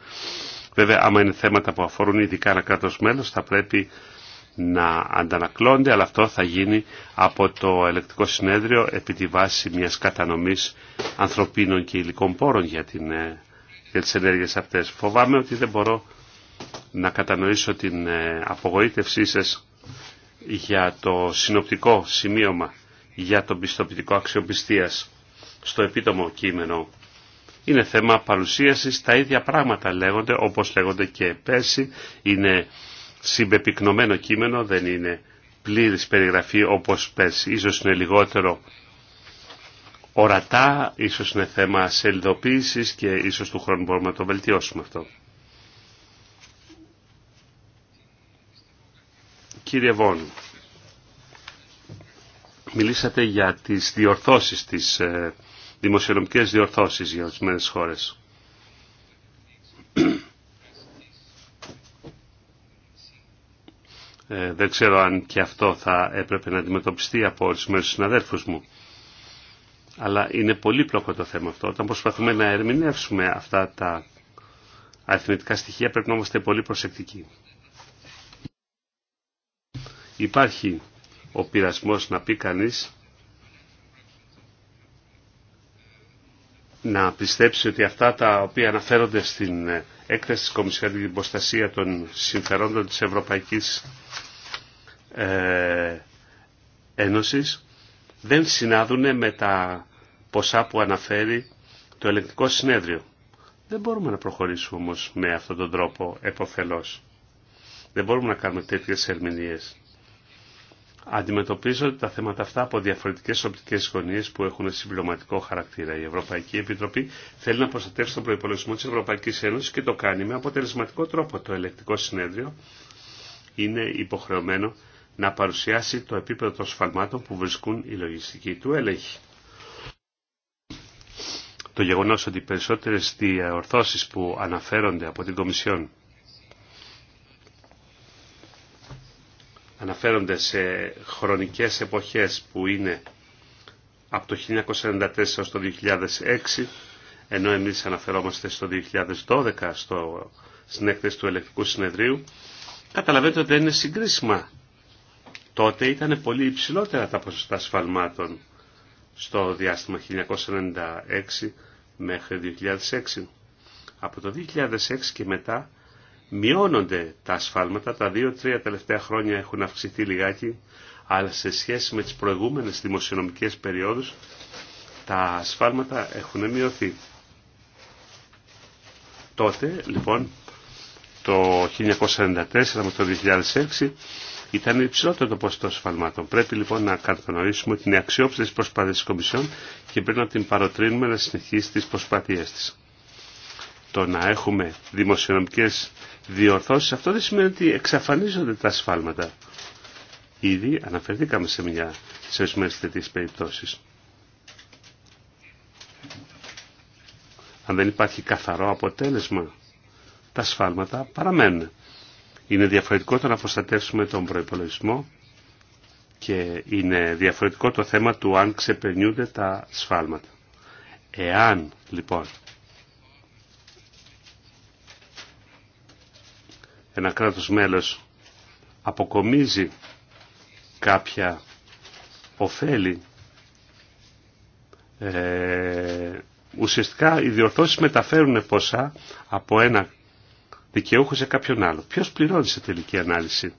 Βέβαια, άμα είναι θέματα που αφορούν ειδικά ένα κράτο θα πρέπει να αντανακλώνται, αλλά αυτό θα γίνει από το ελεκτικό συνέδριο επί τη βάση μια κατανομής ανθρωπίνων και υλικών πόρων για, την, ε, για τις ενέργειες αυτές. Φοβάμαι ότι δεν μπορώ να κατανοήσω την ε, απογοήτευσή σας για το συνοπτικό σημείωμα για το πιστοποιητικό αξιοπιστίας στο επίτομο κείμενο είναι θέμα παρουσίασης, τα ίδια πράγματα λέγονται όπως λέγονται και πέρσι, είναι συμπεπυκνωμένο κείμενο, δεν είναι πλήρης περιγραφή όπως πέρσι, ίσως είναι λιγότερο ορατά, ίσως είναι θέμα σελειδοποίησης και ίσως του χρόνου μπορούμε να το βελτιώσουμε αυτό. Κύριε Βόν, μιλήσατε για τις διορθώσεις της ε, δημοσιονομικές διορθώσεις για ορισμένες χώρες. Ε, δεν ξέρω αν και αυτό θα έπρεπε να αντιμετωπιστεί από ορισμένους συναδέλφους μου. Αλλά είναι πολύ πλοκό το θέμα αυτό. Όταν προσπαθούμε να ερμηνεύσουμε αυτά τα αριθμητικά στοιχεία πρέπει να είμαστε πολύ προσεκτικοί. Υπάρχει ο πειρασμός να πει κανείς να πιστέψει ότι αυτά τα οποία αναφέρονται στην ε, έκθεση της Κομισιόν για την υποστασία των συμφερόντων της Ευρωπαϊκής ε, Ένωσης δεν συνάδουν με τα ποσά που αναφέρει το ελεγκτικό συνέδριο. Δεν μπορούμε να προχωρήσουμε όμως με αυτόν τον τρόπο εποφελώς. Δεν μπορούμε να κάνουμε τέτοιες ερμηνείες αντιμετωπίζονται τα θέματα αυτά από διαφορετικές οπτικές γωνίες που έχουν συμπληρωματικό χαρακτήρα. Η Ευρωπαϊκή Επιτροπή θέλει να προστατεύσει τον προϋπολογισμό της Ευρωπαϊκής Ένωσης και το κάνει με αποτελεσματικό τρόπο. Το ελεκτικό συνέδριο είναι υποχρεωμένο να παρουσιάσει το επίπεδο των σφαλμάτων που βρισκούν οι λογιστικοί του έλεγχοι. Το γεγονός ότι οι περισσότερες διορθώσεις που αναφέρονται από την Κομισιόν αναφέρονται σε χρονικές εποχές που είναι από το 1994 έως το 2006, ενώ εμείς αναφερόμαστε στο 2012 στο, στην έκθεση του Ελεκτικού Συνεδρίου, καταλαβαίνετε ότι δεν είναι συγκρίσιμα. Τότε ήταν πολύ υψηλότερα τα ποσοστά σφαλμάτων στο διάστημα 1996 μέχρι 2006. Από το 2006 και μετά μειώνονται τα ασφάλματα, τα δύο-τρία τελευταία χρόνια έχουν αυξηθεί λιγάκι, αλλά σε σχέση με τις προηγούμενες δημοσιονομικές περιόδους τα ασφάλματα έχουν μειωθεί. Τότε, λοιπόν, το 1994 με το 2006 ήταν υψηλότερο το ποσοστό ασφαλμάτων. Πρέπει λοιπόν να κατανοήσουμε την είναι αξιόπιστη της προσπάθειας της Κομισιόν και πρέπει να την παροτρύνουμε να συνεχίσει τις προσπάθειές της. Το να έχουμε δημοσιονομικές διορθώσει. αυτό δεν σημαίνει ότι εξαφανίζονται τα ασφάλματα. Ήδη αναφερθήκαμε σε μια σε ορισμένε τέτοιε περιπτώσει. Αν δεν υπάρχει καθαρό αποτέλεσμα, τα σφάλματα παραμένουν. Είναι διαφορετικό το να προστατεύσουμε τον προϋπολογισμό και είναι διαφορετικό το θέμα του αν ξεπερνιούνται τα σφάλματα. Εάν λοιπόν ένα κράτος μέλος αποκομίζει κάποια ωφέλη ε, ουσιαστικά οι διορθώσεις μεταφέρουν ποσά από ένα δικαιούχο σε κάποιον άλλο. Ποιος πληρώνει σε τελική ανάλυση.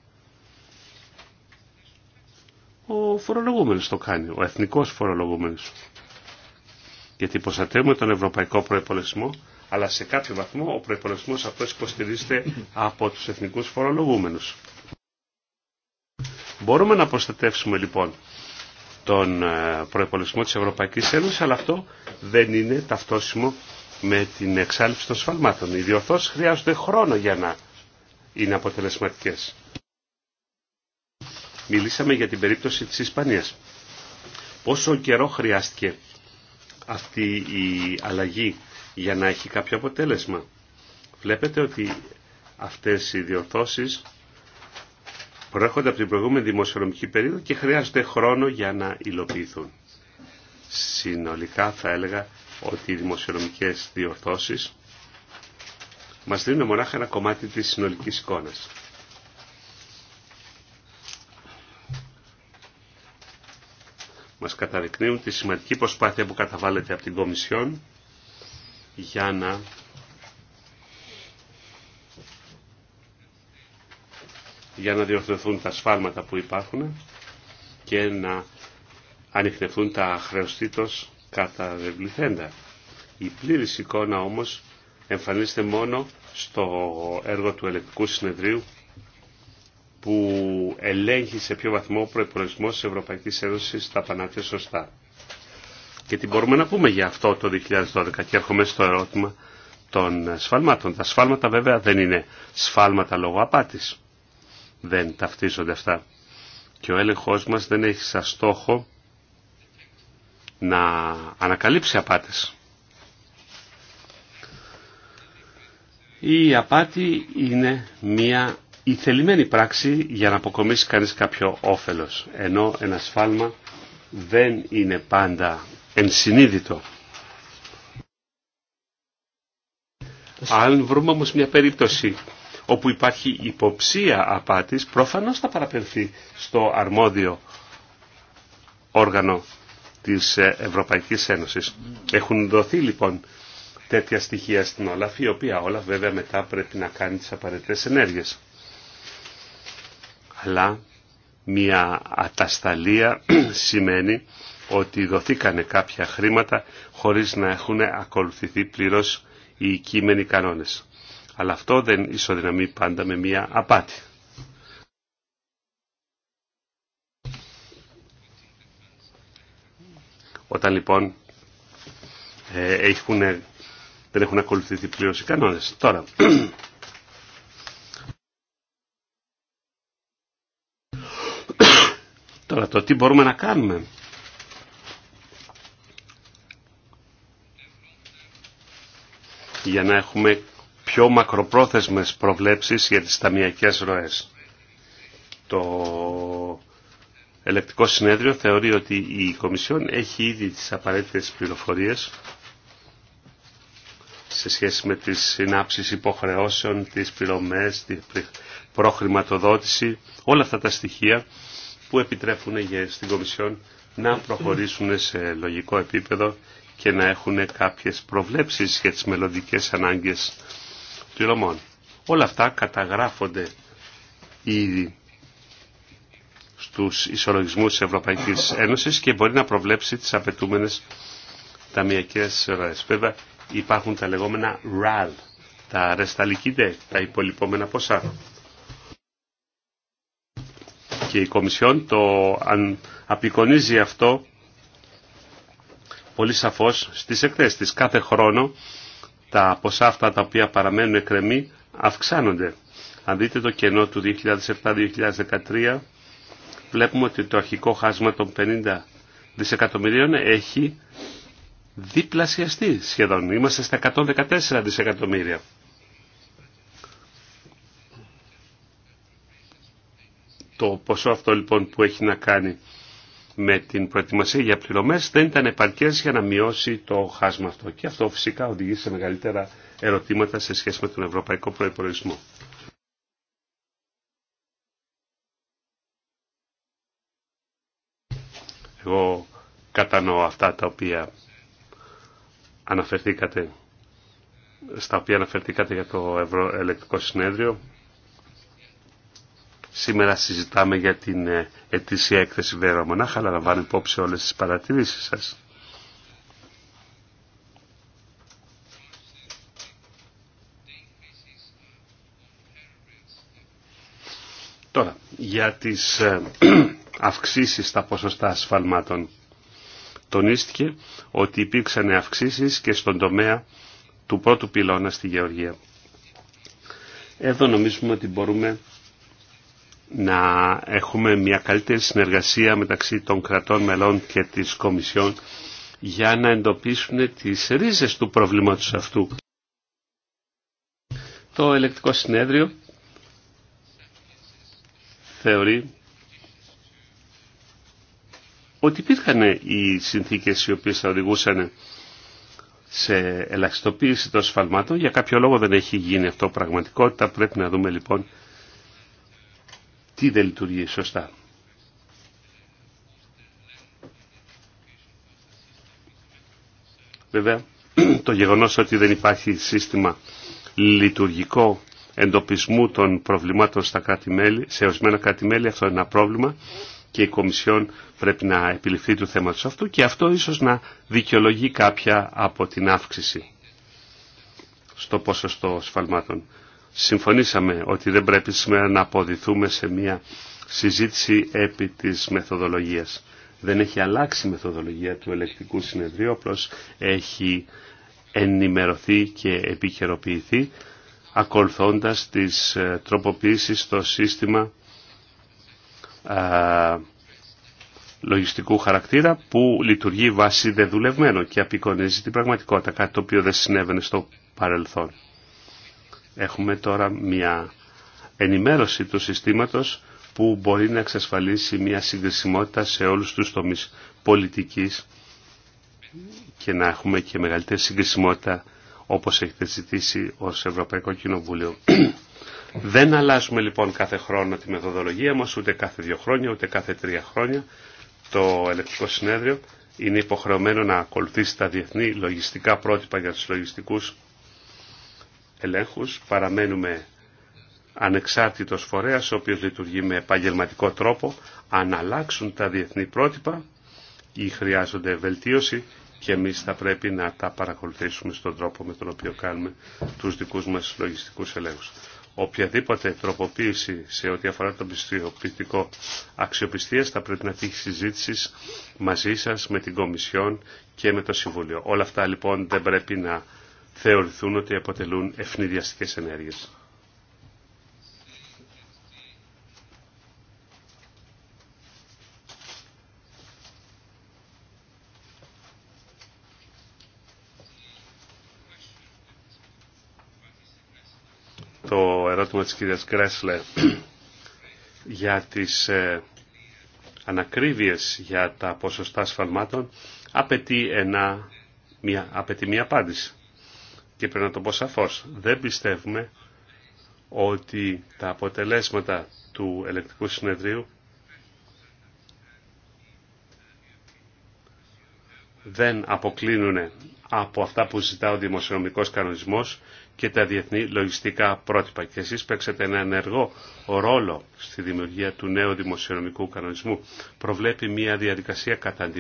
Ο φορολογούμενος το κάνει, ο εθνικός φορολογούμενος. Γιατί προστατεύουμε τον ευρωπαϊκό προϋπολογισμό αλλά σε κάποιο βαθμό ο προπολογισμό αυτό υποστηρίζεται από του εθνικού φορολογούμενου. Μπορούμε να προστατεύσουμε λοιπόν τον ε, προπολογισμό της Ευρωπαϊκής Ένωση, αλλά αυτό δεν είναι ταυτόσιμο με την εξάλληψη των σφαλμάτων. Οι διορθώσει χρειάζονται χρόνο για να είναι αποτελεσματικέ. Μιλήσαμε για την περίπτωση της Ισπανίας. Πόσο καιρό χρειάστηκε αυτή η αλλαγή για να έχει κάποιο αποτέλεσμα. Βλέπετε ότι αυτές οι διορθώσεις προέρχονται από την προηγούμενη δημοσιονομική περίοδο και χρειάζονται χρόνο για να υλοποιηθούν. Συνολικά θα έλεγα ότι οι δημοσιονομικές διορθώσεις μας δίνουν μονάχα ένα κομμάτι της συνολικής εικόνας. Μας καταδεικνύουν τη σημαντική προσπάθεια που καταβάλλεται από την Κομισιόν για να για να διορθωθούν τα σφάλματα που υπάρχουν και να ανοιχνευτούν τα χρεωστήτως κατά δευληθέντα. Η πλήρης εικόνα όμως εμφανίζεται μόνο στο έργο του ελεκτικού συνεδρίου που ελέγχει σε ποιο βαθμό ο προπολογισμό τη Ευρωπαϊκή Ένωση τα πανάτια σωστά και τι μπορούμε να πούμε για αυτό το 2012 και έρχομαι στο ερώτημα των σφάλματων. Τα σφάλματα βέβαια δεν είναι σφάλματα λόγω απάτης. Δεν ταυτίζονται αυτά. Και ο έλεγχος μας δεν έχει σαν στόχο να ανακαλύψει απάτες. Η απάτη είναι μία ηθελημένη πράξη για να αποκομίσει κανείς κάποιο όφελος, ενώ ένα σφάλμα δεν είναι πάντα ενσυνείδητο. Αν βρούμε όμως μια περίπτωση όπου υπάρχει υποψία απάτης, προφανώς θα παραπερθεί στο αρμόδιο όργανο της Ευρωπαϊκής Ένωσης. Έχουν δοθεί λοιπόν τέτοια στοιχεία στην Όλαφ, η οποία όλα βέβαια μετά πρέπει να κάνει τις απαραίτητες ενέργειες. Αλλά μια ατασταλία <clears throat> σημαίνει ότι δοθήκανε κάποια χρήματα χωρίς να έχουν ακολουθηθεί πλήρως οι κείμενοι κανόνες. Αλλά αυτό δεν ισοδυναμεί πάντα με μία απάτη. Όταν λοιπόν ε, έχουν, δεν έχουν ακολουθηθεί πλήρως οι κανόνες. Τώρα, <coughs> τώρα το τι μπορούμε να κάνουμε για να έχουμε πιο μακροπρόθεσμες προβλέψεις για τις ταμιακές ροές. Το ελεκτικό συνέδριο θεωρεί ότι η Κομισιόν έχει ήδη τις απαραίτητες πληροφορίες σε σχέση με τις συνάψεις υποχρεώσεων, τις πληρωμές, την προχρηματοδότηση, όλα αυτά τα στοιχεία που επιτρέφουν στην Κομισιόν να προχωρήσουν σε λογικό επίπεδο και να έχουν κάποιες προβλέψεις για τις μελλοντικέ ανάγκες πληρωμών. Όλα αυτά καταγράφονται ήδη στους ισολογισμούς της Ευρωπαϊκής Ένωσης και μπορεί να προβλέψει τις απαιτούμενες ταμιακές ροές. Βέβαια υπάρχουν τα λεγόμενα RAL, τα ρεσταλικίδε, τα υπολοιπόμενα ποσά. Και η Κομισιόν το απεικονίζει αυτό πολύ σαφώς στις εκθέσεις Κάθε χρόνο τα ποσά αυτά τα οποία παραμένουν εκκρεμή αυξάνονται. Αν δείτε το κενό του 2007-2013 βλέπουμε ότι το αρχικό χάσμα των 50 δισεκατομμυρίων έχει διπλασιαστεί σχεδόν. Είμαστε στα 114 δισεκατομμύρια. Το ποσό αυτό λοιπόν που έχει να κάνει με την προετοιμασία για πληρωμές δεν ήταν επαρκές για να μειώσει το χάσμα αυτό. Και αυτό φυσικά οδηγεί σε μεγαλύτερα ερωτήματα σε σχέση με τον ευρωπαϊκό προϋπολογισμό. Εγώ κατανοώ αυτά τα οποία αναφερθήκατε στα οποία αναφερθήκατε για το Ευρωελεκτικό Συνέδριο. Σήμερα συζητάμε για την ε, ετήσια έκθεση βέβαια μονάχα, αλλά λαμβάνω υπόψη όλες τις παρατηρήσεις σας. Τώρα, για τις ε, <clears throat> αυξήσεις στα ποσοστά ασφαλμάτων. Τονίστηκε ότι υπήρξαν αυξήσεις και στον τομέα του πρώτου πυλώνα στη Γεωργία. Εδώ νομίζουμε ότι μπορούμε να έχουμε μια καλύτερη συνεργασία μεταξύ των κρατών μελών και της Κομισιόν για να εντοπίσουν τις ρίζες του προβλήματος αυτού. Το ελεκτικό συνέδριο θεωρεί ότι υπήρχαν οι συνθήκες οι οποίες θα οδηγούσαν σε ελαχιστοποίηση των σφαλμάτων. Για κάποιο λόγο δεν έχει γίνει αυτό πραγματικότητα. Πρέπει να δούμε λοιπόν τι δεν λειτουργεί σωστά. Βέβαια, το γεγονός ότι δεν υπάρχει σύστημα λειτουργικό εντοπισμού των προβλημάτων στα κρατη σε ορισμένα κράτη-μέλη, αυτό είναι ένα πρόβλημα και η Κομισιόν πρέπει να επιληφθεί του θέματος αυτού και αυτό ίσως να δικαιολογεί κάποια από την αύξηση στο ποσοστό σφαλμάτων συμφωνήσαμε ότι δεν πρέπει σήμερα να αποδηθούμε σε μια συζήτηση επί της μεθοδολογίας. Δεν έχει αλλάξει η μεθοδολογία του ελεκτικού συνεδρίου, απλώς έχει ενημερωθεί και επικαιροποιηθεί ακολουθώντας τις ε, τροποποιήσεις στο σύστημα α, ε, λογιστικού χαρακτήρα που λειτουργεί βάσει δεδουλευμένο και απεικονίζει την πραγματικότητα, κάτι το οποίο δεν συνέβαινε στο παρελθόν. Έχουμε τώρα μια ενημέρωση του συστήματος που μπορεί να εξασφαλίσει μια συγκρισιμότητα σε όλους τους τομείς πολιτικής και να έχουμε και μεγαλύτερη συγκρισιμότητα όπως έχετε ζητήσει ως Ευρωπαϊκό Κοινοβούλιο. <clears throat> Δεν αλλάζουμε λοιπόν κάθε χρόνο τη μεθοδολογία μας, ούτε κάθε δύο χρόνια, ούτε κάθε τρία χρόνια. Το ελεκτικό συνέδριο είναι υποχρεωμένο να ακολουθήσει τα διεθνή λογιστικά πρότυπα για τους λογιστικούς ελέγχους, παραμένουμε ανεξάρτητος φορέας, ο οποίος λειτουργεί με επαγγελματικό τρόπο, αν αλλάξουν τα διεθνή πρότυπα ή χρειάζονται βελτίωση και εμείς θα πρέπει να τα παρακολουθήσουμε στον τρόπο με τον οποίο κάνουμε τους δικούς μας λογιστικούς ελέγχους. Οποιαδήποτε τροποποίηση σε ό,τι αφορά το πιστοποιητικό αξιοπιστίας θα πρέπει να τύχει συζήτηση μαζί σας με την Κομισιόν και με το Συμβούλιο. Όλα αυτά λοιπόν δεν πρέπει να θεωρηθούν ότι αποτελούν ευνηδιαστικές ενέργειες. Το ερώτημα της κυρίας Γκρέσλε για τις ε, ανακρίβειες για τα ποσοστά σφαλμάτων απαιτεί, ένα, μια, απαιτεί μια απάντηση και πρέπει να το πω σαφώς, δεν πιστεύουμε ότι τα αποτελέσματα του ελεκτικού συνεδρίου δεν αποκλίνουν από αυτά που ζητά ο δημοσιονομικός κανονισμός και τα διεθνή λογιστικά πρότυπα. Και εσείς παίξατε ένα ενεργό ρόλο στη δημιουργία του νέου δημοσιονομικού κανονισμού. Προβλέπει μια διαδικασία κατά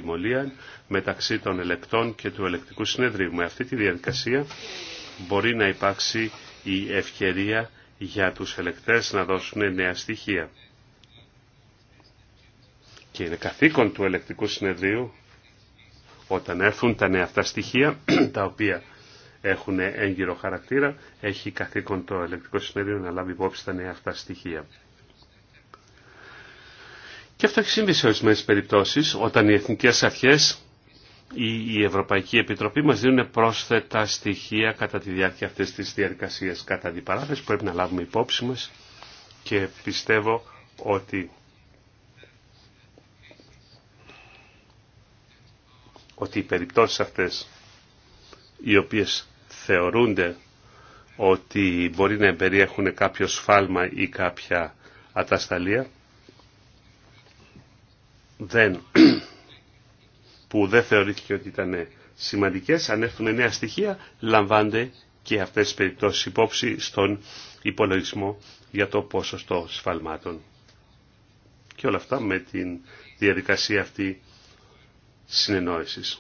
μεταξύ των ελεκτών και του ελεκτικού συνεδρίου. Με αυτή τη διαδικασία μπορεί να υπάρξει η ευκαιρία για τους ελεκτές να δώσουν νέα στοιχεία. Και είναι καθήκον του ελεκτικού συνεδρίου όταν έρθουν τα νέα αυτά στοιχεία, <clears throat> τα οποία έχουν έγκυρο χαρακτήρα, έχει καθήκον το ηλεκτρικό συνέδριο να λάβει υπόψη τα νέα αυτά στοιχεία. Και αυτό έχει συμβεί σε ορισμένε περιπτώσει, όταν οι εθνικέ αρχέ ή η Ευρωπαϊκή Επιτροπή μας δίνουν πρόσθετα στοιχεία κατά τη διάρκεια αυτής της διαδικασίας κατά αντιπαράθεση πρέπει να λάβουμε υπόψη μας και πιστεύω ότι ότι οι περιπτώσεις αυτές οι οποίες θεωρούνται ότι μπορεί να περιέχουν κάποιο σφάλμα ή κάποια ατασταλία δεν, <clears throat> που δεν θεωρήθηκε ότι ήταν σημαντικές, αν έρθουν νέα στοιχεία λαμβάνονται και αυτές τις περιπτώσεις υπόψη στον υπολογισμό για το ποσοστό σφαλμάτων. Και όλα αυτά με την διαδικασία αυτή συνεννόησης.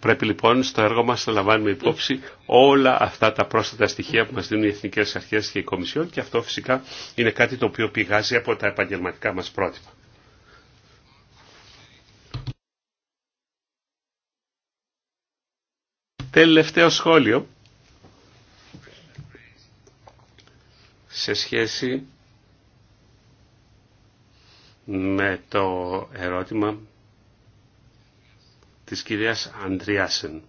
Πρέπει λοιπόν στο έργο μας να λαμβάνουμε υπόψη όλα αυτά τα πρόσθετα στοιχεία που μας δίνουν οι Εθνικές Αρχές και η Κομισιόν και αυτό φυσικά είναι κάτι το οποίο πηγάζει από τα επαγγελματικά μας πρότυπα. Τελευταίο σχόλιο σε σχέση με το ερώτημα της κυρίας Αντριάσεν.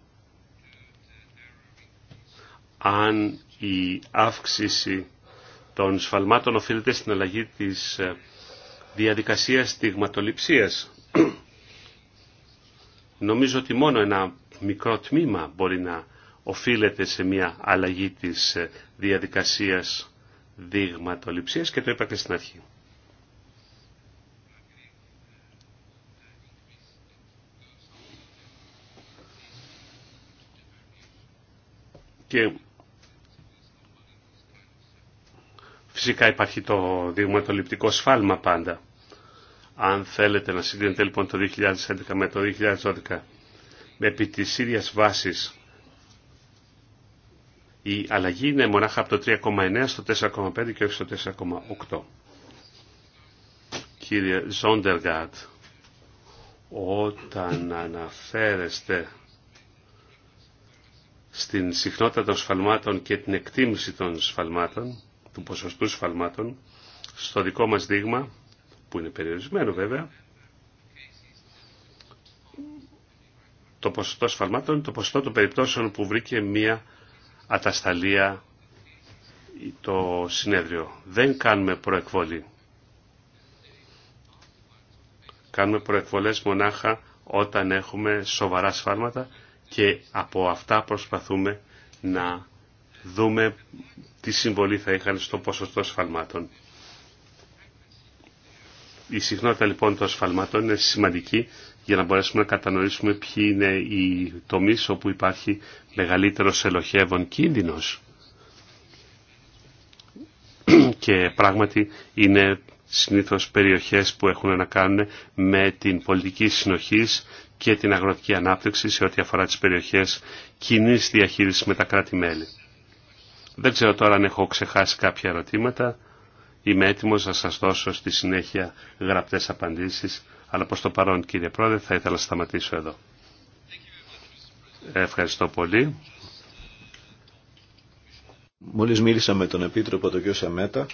Αν η αύξηση των σφαλμάτων οφείλεται στην αλλαγή της ε, διαδικασίας στιγματοληψίας. <clears throat> Νομίζω ότι μόνο ένα μικρό τμήμα μπορεί να οφείλεται σε μια αλλαγή της ε, διαδικασίας δειγματοληψίας και το είπα και στην αρχή. Και φυσικά υπάρχει το δειγματοληπτικό σφάλμα πάντα. Αν θέλετε να συγκρίνετε λοιπόν το 2011 με το 2012 με επί της ίδιας βάσης η αλλαγή είναι μονάχα από το 3,9 στο 4,5 και όχι στο 4,8. Κύριε Ζόντεργατ, όταν αναφέρεστε στην συχνότητα των σφαλμάτων και την εκτίμηση των σφαλμάτων, του ποσοστού σφαλμάτων, στο δικό μας δείγμα, που είναι περιορισμένο βέβαια, το ποσοστό σφαλμάτων, το ποσοστό των περιπτώσεων που βρήκε μία ατασταλία το συνέδριο. Δεν κάνουμε προεκβολή. Κάνουμε προεκβολές μονάχα όταν έχουμε σοβαρά σφάλματα και από αυτά προσπαθούμε να δούμε τι συμβολή θα είχαν στο ποσοστό σφαλμάτων. Η συχνότητα λοιπόν των σφαλμάτων είναι σημαντική για να μπορέσουμε να κατανοήσουμε ποιοι είναι οι τομείς όπου υπάρχει μεγαλύτερος ελοχεύων κίνδυνος. <clears throat> Και πράγματι είναι συνήθως περιοχές που έχουν να κάνουν με την πολιτική συνοχής και την αγροτική ανάπτυξη σε ό,τι αφορά τις περιοχές κοινή διαχείρισης με τα κράτη-μέλη. Δεν ξέρω τώρα αν έχω ξεχάσει κάποια ερωτήματα. Είμαι έτοιμος να σας δώσω στη συνέχεια γραπτές απαντήσεις αλλά προς το παρόν κύριε Πρόεδρε θα ήθελα να σταματήσω εδώ. Ευχαριστώ πολύ. Μόλις μίλησα με τον Επίτροπο τον κ. Σαμέτα,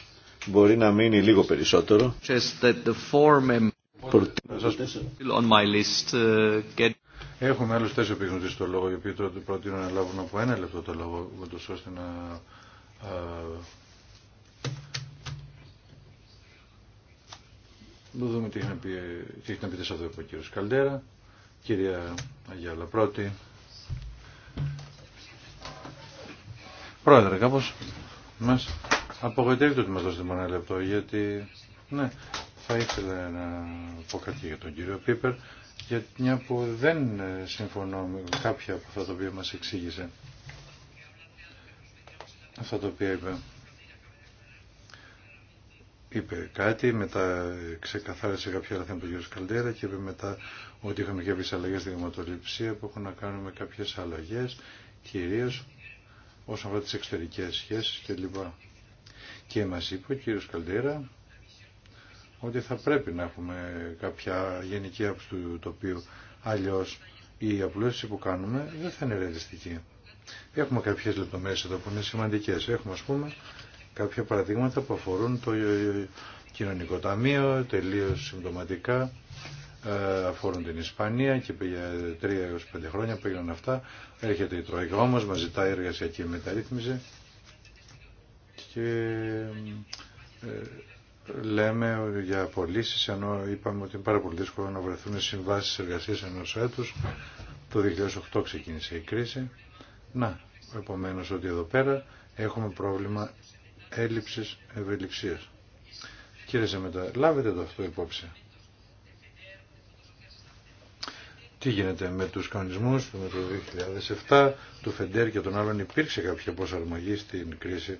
μπορεί να μείνει λίγο περισσότερο. Uh, Έχουμε άλλους τέσσερις επίγνωτες στο λόγο, οι οποίοι προτείνουν να λάβουν από ένα λεπτό το λόγο, ώστε να Να δούμε τι έχει να, πει, τι ο κύριος Καλτέρα. Κυρία Αγιάλα πρώτη. Πρόεδρε, κάπως μας απογοητεύει το ότι μας δώσετε μόνο ένα λεπτό, γιατί ναι, θα ήθελα να πω κάτι για τον κύριο Πίπερ, για μια που δεν συμφωνώ με κάποια από αυτά τα οποία μας εξήγησε. Αυτά τα οποία είπε είπε κάτι, μετά ξεκαθάρισε κάποια άλλα θέματα του κ. Καλτέρα και είπε μετά ότι είχαμε κάποιε αλλαγέ στη δημοτοληψία που έχουν να κάνουν με κάποιε αλλαγέ, κυρίω όσον αφορά τι εξωτερικέ σχέσει κλπ. Και μα είπε ο κ. Καλτέρα ότι θα πρέπει να έχουμε κάποια γενική άποψη του τοπίου, αλλιώ η απλούστηση που κάνουμε δεν θα είναι ρεαλιστική. Έχουμε κάποιε λεπτομέρειε εδώ που είναι σημαντικέ. Έχουμε α πούμε κάποια παραδείγματα που αφορούν το κοινωνικό ταμείο, τελείως συμπτωματικά, ε, αφορούν την Ισπανία και για 3 έως πέντε χρόνια πήγαν αυτά. Έρχεται η Τρόικα όμως, μας ζητάει εργασιακή μεταρρύθμιση και ε, λέμε για απολύσει ενώ είπαμε ότι είναι πάρα πολύ δύσκολο να βρεθούν συμβάσει εργασία ενό έτου. Το 2008 ξεκίνησε η κρίση. Να, επομένω ότι εδώ πέρα έχουμε πρόβλημα έλλειψης ευελιξίας. Κύριε Σεμετά, λάβετε το αυτό υπόψη. Τι γίνεται με τους κανονισμούς με το 2007, του Φεντέρ και των άλλων υπήρξε κάποια προσαρμογή στην κρίση,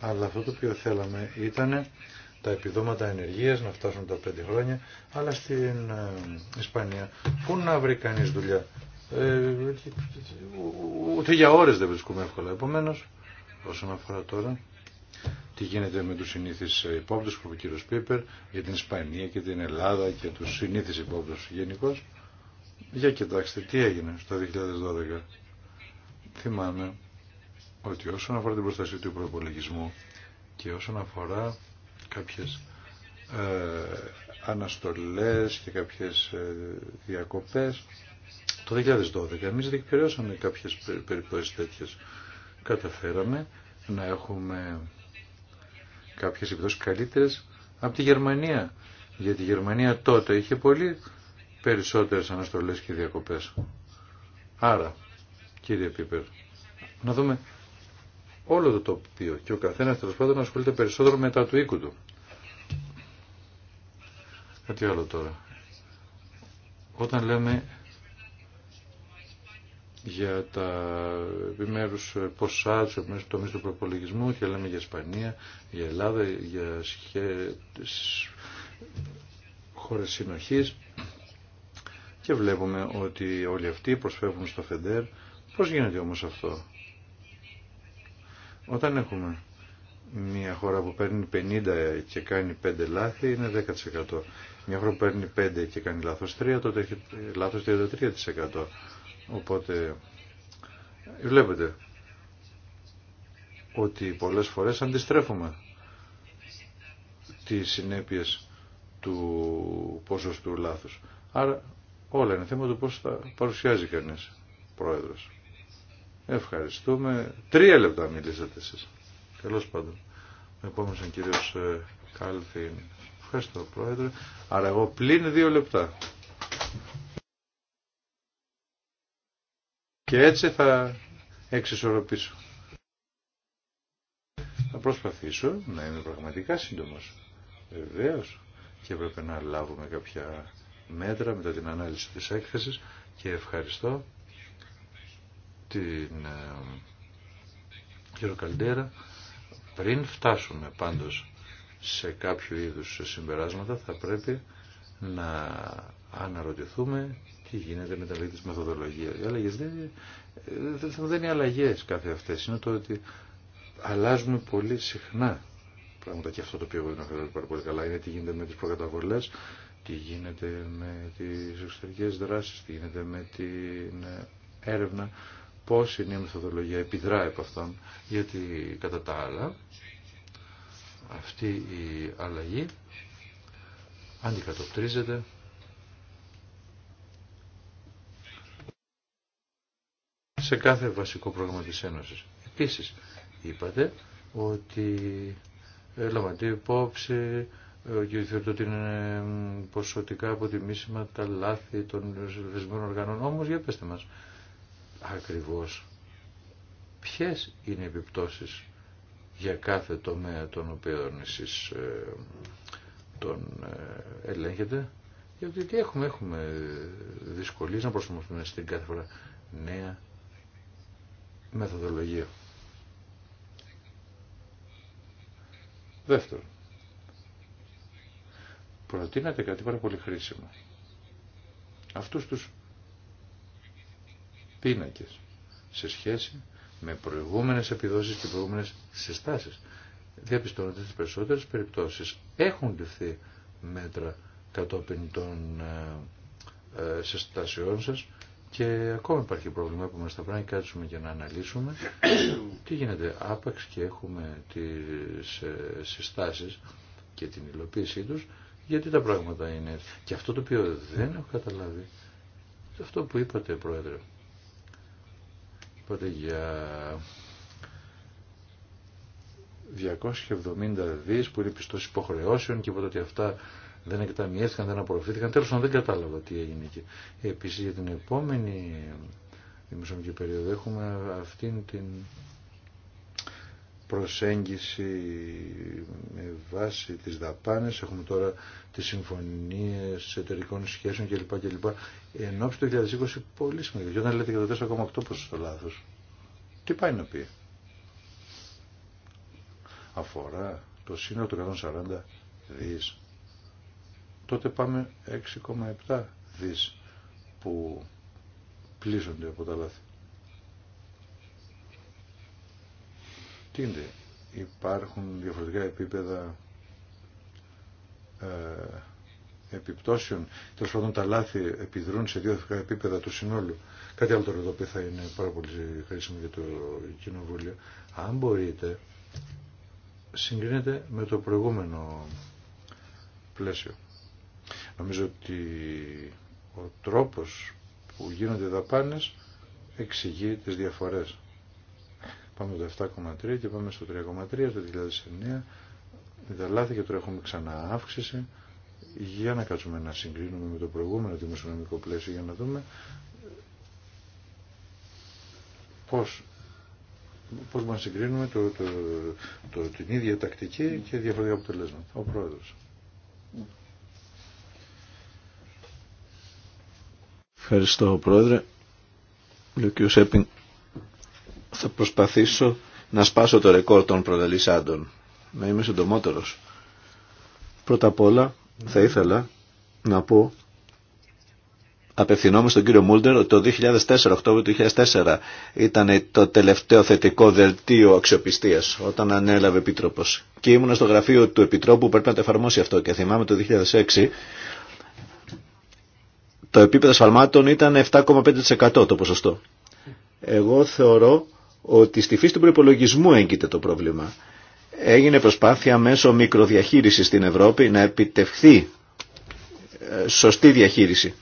αλλά αυτό το οποίο θέλαμε ήταν τα επιδόματα ενεργείας να φτάσουν τα 5 χρόνια, αλλά στην ε, Ισπανία πού να βρει κανείς δουλειά. Ε, ούτε για ώρες δεν βρισκούμε εύκολα. Επομένως, όσον αφορά τώρα τι γίνεται με τους συνήθεις υπόπτους που είπε ο κύριος Πίπερ για την Ισπανία και την Ελλάδα και τους συνήθεις υπόπτους γενικώ. Για κοιτάξτε τι έγινε στο 2012. Θυμάμαι ότι όσον αφορά την προστασία του προπολογισμού και όσον αφορά κάποιες ε, αναστολές και κάποιες ε, διακοπές το 2012 εμείς διεκπαιρεώσαμε κάποιες περιπτώσεις τέτοιες. Καταφέραμε να έχουμε κάποιες επιδόσει καλύτερες από τη Γερμανία. Γιατί η Γερμανία τότε είχε πολύ περισσότερες αναστολές και διακοπές. Άρα, κύριε Πίπερ, να δούμε όλο το τοπίο και ο καθένας τέλο πάντων ασχολείται περισσότερο μετά του οίκου του. Κάτι άλλο τώρα. Όταν λέμε για τα επιμέρου ποσά, του επιμέρου τομείς του προπολογισμού και λέμε για Ισπανία, για Ελλάδα, για σχέ... χώρες συνοχής και βλέπουμε ότι όλοι αυτοί προσφεύγουν στο ΦΕΝΤΕΡ. Πώς γίνεται όμως αυτό. Όταν έχουμε μια χώρα που παίρνει 50 και κάνει 5 λάθη είναι 10%. Μια χώρα που παίρνει 5 και κάνει λάθος 3, τότε έχει λάθος 33%. Οπότε βλέπετε ότι πολλές φορές αντιστρέφουμε τις συνέπειες του ποσοστού λάθους. Άρα όλα είναι θέμα του πώς θα παρουσιάζει κανείς πρόεδρος. Ευχαριστούμε. Τρία λεπτά μιλήσατε εσείς. Καλώς πάντων. Επόμενος ο κύριος ε, Κάλφιν. Ευχαριστώ πρόεδρε. Άρα εγώ πλην δύο λεπτά. Και έτσι θα εξισορροπήσω. Θα προσπαθήσω να είμαι πραγματικά σύντομος. Βεβαίω και έπρεπε να λάβουμε κάποια μέτρα μετά την ανάλυση της έκθεσης και ευχαριστώ την ε, κύριο Καλντέρα. Πριν φτάσουμε πάντως σε κάποιο είδους συμπεράσματα θα πρέπει να αναρωτηθούμε τι γίνεται με τα λίγη της μεθοδολογίας. Οι αλλαγές δεν, δεν, δεν είναι αλλαγές κάθε αυτές, είναι το ότι αλλάζουμε πολύ συχνά πράγματα και αυτό το οποίο εγώ δεν έχω πάρα πολύ καλά είναι τι γίνεται με τις προκαταβολές, τι γίνεται με τις εξωτερικές δράσεις, τι γίνεται με την έρευνα, πώς είναι η μεθοδολογία επιδράει από αυτόν, γιατί κατά τα άλλα αυτή η αλλαγή αντικατοπτρίζεται σε κάθε βασικό πρόγραμμα της Ένωσης. Επίσης, είπατε ότι έλαβαν ε, υπόψη ε, ότι είναι ποσοτικά αποτιμήσιμα τα λάθη των ελευθερισμών οργανών. Όμως, για πέστε μας, ακριβώς ποιες είναι οι επιπτώσεις για κάθε τομέα τον οποίο εσείς ε, τον ελέγχετε. Γιατί έχουμε, έχουμε δυσκολίες να προσαρμοστούμε στην κάθε φορά νέα μεθοδολογία. Δεύτερον, προτείνατε κάτι πάρα πολύ χρήσιμο. Αυτούς τους πίνακες σε σχέση με προηγούμενες επιδόσεις και προηγούμενες συστάσεις. Διαπιστώνονται στις περισσότερες περιπτώσεις έχουν ληφθεί μέτρα κατόπιν των ε, ε, συστάσεών σας και ακόμα υπάρχει πρόβλημα που μας θα πρέπει να κάτσουμε για να αναλύσουμε <coughs> τι γίνεται άπαξ και έχουμε τις ε, συστάσεις και την υλοποίησή τους γιατί τα πράγματα είναι έτσι. Και αυτό το οποίο δεν έχω καταλάβει αυτό που είπατε πρόεδρε είπατε για 270 δις που είναι πιστός υποχρεώσεων και είπατε ότι αυτά δεν εκταμιέστηκαν, δεν απορροφήθηκαν. Τέλο πάντων δεν κατάλαβα τι έγινε εκεί. Επίσης για την επόμενη δημοσιονομική περίοδο έχουμε αυτήν την προσέγγιση με βάση τις δαπάνες, έχουμε τώρα τις συμφωνίες εταιρικών σχέσεων κλπ. κλπ. Εν ώψη 2020 πολύ σημαντικό. Όταν λέτε για το 4,8 πόσο στο λάθος. Τι πάει να πει. Αφορά το σύνολο του 140 δις τότε πάμε 6,7 δις που πλήσονται από τα λάθη. Τι είναι, υπάρχουν διαφορετικά επίπεδα ε, επιπτώσεων. Τέλο πάντων τα λάθη επιδρούν σε δύο επίπεδα του συνόλου. Κάτι άλλο τώρα εδώ που θα είναι πάρα πολύ χρήσιμο για το κοινοβούλιο. Αν μπορείτε, συγκρίνετε με το προηγούμενο πλαίσιο. Νομίζω ότι ο τρόπος που γίνονται οι δαπάνες εξηγεί τις διαφορές. Πάμε το 7,3 και πάμε στο 3,3 το 2009. Τα λάθη και τώρα έχουμε ξανά αύξηση. Για να κάτσουμε να συγκρίνουμε με το προηγούμενο δημοσιονομικό πλαίσιο για να δούμε πώς, πώς μας συγκρίνουμε το, το, το, την ίδια τακτική και διαφορετικά αποτελέσματα. Ο πρόεδρος. Ευχαριστώ Πρόεδρε. Λουκίου Σέπιν, θα προσπαθήσω να σπάσω το ρεκόρ των προλαλήσάντων. Να είμαι συντομότερος. Πρώτα απ' όλα θα ήθελα να πω απευθυνόμαι στον κύριο Μούλτερ ότι το 2004, Οκτώβριο του 2004 ήταν το τελευταίο θετικό δελτίο αξιοπιστία όταν ανέλαβε Επίτροπο Και ήμουν στο γραφείο του επιτρόπου που πρέπει να το εφαρμόσει αυτό και θυμάμαι το 2006 το επίπεδο σφαλμάτων ήταν 7,5% το ποσοστό. Εγώ θεωρώ ότι στη φύση του προπολογισμού έγκυται το πρόβλημα. Έγινε προσπάθεια μέσω μικροδιαχείρισης στην Ευρώπη να επιτευχθεί ε, σωστή διαχείριση.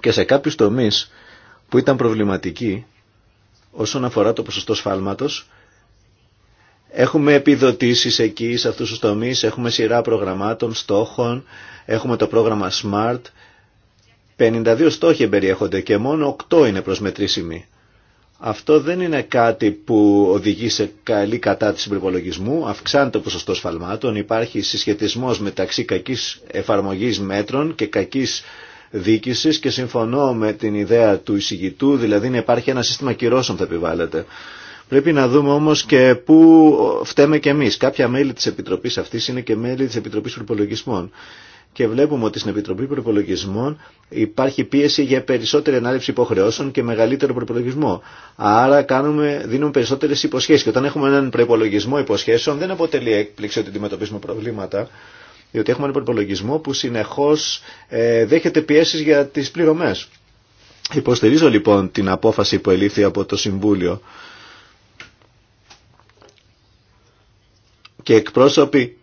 Και σε κάποιους τομείς που ήταν προβληματικοί όσον αφορά το ποσοστό σφάλματος, Έχουμε επιδοτήσεις εκεί σε αυτούς τους τομείς, έχουμε σειρά προγραμμάτων, στόχων, έχουμε το πρόγραμμα SMART, 52 στόχοι περιέχονται και μόνο 8 είναι προσμετρήσιμοι. Αυτό δεν είναι κάτι που οδηγεί σε καλή κατάτηση προπολογισμού, αυξάνει το ποσοστό σφαλμάτων, υπάρχει συσχετισμός μεταξύ κακής εφαρμογής μέτρων και κακής δίκησης και συμφωνώ με την ιδέα του εισηγητού, δηλαδή να υπάρχει ένα σύστημα κυρώσεων που θα επιβάλλεται. Πρέπει να δούμε όμως και πού φταίμε και εμείς. Κάποια μέλη της Επιτροπής αυτής είναι και μέλη της Επιτροπής Προπολογισμών και βλέπουμε ότι στην Επιτροπή Προπολογισμών υπάρχει πίεση για περισσότερη ανάληψη υποχρεώσεων και μεγαλύτερο προπολογισμό. Άρα κάνουμε, δίνουμε περισσότερε υποσχέσει. Και όταν έχουμε έναν προπολογισμό υποσχέσεων, δεν αποτελεί έκπληξη ότι αντιμετωπίζουμε προβλήματα. Διότι έχουμε έναν προπολογισμό που συνεχώ ε, δέχεται πιέσει για τι πληρωμέ. Υποστηρίζω λοιπόν την απόφαση που ελήφθη από το Συμβούλιο. Και εκπρόσωποι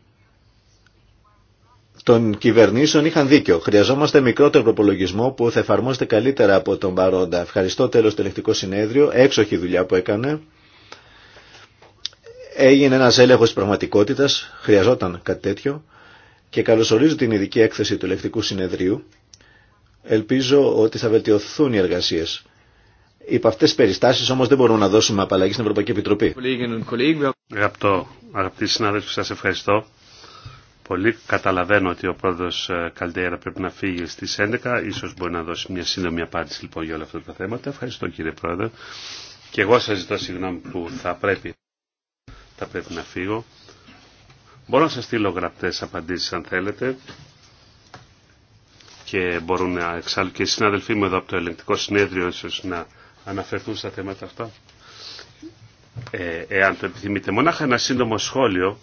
των κυβερνήσεων είχαν δίκιο. Χρειαζόμαστε μικρότερο προπολογισμό που θα εφαρμόζεται καλύτερα από τον παρόντα. Ευχαριστώ τέλο το ελεκτικό συνέδριο, έξοχη δουλειά που έκανε. Έγινε ένα έλεγχο τη πραγματικότητα, χρειαζόταν κάτι τέτοιο και καλωσορίζω την ειδική έκθεση του ελεκτικού συνεδρίου. Ελπίζω ότι θα βελτιωθούν οι εργασίε. Υπ' αυτέ τι περιστάσεις όμως δεν μπορούμε να δώσουμε απαλλαγή στην Ευρωπαϊκή Επιτροπή. αγαπητοί συνάδελφοι, σα ευχαριστώ πολύ. Καταλαβαίνω ότι ο πρόεδρος ε, Καλτέρα πρέπει να φύγει στις 11. Ίσως μπορεί να δώσει μια σύντομη απάντηση λοιπόν για όλα αυτά τα θέματα. Ευχαριστώ κύριε πρόεδρε. Και εγώ σας ζητώ συγγνώμη που θα πρέπει, θα πρέπει να φύγω. Μπορώ να σας στείλω γραπτές απαντήσεις αν θέλετε και μπορούν να εξάλλου και οι συνάδελφοί μου εδώ από το ελεγκτικό συνέδριο ίσως να αναφερθούν στα θέματα αυτά. Ε, εάν το επιθυμείτε, μονάχα ένα σύντομο σχόλιο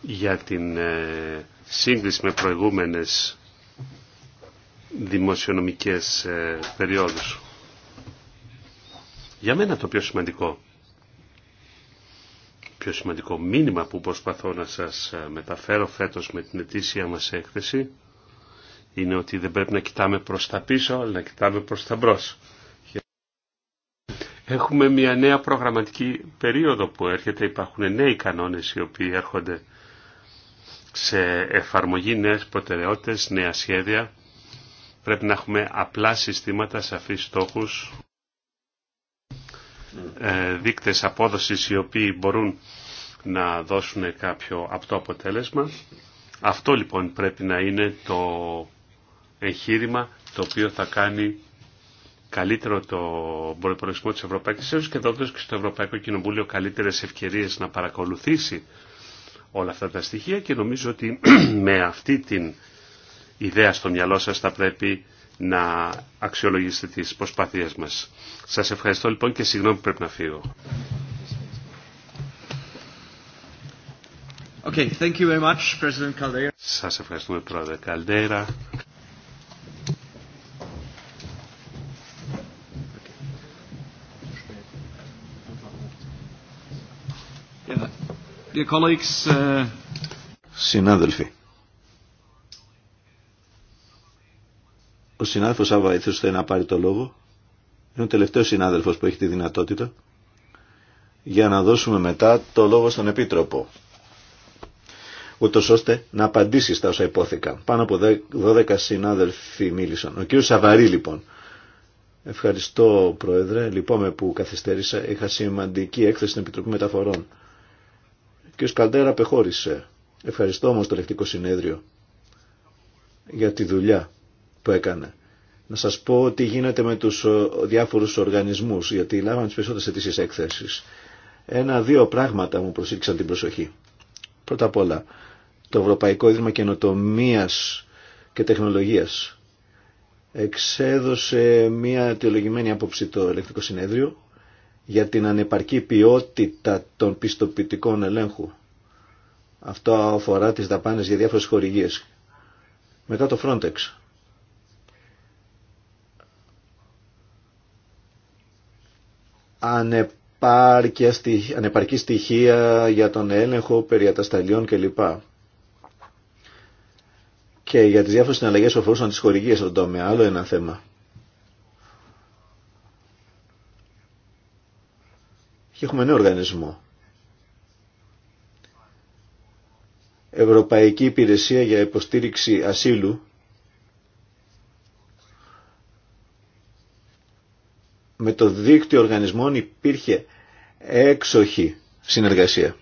για την ε, σύγκριση με προηγούμενες δημοσιονομικές ε, περιόδους. Για μένα το πιο σημαντικό, πιο σημαντικό μήνυμα που προσπαθώ να σας ε, μεταφέρω φέτος με την ετήσια μας έκθεση είναι ότι δεν πρέπει να κοιτάμε προς τα πίσω, αλλά να κοιτάμε προς τα μπρος. Έχουμε μια νέα προγραμματική περίοδο που έρχεται, υπάρχουν νέοι κανόνες οι οποίοι έρχονται σε εφαρμογή νέες προτεραιότητες, νέα σχέδια. Πρέπει να έχουμε απλά συστήματα, σαφείς στόχους, ε, δείκτες απόδοσης οι οποίοι μπορούν να δώσουν κάποιο απτό αποτέλεσμα. Αυτό λοιπόν πρέπει να είναι το εγχείρημα το οποίο θα κάνει καλύτερο το προπολογισμό της Ευρωπαϊκής Ένωσης και δόντως και στο Ευρωπαϊκό Κοινοβούλιο καλύτερες ευκαιρίες να παρακολουθήσει όλα αυτά τα στοιχεία και νομίζω ότι <clears throat> με αυτή την ιδέα στο μυαλό σας θα πρέπει να αξιολογήσετε τις προσπάθειές μας. Σας ευχαριστώ λοιπόν και συγγνώμη που πρέπει να φύγω. Okay, thank you very much, President Caldera. Σας ευχαριστούμε Πρόεδρε Καλδέρα. Uh, συνάδελφοι, ο συνάδελφος Σάββα ήθελε να πάρει το λόγο. Είναι ο τελευταίος συνάδελφος που έχει τη δυνατότητα για να δώσουμε μετά το λόγο στον Επίτροπο ούτως ώστε να απαντήσει στα όσα υπόθηκαν. Πάνω από 12 συνάδελφοι μίλησαν. Ο κύριος Σαβαρή λοιπόν. Ευχαριστώ Πρόεδρε, Λυπόμαι που καθυστέρησα, είχα σημαντική έκθεση στην Επιτροπή Μεταφορών κ. Καλτέρα απεχώρησε. Ευχαριστώ όμως το Ελεκτικό Συνέδριο για τη δουλειά που έκανε. Να σας πω τι γίνεται με τους διάφορους οργανισμούς, γιατί λάβαμε τις περισσότερες αιτήσεις έκθεσης. Ένα-δύο πράγματα μου προσήλξαν την προσοχή. Πρώτα απ' όλα, το Ευρωπαϊκό Ίδρυμα καινοτομία και Τεχνολογίας εξέδωσε μια αιτιολογημένη άποψη το Ελεκτικό Συνέδριο για την ανεπαρκή ποιότητα των πιστοποιητικών ελέγχου. Αυτό αφορά τις δαπάνες για διάφορες χορηγίες. Μετά το Frontex. Ανεπαρκή στοιχεία για τον έλεγχο περί ατασταλιών κλπ. Και για τις διάφορες συναλλαγές που αφορούσαν τις χορηγίες στον τομέα. Άλλο ένα θέμα. και έχουμε νέο οργανισμό. Ευρωπαϊκή Υπηρεσία για Υποστήριξη Ασύλου με το δίκτυο οργανισμών υπήρχε έξοχη συνεργασία.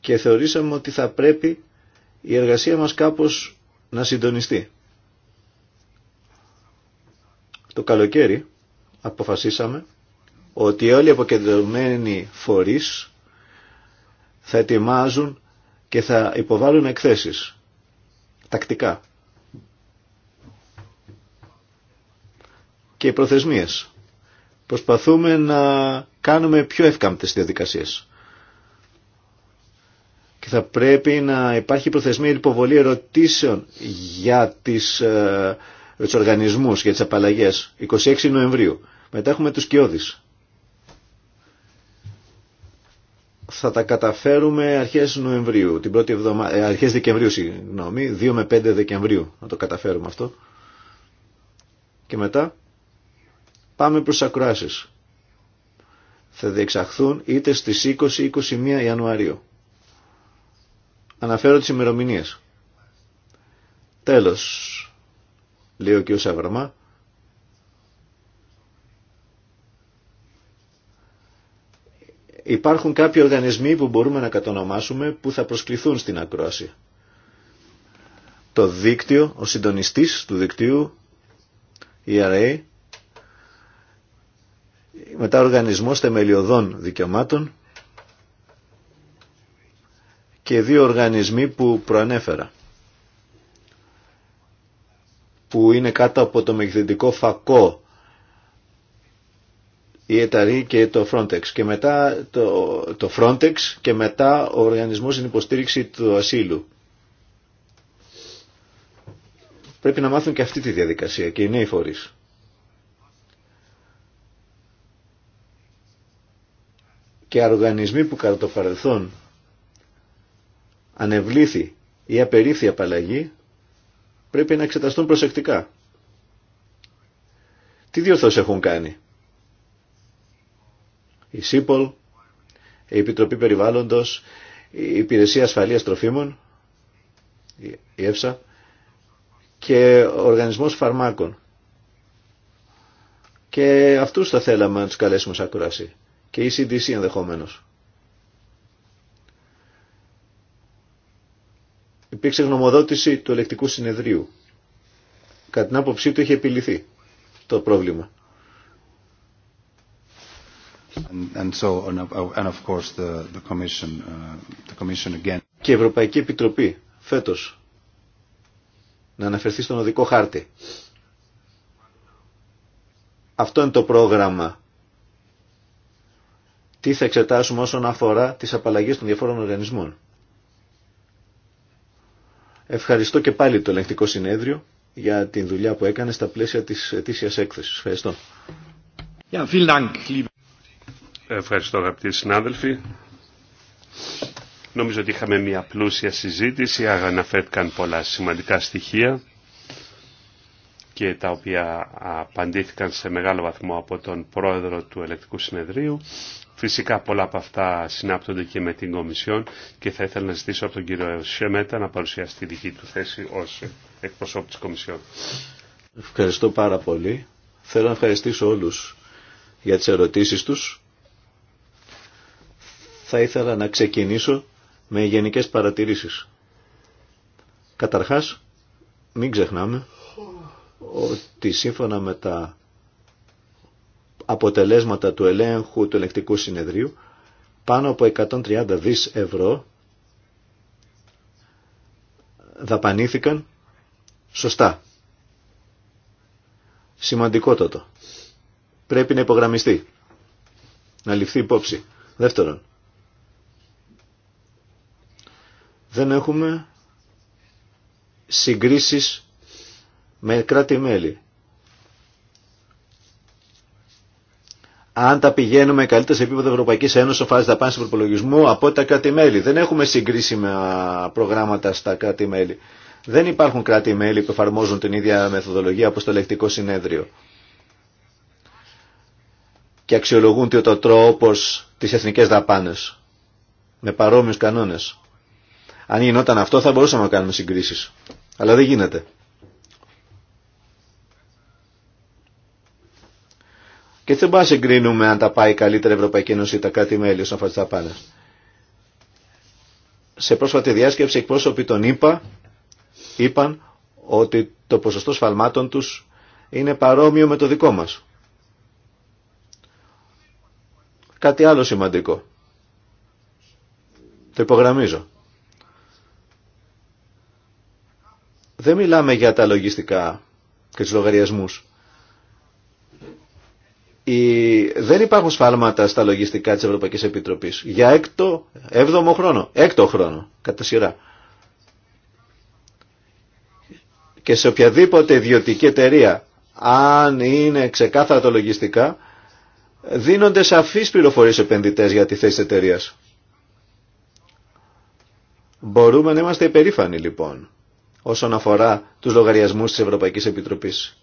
Και θεωρήσαμε ότι θα πρέπει η εργασία μας κάπως να συντονιστεί. Το καλοκαίρι αποφασίσαμε ότι όλοι οι αποκεντρωμένοι φορείς θα ετοιμάζουν και θα υποβάλουν εκθέσεις τακτικά και οι προθεσμίες. Προσπαθούμε να κάνουμε πιο ευκάμπτες διαδικασίες. Και θα πρέπει να υπάρχει προθεσμία υποβολή ερωτήσεων για τις ε, τους οργανισμούς για τις απαλλαγές, 26 Νοεμβρίου. Μετά έχουμε τους Κιώδης. Θα τα καταφέρουμε αρχές Νοεμβρίου, την πρώτη εβδομάδα ε, αρχές Δεκεμβρίου, συγγνώμη, 2 με 5 Δεκεμβρίου να το καταφέρουμε αυτό. Και μετά πάμε προς ακροάσεις. Θα διεξαχθούν είτε στις 20-21 Ιανουαρίου. Αναφέρω τις ημερομηνίες. Τέλος λέει ο κ. Σαβραμά. Υπάρχουν κάποιοι οργανισμοί που μπορούμε να κατονομάσουμε που θα προσκληθούν στην ακρόαση. Το δίκτυο, ο συντονιστής του δικτύου, η ERA, μετά οργανισμός θεμελιωδών δικαιωμάτων και δύο οργανισμοί που προανέφερα που είναι κάτω από το μεγεθυντικό φακό η ΕΤΑΡΗ και το Frontex και μετά το, το Frontex και μετά ο Οργανισμός στην υποστήριξη του ασύλου. Πρέπει να μάθουν και αυτή τη διαδικασία και οι νέοι φορείς. Και οργανισμοί που κατά το παρελθόν ανεβλήθη ή απερίφθη απαλλαγή πρέπει να εξεταστούν προσεκτικά. Τι διορθώσεις έχουν κάνει. Η ΣΥΠΟΛ, η Επιτροπή Περιβάλλοντος, η Υπηρεσία Ασφαλείας Τροφίμων, η ΕΦΣΑ και ο Οργανισμός Φαρμάκων. Και αυτούς θα θέλαμε να τους καλέσουμε σαν Και η CDC ενδεχομένως. υπήρξε γνωμοδότηση του ελεκτικού συνεδρίου. Κατά την άποψή του είχε επιληθεί το πρόβλημα. Και η Ευρωπαϊκή Επιτροπή φέτος να αναφερθεί στον οδικό χάρτη. Αυτό είναι το πρόγραμμα. Τι θα εξετάσουμε όσον αφορά τις απαλλαγές των διαφόρων οργανισμών. Ευχαριστώ και πάλι το ελεγκτικό συνέδριο για την δουλειά που έκανε στα πλαίσια της ετήσιας έκθεσης. Ευχαριστώ. Ευχαριστώ αγαπητοί συνάδελφοι. Νομίζω ότι είχαμε μια πλούσια συζήτηση, αναφέρθηκαν πολλά σημαντικά στοιχεία και τα οποία απαντήθηκαν σε μεγάλο βαθμό από τον πρόεδρο του Ελεκτικού Συνεδρίου. Φυσικά πολλά από αυτά συνάπτονται και με την Κομισιόν και θα ήθελα να ζητήσω από τον κύριο Σεμέτα να παρουσιάσει τη δική του θέση ως εκπροσώπη της Κομισιόν. Ευχαριστώ πάρα πολύ. Θέλω να ευχαριστήσω όλους για τις ερωτήσεις τους. Θα ήθελα να ξεκινήσω με γενικές παρατηρήσεις. Καταρχάς, μην ξεχνάμε ότι σύμφωνα με τα αποτελέσματα του ελέγχου του ελεκτικού συνεδρίου, πάνω από 130 δις ευρώ δαπανήθηκαν σωστά. Σημαντικότατο. Πρέπει να υπογραμμιστεί. Να ληφθεί υπόψη. Δεύτερον, δεν έχουμε συγκρίσεις με κράτη-μέλη. αν τα πηγαίνουμε καλύτερα σε επίπεδο Ευρωπαϊκή Ένωση, φάση δαπάνη του προπολογισμού από τα κράτη-μέλη. Δεν έχουμε συγκρίσιμα προγράμματα στα κράτη-μέλη. Δεν υπάρχουν κράτη-μέλη που εφαρμόζουν την ίδια μεθοδολογία από το λεκτικό συνέδριο και αξιολογούν ότι ο τρόπο τι εθνικέ δαπάνε με παρόμοιου κανόνε. Αν γινόταν αυτό θα μπορούσαμε να κάνουμε συγκρίσει. Αλλά δεν γίνεται. Και δεν μπορούμε να συγκρίνουμε αν τα πάει καλύτερα η Ευρωπαϊκή Ένωση ή τα κράτη-μέλη όσον αφορά τα δαπάνε. Σε πρόσφατη διάσκεψη εκπρόσωποι των ΗΠΑ είπαν ότι το ποσοστό σφαλμάτων του είναι παρόμοιο με το δικό μα. Κάτι άλλο σημαντικό. Το υπογραμμίζω. Δεν μιλάμε για τα λογιστικά και τους λογαριασμούς δεν υπάρχουν σφάλματα στα λογιστικά της Ευρωπαϊκής Επιτροπής για έκτο, έβδομο χρόνο, έκτο χρόνο κατά σειρά. Και σε οποιαδήποτε ιδιωτική εταιρεία, αν είναι ξεκάθαρα το λογιστικά, δίνονται σαφείς πληροφορίες επενδυτές για τη θέση της εταιρείας. Μπορούμε να είμαστε υπερήφανοι λοιπόν όσον αφορά τους λογαριασμούς της Ευρωπαϊκής Επιτροπής.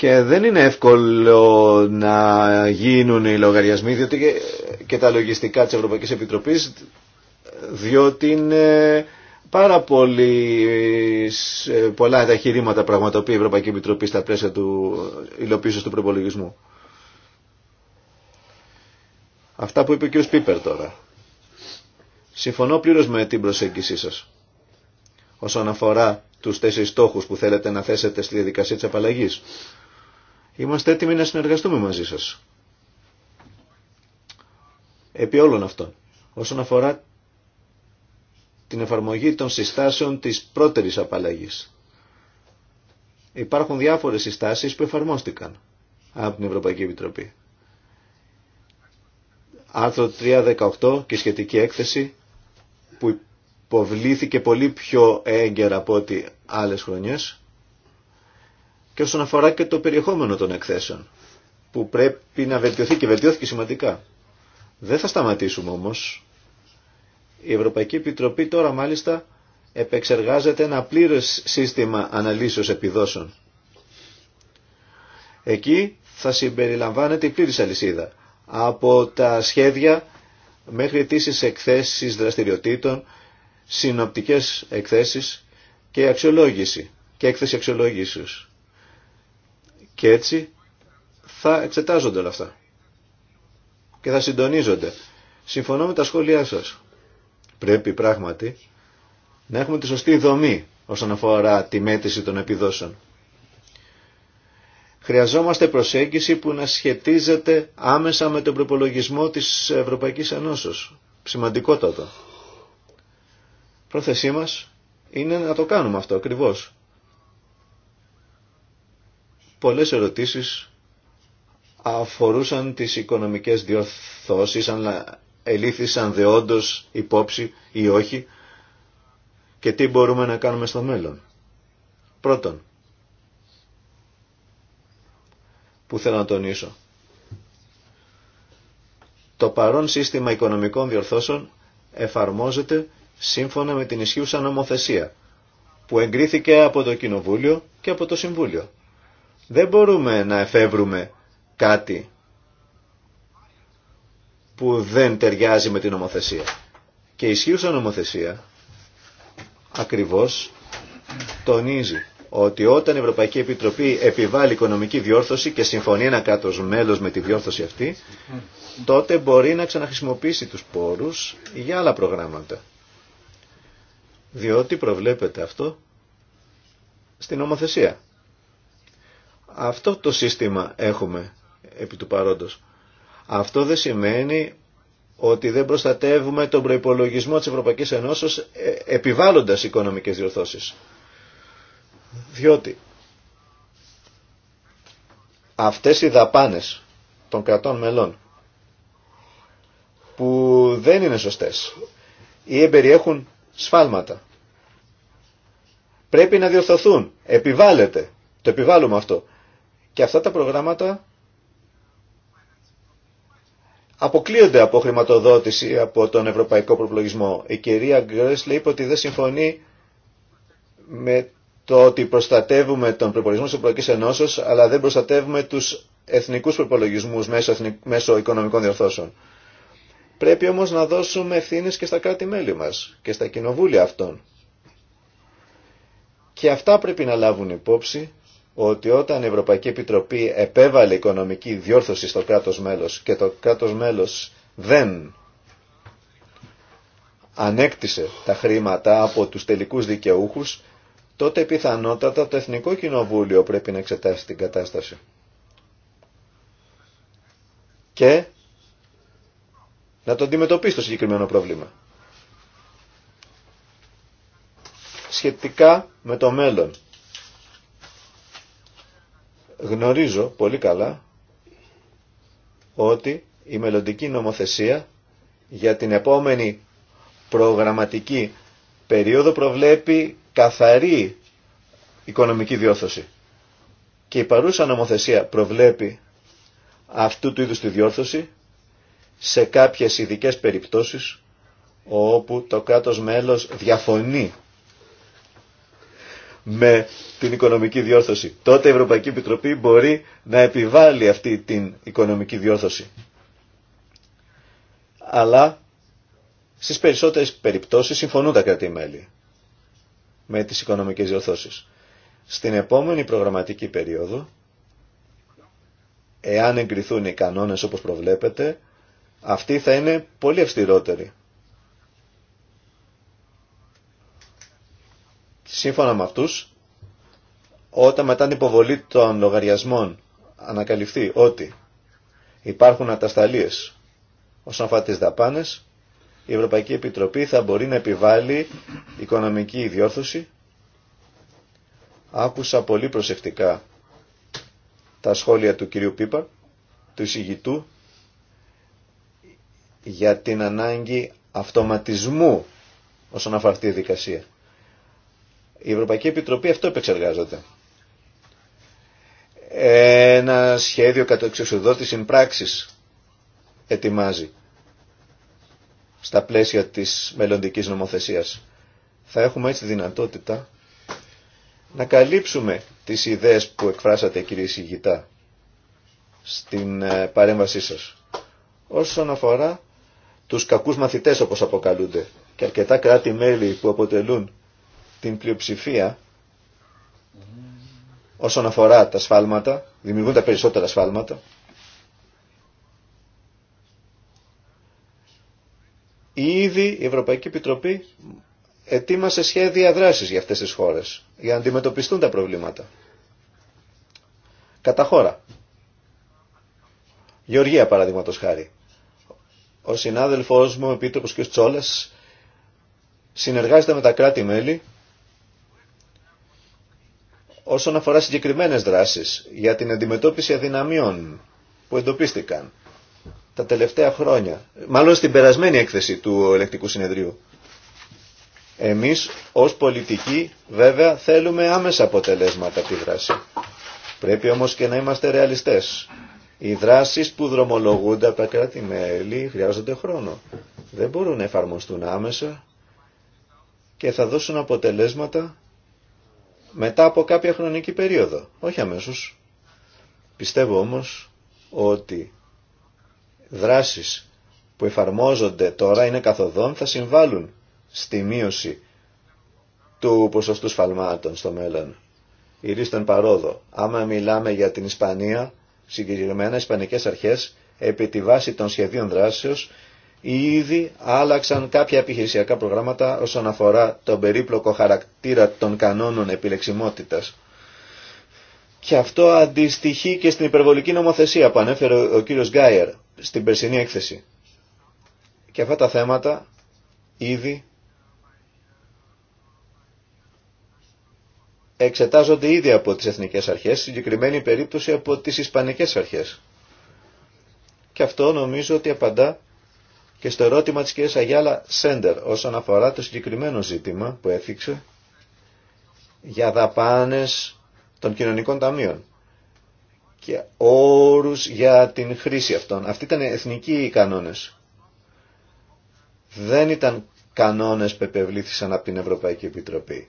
Και δεν είναι εύκολο να γίνουν οι λογαριασμοί διότι και τα λογιστικά της Ευρωπαϊκής Επιτροπής διότι είναι πάρα πολύ ε, πολλά τα χειρήματα πραγματοποιεί η Ευρωπαϊκή Επιτροπή στα πλαίσια του υλοποίησης του προπολογισμού. Αυτά που είπε ο κ. Πίπερ τώρα. Συμφωνώ πλήρως με την προσέγγισή σας όσον αφορά τους τέσσερις στόχους που θέλετε να θέσετε στη διαδικασία της απαλλαγής. Είμαστε έτοιμοι να συνεργαστούμε μαζί σας. Επί όλων αυτών, όσον αφορά την εφαρμογή των συστάσεων της πρώτερης απαλλαγής. Υπάρχουν διάφορες συστάσεις που εφαρμόστηκαν από την Ευρωπαϊκή Επιτροπή. Άρθρο 318 και σχετική έκθεση που υποβλήθηκε πολύ πιο έγκαιρα από ό,τι άλλες χρονιές και όσον αφορά και το περιεχόμενο των εκθέσεων που πρέπει να βελτιωθεί και βελτιώθηκε σημαντικά. Δεν θα σταματήσουμε όμως. Η Ευρωπαϊκή Επιτροπή τώρα μάλιστα επεξεργάζεται ένα πλήρες σύστημα αναλύσεως επιδόσεων. Εκεί θα συμπεριλαμβάνεται η πλήρης αλυσίδα. Από τα σχέδια μέχρι τις εκθέσεις δραστηριοτήτων, συνοπτικές εκθέσεις και αξιολόγηση και έκθεση αξιολόγησης. Και έτσι θα εξετάζονται όλα αυτά και θα συντονίζονται. Συμφωνώ με τα σχόλιά σας. Πρέπει πράγματι να έχουμε τη σωστή δομή όσον αφορά τη μέτρηση των επιδόσεων. Χρειαζόμαστε προσέγγιση που να σχετίζεται άμεσα με τον προπολογισμό της Ευρωπαϊκής Ενώσεως. Σημαντικότατο. Πρόθεσή μας είναι να το κάνουμε αυτό ακριβώς. Πολλές ερωτήσεις αφορούσαν τις οικονομικές διορθώσεις, αν ελήφθησαν δεόντως υπόψη ή όχι και τι μπορούμε να κάνουμε στο μέλλον. Πρώτον, που θέλω να τονίσω, το παρόν σύστημα οικονομικών διορθώσεων εφαρμόζεται σύμφωνα με την ισχύουσα νομοθεσία που εγκρίθηκε από το Κοινοβούλιο και από το Συμβούλιο δεν μπορούμε να εφεύρουμε κάτι που δεν ταιριάζει με την νομοθεσία. Και η ισχύουσα νομοθεσία ακριβώς τονίζει ότι όταν η Ευρωπαϊκή Επιτροπή επιβάλλει οικονομική διόρθωση και συμφωνεί ένα κράτος μέλος με τη διόρθωση αυτή, τότε μπορεί να ξαναχρησιμοποιήσει τους πόρους για άλλα προγράμματα. Διότι προβλέπεται αυτό στην νομοθεσία. Αυτό το σύστημα έχουμε επί του παρόντος. Αυτό δεν σημαίνει ότι δεν προστατεύουμε τον προϋπολογισμό της Ευρωπαϊκής Ενώσεως ε, επιβάλλοντας οικονομικές διορθώσεις. Διότι αυτές οι δαπάνες των κρατών μελών που δεν είναι σωστές ή εμπεριέχουν σφάλματα πρέπει να διορθωθούν. Επιβάλλεται. Το επιβάλλουμε αυτό. Και αυτά τα προγράμματα αποκλείονται από χρηματοδότηση από τον Ευρωπαϊκό προπολογισμό. Η κυρία Γκρέσλε είπε ότι δεν συμφωνεί με το ότι προστατεύουμε τον προπολογισμό της Ευρωπαϊκής Ενώσεως, αλλά δεν προστατεύουμε τους εθνικούς προπολογισμούς μέσω, οικονομικών διορθώσεων. Πρέπει όμως να δώσουμε ευθύνες και στα κράτη-μέλη μας και στα κοινοβούλια αυτών. Και αυτά πρέπει να λάβουν υπόψη ότι όταν η Ευρωπαϊκή Επιτροπή επέβαλε οικονομική διόρθωση στο κράτος μέλος και το κράτος μέλος δεν ανέκτησε τα χρήματα από τους τελικούς δικαιούχους, τότε πιθανότατα το Εθνικό Κοινοβούλιο πρέπει να εξετάσει την κατάσταση. Και να το αντιμετωπίσει το συγκεκριμένο πρόβλημα. Σχετικά με το μέλλον Γνωρίζω πολύ καλά ότι η μελλοντική νομοθεσία για την επόμενη προγραμματική περίοδο προβλέπει καθαρή οικονομική διόρθωση. Και η παρούσα νομοθεσία προβλέπει αυτού του είδους τη διόρθωση σε κάποιες ειδικές περιπτώσεις όπου το κράτος μέλος διαφωνεί με την οικονομική διόρθωση. Τότε η Ευρωπαϊκή Επιτροπή μπορεί να επιβάλλει αυτή την οικονομική διόρθωση. Αλλά στις περισσότερες περιπτώσεις συμφωνούν τα κράτη-μέλη με τις οικονομικές διορθώσεις. Στην επόμενη προγραμματική περίοδο, εάν εγκριθούν οι κανόνες όπως προβλέπετε, αυτή θα είναι πολύ αυστηρότερη Σύμφωνα με αυτούς, όταν μετά την υποβολή των λογαριασμών ανακαλυφθεί ότι υπάρχουν ατασταλίες όσον αφορά τις δαπάνες, η Ευρωπαϊκή Επιτροπή θα μπορεί να επιβάλλει οικονομική διόρθωση. Άκουσα πολύ προσεκτικά τα σχόλια του κυρίου Πίπα, του εισηγητού, για την ανάγκη αυτοματισμού όσον αφορά αυτή η δικασία. Η Ευρωπαϊκή Επιτροπή αυτό επεξεργάζεται. Ένα σχέδιο κατά εξουσιοδότηση πράξης ετοιμάζει στα πλαίσια της μελλοντικής νομοθεσίας. Θα έχουμε έτσι δυνατότητα να καλύψουμε τις ιδέες που εκφράσατε κύριε Σιγητά στην ε, παρέμβασή σας. Όσον αφορά τους κακούς μαθητές όπως αποκαλούνται και αρκετά κράτη-μέλη που αποτελούν την πλειοψηφία όσον αφορά τα σφάλματα, δημιουργούν τα περισσότερα σφάλματα, ήδη η Ευρωπαϊκή Επιτροπή ετοίμασε σχέδια δράσης για αυτές τις χώρες, για να αντιμετωπιστούν τα προβλήματα. Κατά χώρα. Γεωργία παραδείγματος χάρη. Ο συνάδελφός μου, ο Επίτροπος ο Τσόλας, συνεργάζεται με τα κράτη-μέλη όσον αφορά συγκεκριμένες δράσεις για την αντιμετώπιση αδυναμιών που εντοπίστηκαν τα τελευταία χρόνια, μάλλον στην περασμένη έκθεση του ελεκτικού συνεδρίου. Εμείς ως πολιτικοί βέβαια θέλουμε άμεσα αποτελέσματα από τη δράση. Πρέπει όμως και να είμαστε ρεαλιστές. Οι δράσεις που δρομολογούνται από τα κράτη-μέλη χρειάζονται χρόνο. Δεν μπορούν να εφαρμοστούν άμεσα και θα δώσουν αποτελέσματα μετά από κάποια χρονική περίοδο, όχι αμέσως. Πιστεύω όμως ότι δράσεις που εφαρμόζονται τώρα είναι καθοδόν θα συμβάλλουν στη μείωση του ποσοστού σφαλμάτων στο μέλλον. Ηρίστον παρόδο, άμα μιλάμε για την Ισπανία, συγκεκριμένα οι Ισπανικές αρχές επί τη βάση των σχεδίων δράσεως Ήδη άλλαξαν κάποια επιχειρησιακά προγράμματα όσον αφορά τον περίπλοκο χαρακτήρα των κανόνων επιλεξιμότητας. Και αυτό αντιστοιχεί και στην υπερβολική νομοθεσία που ανέφερε ο κύριος Γκάιερ στην περσινή έκθεση. Και αυτά τα θέματα ήδη εξετάζονται ήδη από τις εθνικές αρχές, συγκεκριμένη περίπτωση από τις ισπανικές αρχές. Και αυτό νομίζω ότι απαντά και στο ερώτημα της κυρίας Αγιάλα Σέντερ όσον αφορά το συγκεκριμένο ζήτημα που έφυξε για δαπάνες των κοινωνικών ταμείων και όρους για την χρήση αυτών. Αυτοί ήταν εθνικοί οι κανόνες. Δεν ήταν κανόνες που επευλήθησαν από την Ευρωπαϊκή Επιτροπή.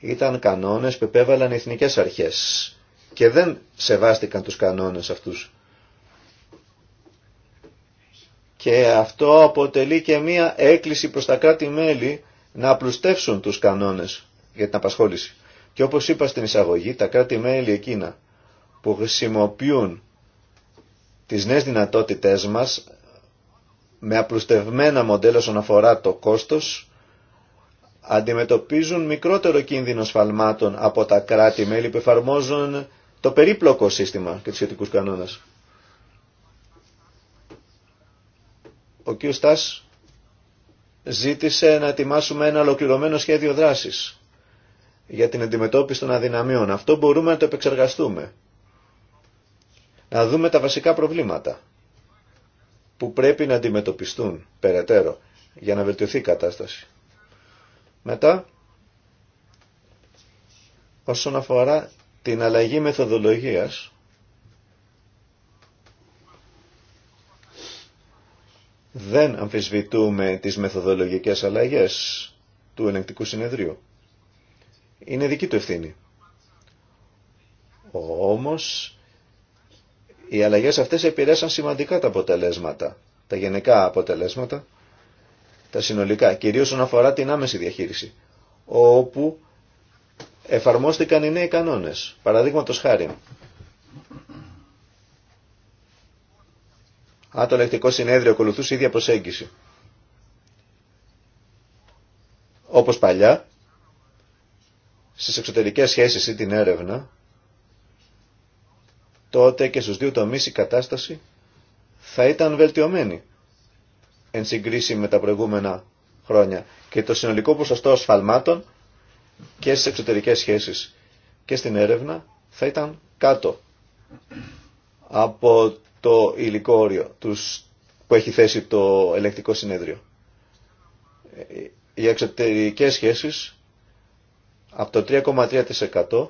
Ήταν κανόνες που επέβαλαν οι εθνικές αρχές και δεν σεβάστηκαν τους κανόνες αυτούς και αυτό αποτελεί και μία έκκληση προς τα κράτη-μέλη να απλουστεύσουν τους κανόνες για την απασχόληση. Και όπως είπα στην εισαγωγή, τα κράτη-μέλη εκείνα που χρησιμοποιούν τις νέες δυνατότητές μας με απλουστευμένα μοντέλα όσον αφορά το κόστος αντιμετωπίζουν μικρότερο κίνδυνο σφαλμάτων από τα κράτη-μέλη που εφαρμόζουν το περίπλοκο σύστημα και τους σχετικούς κανόνες. Ο κ. Στάς ζήτησε να ετοιμάσουμε ένα ολοκληρωμένο σχέδιο δράσης για την αντιμετώπιση των αδυναμιών. Αυτό μπορούμε να το επεξεργαστούμε. Να δούμε τα βασικά προβλήματα που πρέπει να αντιμετωπιστούν περαιτέρω για να βελτιωθεί η κατάσταση. Μετά, όσον αφορά την αλλαγή μεθοδολογίας, Δεν αμφισβητούμε τις μεθοδολογικές αλλαγές του ελεγκτικού συνεδρίου. Είναι δική του ευθύνη. Όμως, οι αλλαγές αυτές επηρέασαν σημαντικά τα αποτελέσματα, τα γενικά αποτελέσματα, τα συνολικά, κυρίως όσον αφορά την άμεση διαχείριση, όπου εφαρμόστηκαν οι νέοι κανόνες. Παραδείγματος χάρη, αν το λεκτικό συνέδριο ακολουθούσε ίδια προσέγγιση. Όπως παλιά, στις εξωτερικές σχέσεις ή την έρευνα, τότε και στους δύο τομείς η κατάσταση θα ήταν βελτιωμένη εν συγκρίση με τα προηγούμενα χρόνια και το συνολικό ποσοστό ασφαλμάτων και στις εξωτερικές σχέσεις και στην έρευνα θα ήταν κάτω από το υλικό όριο τους, που έχει θέσει το ελεκτικό συνέδριο. Ε, οι εξωτερικές σχέσεις από το 3,3%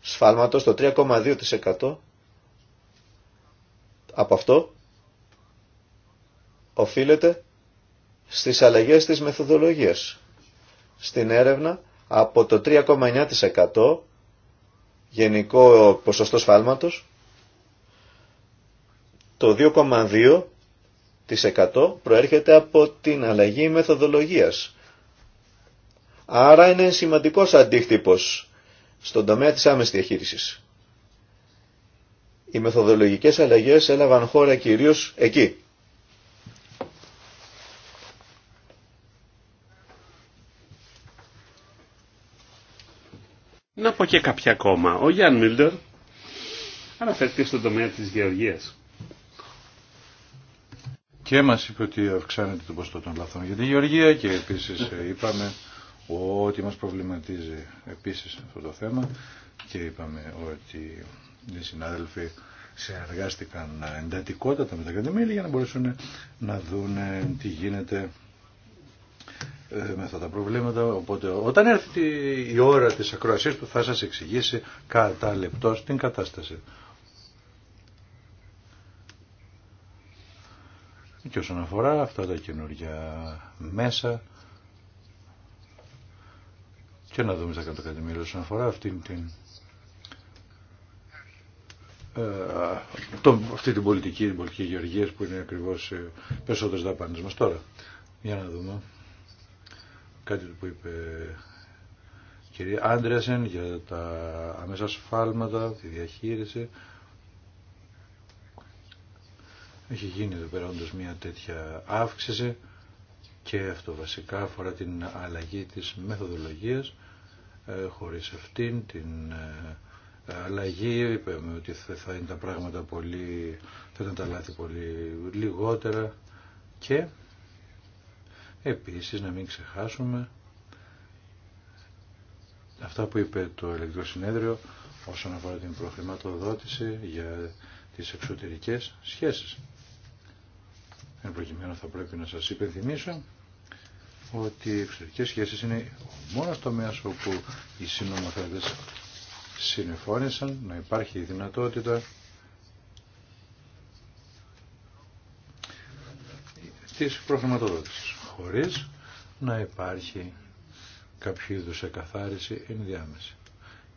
σφάλματος το 3,2% από αυτό οφείλεται στις αλλαγές της μεθοδολογίας. Στην έρευνα από το 3,9% γενικό ποσοστό σφάλματος το 2,2% προέρχεται από την αλλαγή μεθοδολογίας. Άρα είναι σημαντικός αντίκτυπος στον τομέα της άμεσης διαχείρισης. Οι μεθοδολογικές αλλαγές έλαβαν χώρα κυρίως εκεί. Να πω και κάποια ακόμα. Ο Γιάνν Μιλντερ αναφέρθηκε στον τομέα της γεωργίας και μας είπε ότι αυξάνεται το ποσοστό των λαθών για τη Γεωργία και επίσης ε, είπαμε ότι μας προβληματίζει επίσης αυτό το θέμα και είπαμε ότι οι συνάδελφοι συνεργάστηκαν εντατικότατα με τα κατημέρια για να μπορέσουν να δουν τι γίνεται ε, με αυτά τα προβλήματα. Οπότε όταν έρθει η ώρα της ακροασίας του θα σας εξηγήσει κατά λεπτό την κατάσταση. και όσον αφορά αυτά τα καινούργια μέσα και να δούμε τα κάτι όσον αφορά αυτήν την ε, το, αυτή την πολιτική, την πολιτική γεωργίας που είναι ακριβώς ε, περισσότερες δαπάνες μας τώρα. Για να δούμε κάτι που είπε η κυρία Άντρεσεν για τα αμέσα σφάλματα, τη διαχείριση. Έχει γίνει εδώ πέρα όντως μια τέτοια αύξηση και αυτό βασικά αφορά την αλλαγή της μεθοδολογίας ε, χωρίς αυτήν την ε, αλλαγή είπαμε ότι θα είναι τα πράγματα πολύ θα ήταν τα λάθη πολύ λιγότερα και επίσης να μην ξεχάσουμε αυτά που είπε το ηλεκτροσυνέδριο συνέδριο όσον αφορά την προχρηματοδότηση για τις εξωτερικές σχέσεις. Εν προκειμένου θα πρέπει να σας υπενθυμίσω ότι οι εξωτερικές σχέσεις είναι ο μόνος τομέας όπου οι συνομοθέτες συνεφώνησαν να υπάρχει η δυνατότητα της προχρηματοδότησης χωρίς να υπάρχει κάποιο είδου εκαθάριση ενδιάμεση.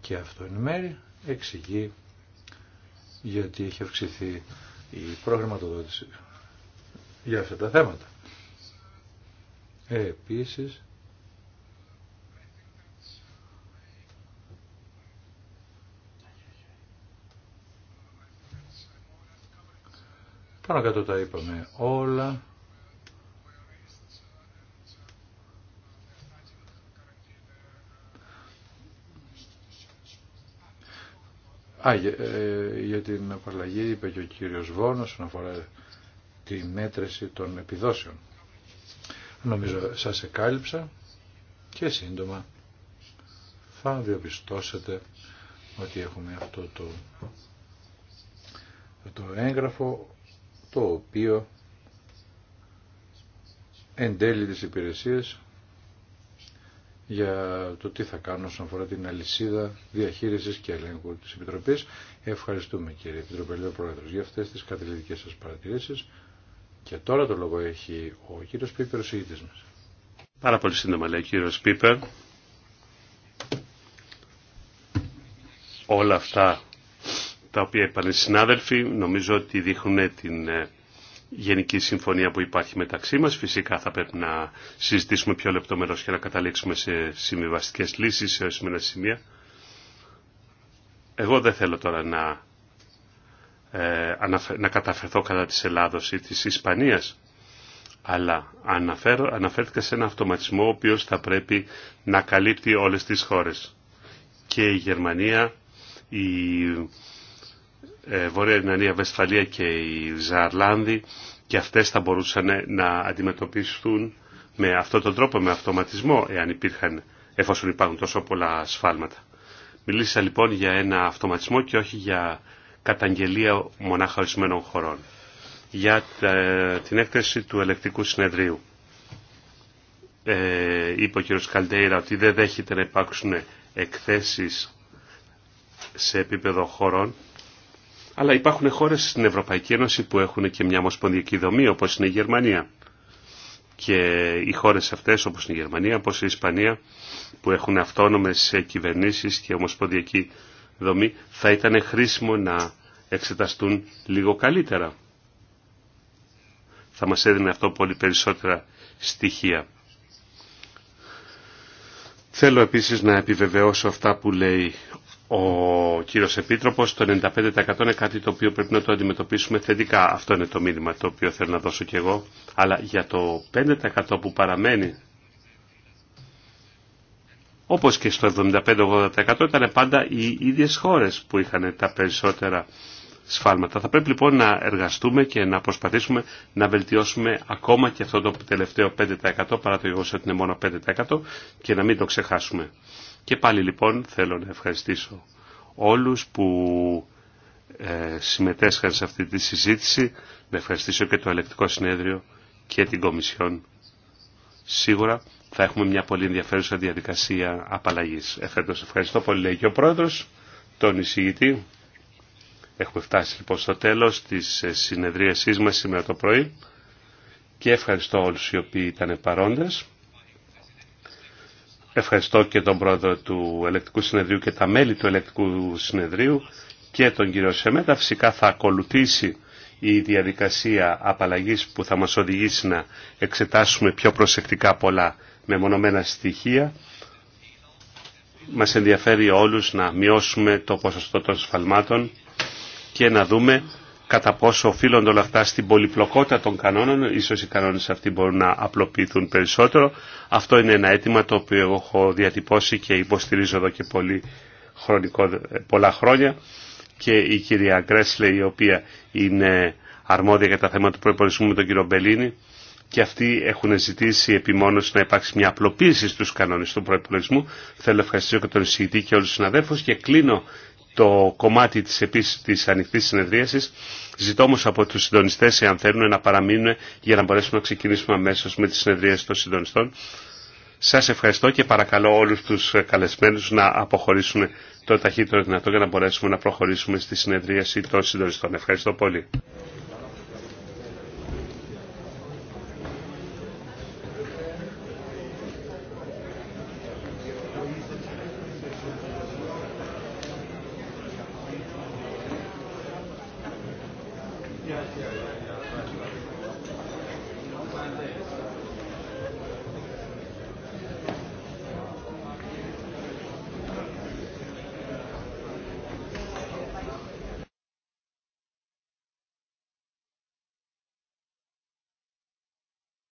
Και αυτό εν μέρη εξηγεί γιατί έχει αυξηθεί η προχρηματοδότηση για αυτά τα θέματα. Ε, επίσης, πάνω κάτω τα είπαμε όλα. Α, για, ε, για την απαλλαγή είπε και ο κύριος Βόνος, αναφορά τη μέτρηση των επιδόσεων. Νομίζω σας εκάλυψα και σύντομα θα διαπιστώσετε ότι έχουμε αυτό το, το έγγραφο το οποίο εντέλει τις υπηρεσίες για το τι θα κάνω όσον αφορά την αλυσίδα διαχείρισης και ελέγχου της Επιτροπής. Ευχαριστούμε κύριε Επιτροπελίου Πρόεδρος για αυτές τις κατελητικές σας παρατηρήσεις. Και τώρα το λόγο έχει ο κύριος Πίπερ, ο συγητής μας. Πάρα πολύ σύντομα λέει ο κύριος Πίπερ. Όλα αυτά τα οποία είπαν οι συνάδελφοι νομίζω ότι δείχνουν την ε, γενική συμφωνία που υπάρχει μεταξύ μας. Φυσικά θα πρέπει να συζητήσουμε πιο λεπτομερώς και να καταλήξουμε σε συμβιβαστικές λύσεις σε ορισμένα σημεία. Εγώ δεν θέλω τώρα να ε, να καταφερθώ κατά της Ελλάδος ή της Ισπανίας αλλά αναφέρω, αναφέρθηκα σε ένα αυτοματισμό ο οποίος θα πρέπει να καλύπτει όλες τις χώρες. Και η Γερμανία, η ε, Βόρεια Ιρνανία, Βεσφαλία και η Ζαρλάνδη και αυτές θα μπορούσαν να αντιμετωπίσουν με αυτόν τον τρόπο, με αυτοματισμό, εάν υπήρχαν, εφόσον υπάρχουν τόσο πολλά σφάλματα. Μιλήσα λοιπόν για ένα αυτοματισμό και όχι για καταγγελία μονάχα ορισμένων χωρών. Για ε, την έκθεση του ελεκτικού συνεδρίου ε, είπε ο κ. Καλτέιρα ότι δεν δέχεται να υπάρξουν εκθέσεις σε επίπεδο χωρών αλλά υπάρχουν χώρες στην Ευρωπαϊκή Ένωση που έχουν και μια ομοσπονδιακή δομή όπως είναι η Γερμανία και οι χώρες αυτές όπως είναι η Γερμανία, όπως η Ισπανία που έχουν αυτόνομες κυβερνήσεις και ομοσπονδιακή δομή θα ήταν χρήσιμο να εξεταστούν λίγο καλύτερα. Θα μας έδινε αυτό πολύ περισσότερα στοιχεία. Θέλω επίσης να επιβεβαιώσω αυτά που λέει ο κύριος Επίτροπος. Το 95% είναι κάτι το οποίο πρέπει να το αντιμετωπίσουμε θετικά. Αυτό είναι το μήνυμα το οποίο θέλω να δώσω κι εγώ. Αλλά για το 5% που παραμένει όπως και στο 75-80% ήταν πάντα οι ίδιες χώρες που είχαν τα περισσότερα σφάλματα. Θα πρέπει λοιπόν να εργαστούμε και να προσπαθήσουμε να βελτιώσουμε ακόμα και αυτό το τελευταίο 5% παρά το γεγονός ότι είναι μόνο 5% και να μην το ξεχάσουμε. Και πάλι λοιπόν θέλω να ευχαριστήσω όλους που ε, συμμετέσχαν σε αυτή τη συζήτηση, να ευχαριστήσω και το Ελεκτικό Συνέδριο και την Κομισιόν. Σίγουρα θα έχουμε μια πολύ ενδιαφέρουσα διαδικασία απαλλαγή. εφέτος. Ευχαριστώ πολύ, λέει και ο Πρόεδρος, τον εισηγητή. Έχουμε φτάσει λοιπόν στο τέλο τη ε, συνεδρίασής μα σήμερα το πρωί και ευχαριστώ όλους οι οποίοι ήταν παρόντες. Ευχαριστώ και τον πρόεδρο του Ελεκτικού Συνεδρίου και τα μέλη του Ελεκτικού Συνεδρίου και τον κύριο Σεμέτα. Φυσικά θα ακολουθήσει η διαδικασία απαλλαγής που θα μας οδηγήσει να εξετάσουμε πιο προσεκτικά πολλά με μονομενα στοιχεία. Μας ενδιαφέρει όλους να μειώσουμε το ποσοστό των σφαλμάτων και να δούμε κατά πόσο οφείλονται όλα αυτά στην πολυπλοκότητα των κανόνων. Ίσως οι κανόνες αυτοί μπορούν να απλοποιηθούν περισσότερο. Αυτό είναι ένα αίτημα το οποίο έχω διατυπώσει και υποστηρίζω εδώ και πολύ χρονικό, πολλά χρόνια. Και η κυρία Γκρέσλε η οποία είναι αρμόδια για τα θέματα του προπολογισμού με τον κύριο Μπελίνη και αυτοί έχουν ζητήσει επιμόνωση να υπάρξει μια απλοποίηση στου κανόνε του προπολογισμού. Θέλω να ευχαριστήσω και τον εισηγητή και όλου του συναδέλφου και κλείνω το κομμάτι της, επίσης, της ανοιχτής συνεδρίασης. Ζητώ όμως από τους συντονιστές, εάν θέλουν, να παραμείνουν για να μπορέσουμε να ξεκινήσουμε αμέσω με τη συνεδρίαση των συντονιστών. Σας ευχαριστώ και παρακαλώ όλους τους καλεσμένους να αποχωρήσουν το ταχύτερο δυνατό για να μπορέσουμε να προχωρήσουμε στη συνεδρίαση των συντονιστών. Ευχαριστώ πολύ.